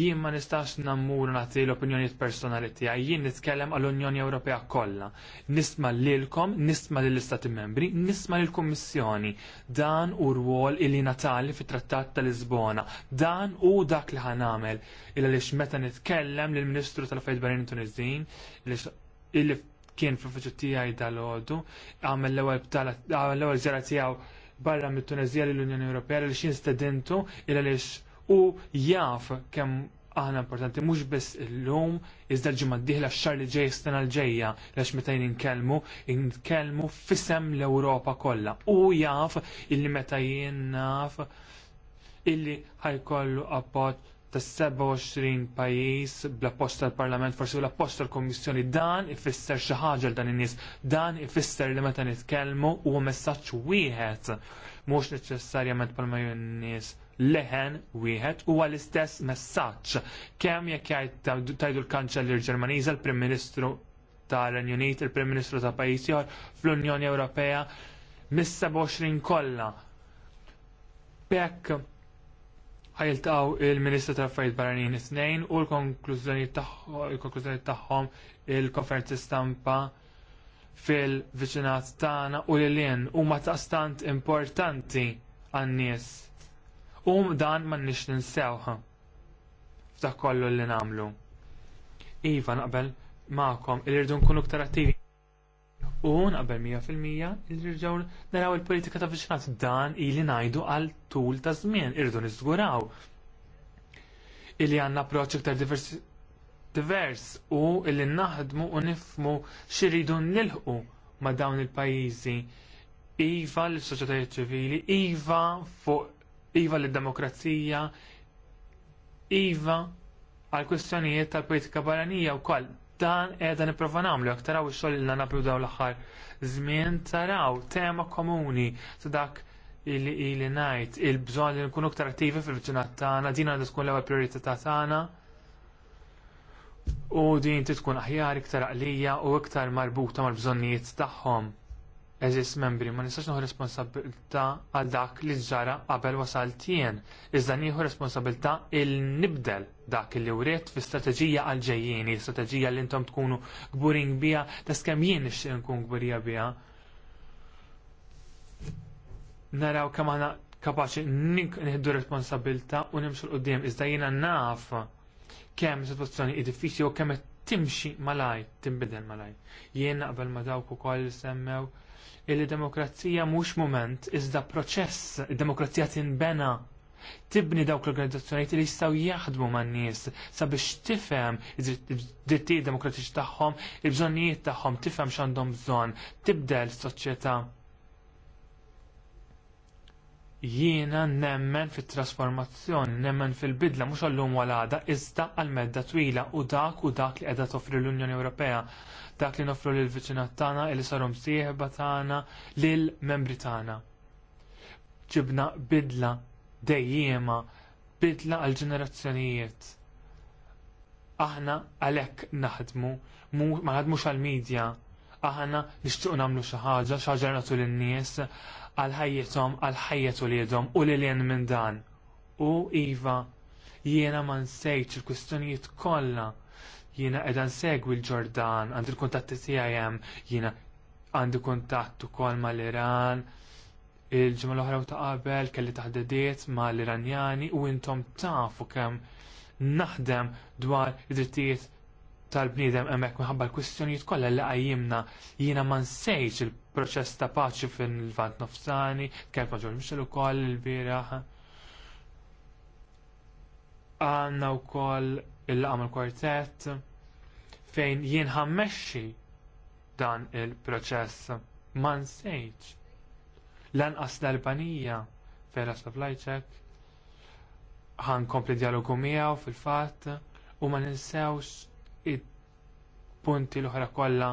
Speaker 6: Jien ma nistax nammur nagħti l-opinjonijiet personali tiegħi, jien nitkellem għall-Unjoni Ewropea kollha. Nisma' lilkom, nisma' lill-Istati Membri, nisma' lill-Kummissjoni. Dan u rwol illi natali fit-Trattat ta' Lisbona. Dan u dak li ħanamel. Illa lix meta nitkellem lill-Ministru tal fajt Barranin Tunizin illi kien fil-fuġu tijaj dal ħodu għamil l-ewwel zjara tiegħu barra mit-Tunezija l-Unjoni Ewropea li xin stedintu il għaliex u jaf kemm aħna importanti mhux biss illum iżda l-ġimgħa d-dieħla x li ġej stena l-ġejja għax meta ninkellmu nkellmu fissem l-Ewropa kollha u jaf illi meta jien naf illi ħajkollu appoġġ ta' 27 pajjiż bla posta tal-Parlament, forsi bla post tal-Kommissjoni, dan ifisser xi ħaġa dan in-nies, dan ifisser li meta nitkellmu huwa messaġġ wieħed mhux neċessarjament palma nies leħen wieħed huwa l-istess messaġġ. Kemm jekk tajdu l-Kanċellier Ġermaniza, l-Prim Ministru tal-Renju Unit, il-Prim Ministru ta' pajjiż ieħor fl-Unjoni Ewropea mis-27 kollha. Bekk ħajltaw il-Ministru ta' Affarijiet Barranin is-snejn u l-konklużjoni tagħhom il-konferenzi stampa fil-viċinat tagħna u lilien huma taqstant importanti għan-nies. U um dan nix ninsewha f'dak kollu li nagħmlu. Iva naqbel magħkom li nkunu ktar attivi U naqbel 100% irġgħu naraw il-politika ta' viċinat dan ili ngħidu għal tul ta' żmien irdu niżguraw. Ili għandna approċċ iktar divers, divers u illi naħdmu u nifmu xiridu nilħqu ma' dawn il-pajjiżi. Iva l-soċjetajiet ċivili, iva fuq iva l-demokrazija, iva għal kwestjonijiet tal-politika barranija wkoll dan qiegħda nipprova nagħmlu jak taraw ix-xogħol na nagħmlu dawn l-aħħar żmien taraw tema komuni ta' dak il-li ngħid il-bżonn li nkunu aktar attivi fil-viċinat tagħna, din għandha tkun l-ewwel prijorità tagħna. U din tkun aħjar iktar għalija u iktar marbuta mal-bżonnijiet tagħhom. Eżis membri, ma nistax noħu responsabilità għal dak li ġara qabel wasalt jien, iżda nieħu responsabilità il-nibdel dak li wriet fi strateġija għal ġejjieni, strateġija li intom tkunu gburin biha, ta' skemm jien nixtieq nkun gburija biha. Naraw kemm aħna kapaċi nieħdu responsabbiltà u nimxu l-qudiem, iżda jiena naf kemm situazzjoni diffiċli u kemm timxi malaj, timbidel malaj. Jien qabel ma dawk ukoll semmew illi demokrazija mhux mument iżda proċess, id-demokrazija tinbena tibni dawk l-organizzazzjonijiet li jistgħu jaħdmu man-nies sabiex tifhem id-drittijiet demokratiċi tagħhom, il-bżonnijiet tagħhom, tifhem x'għandhom bżonn, tibdel s-soċjetà. Jiena nemmen fit-trasformazzjoni, nemmen fil-bidla mhux għallum għal għada iżda għal medda twila u dak u dak li qiegħda toffri l-Unjoni Ewropea dak li nofru lill viċinat tagħna li sarhom sieħba tagħna lil membri tagħna. Ġibna bidla dejjema bidla għal ġenerazzjonijiet. Aħna għalhekk naħdmu, ma ħadmux għall medja aħna nixtiequ nagħmlu xi ħaġa, xi ħaġa lin-nies għal ħajjithom għal ħajjetu liedhom u lilien minn dan. U iva, jiena ma nsejtx il-kwistjonijiet kollha jiena qiegħda nsegwi l-Ġordan, għandi l-kuntatti tiegħi hemm, jiena għandi kuntatt ukoll mal-Iran, il-ġimgħa l-oħra ta' qabel kelli taħdidiet mal-Iranjani u intom tafu kemm naħdem dwar id-drittijiet tal-bniedem hemmhekk minħabba l-kwistjonijiet kollha li qajjimna jiena ma nsejx il-proċess ta' paċi fil-Vant Nofsani, kemm ma' Ġorġ Michel ukoll il-bieraħ. Għandna wkoll il-laqam il-kwartet fejn jien ħammexxi dan il-proċess ma lan Lanqas l-Albanija vera Savlajċek ħan kompli dialogu miegħu fil-fatt u ma ninsewx il punti l-oħra kollha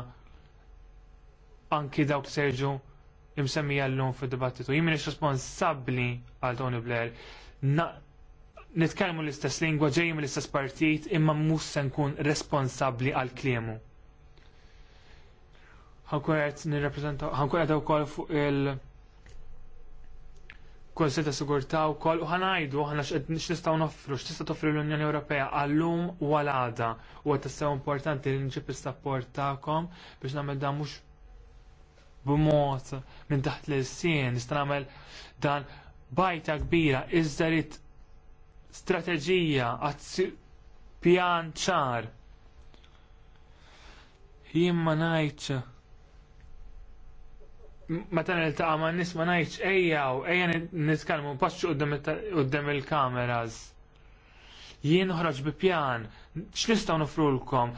Speaker 6: anki dawk serġu imsemmija l-lum fil-dibattitu. Jien m'iniex responsabbli għal Tony Blair nitkellmu l-istess lingwa ġejjin mill-istess partit imma mhux se nkun responsabbli għal kliemu. Ħankun qed nirrappreżenta ħankun qed wkoll fuq il- konsil ta' sigurtà wkoll u ħanajdu ħana x'nistgħu noffru, x'tista' toffri l-Unjoni Ewropea għallum u għal-għada u qed tassew importanti li nġib is-sapport tagħkom biex nagħmel dan mhux b'mod minn taħt l-sien, nista' nagħmel dan bajta kbira iżda strateġija, pjan ċar. Jien ma ngħidx meta taqa ma' nisma ma ngħidx ejja u ejja nitkellmu paxxu quddiem il-kameras. Jien noħroġ bi pjan, x'nistgħu nofrulkom?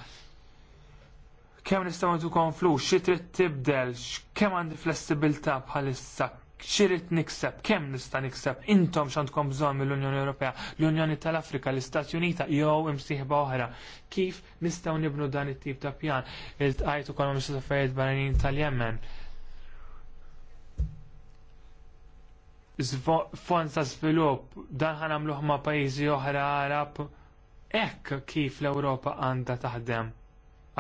Speaker 6: Kemm nistgħu ntukom flu, xi trid tibdel, kem għandi flessibilità bħalissa, xirrit nikseb, kemm nista nikseb, intom x'għandkom bżonn mill-Unjoni Ewropea, l-Unjoni tal-Afrika, l-Istati Unita, jew imsiħba oħra. Kif nistgħu nibnu dan it-tip ta' pjan? Il-tqajt ukoll s affarijiet barranin tal-Yemen. Fond ta' svilup, dan ħanamluħ ma' pajjiżi oħra Arab. Ekk kif l-Ewropa għandha taħdem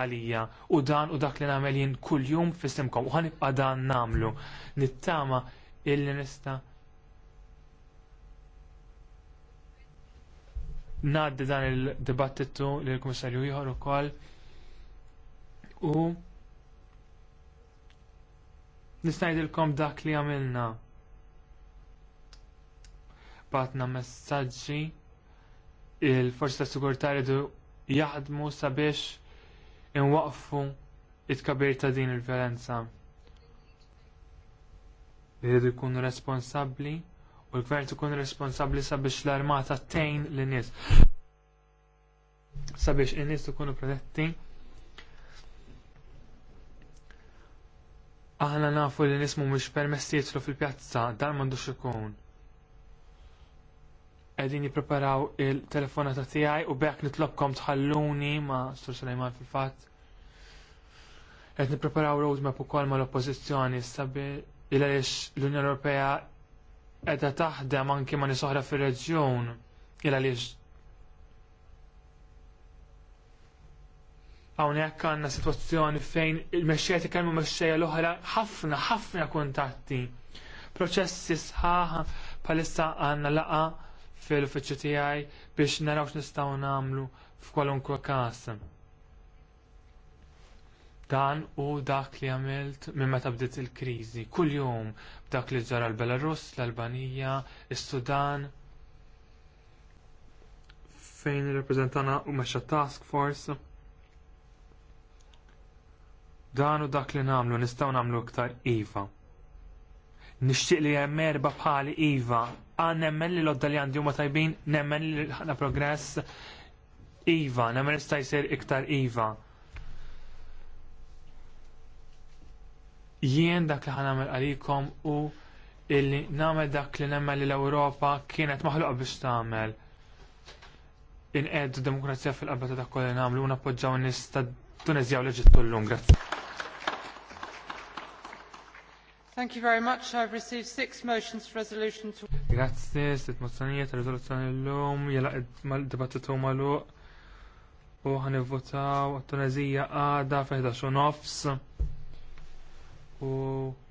Speaker 6: għalija u dan u dak li nagħmel jien kuljum fissimkom u ħanibqa' dan nagħmlu. Nittama illi nista' ngħaddi dan il-dibattitu lill kummissarju ieħor ukoll u nista' ngħidilkom dak li għamilna. Batna messaġġi il-forsi ta' sigurtà jridu jaħdmu sabiex inwaqfu it-kabir ta' din il-violenza jridu jkunu responsabbli u l-gvern tkun responsabbli sabiex l-armata tejn lin nies sabiex in-nies ikunu protetti. Aħna nafu li nismu mhux permessi jitlu fil-pjazza, dan m'għandux ikun. Qegħdin jippreparaw il-telefonata tiegħi u bekk nitlobkom tħalluni ma' Sur Sulejman fil-fatt. Qed nippreparaw roadmap ukoll mal-oppożizzjoni sabiex il għaliex l-Unjoni Ewropea qiegħda taħdem anke ma' nisoħra fil fir-reġjun il għaliex hawnhekk għandna sitwazzjoni fejn il-mexxejja tkellmu mexxejja l-oħra ħafna ħafna kuntatti. Proċessi sħaħ bħalissa għandna laqa fil-uffiċċju tiegħi biex naraw x'nistgħu nagħmlu f'kwalunkwe każ Dan u dak li għamilt minn meta bdiet il-kriżi. Kuljum b'dak li ġara l-Belarus, l-Albanija, is-Sudan. Fejn rappreżentana u meċa task force. Dan u dak li nagħmlu nistgħu nagħmlu iktar iva. Nixtieq li hemm erba' bħali iva. Għan nemmen li l-odda li għandi huma tajbin, nemmen li ħana progress iva, nemmen jista' jsir iktar iva jien dak li ħanamel għalikom u illi namel dak li nemmel li l europa kienet maħluqa biex tamel in ed demokrazija fil-qabba ta' dak kolli nagħmlu u nappoġġaw nies ta' Tunezija u l-Eġittu llum. Grazzi.
Speaker 5: Thank you very much. I've received six motions for resolution to...
Speaker 6: Grazie, sit mozzanija ta' rezoluzzjoni l-lum, jela id-dibattitu maluq u ħanivvotaw għat-Tunezija għada fl-11 nofs u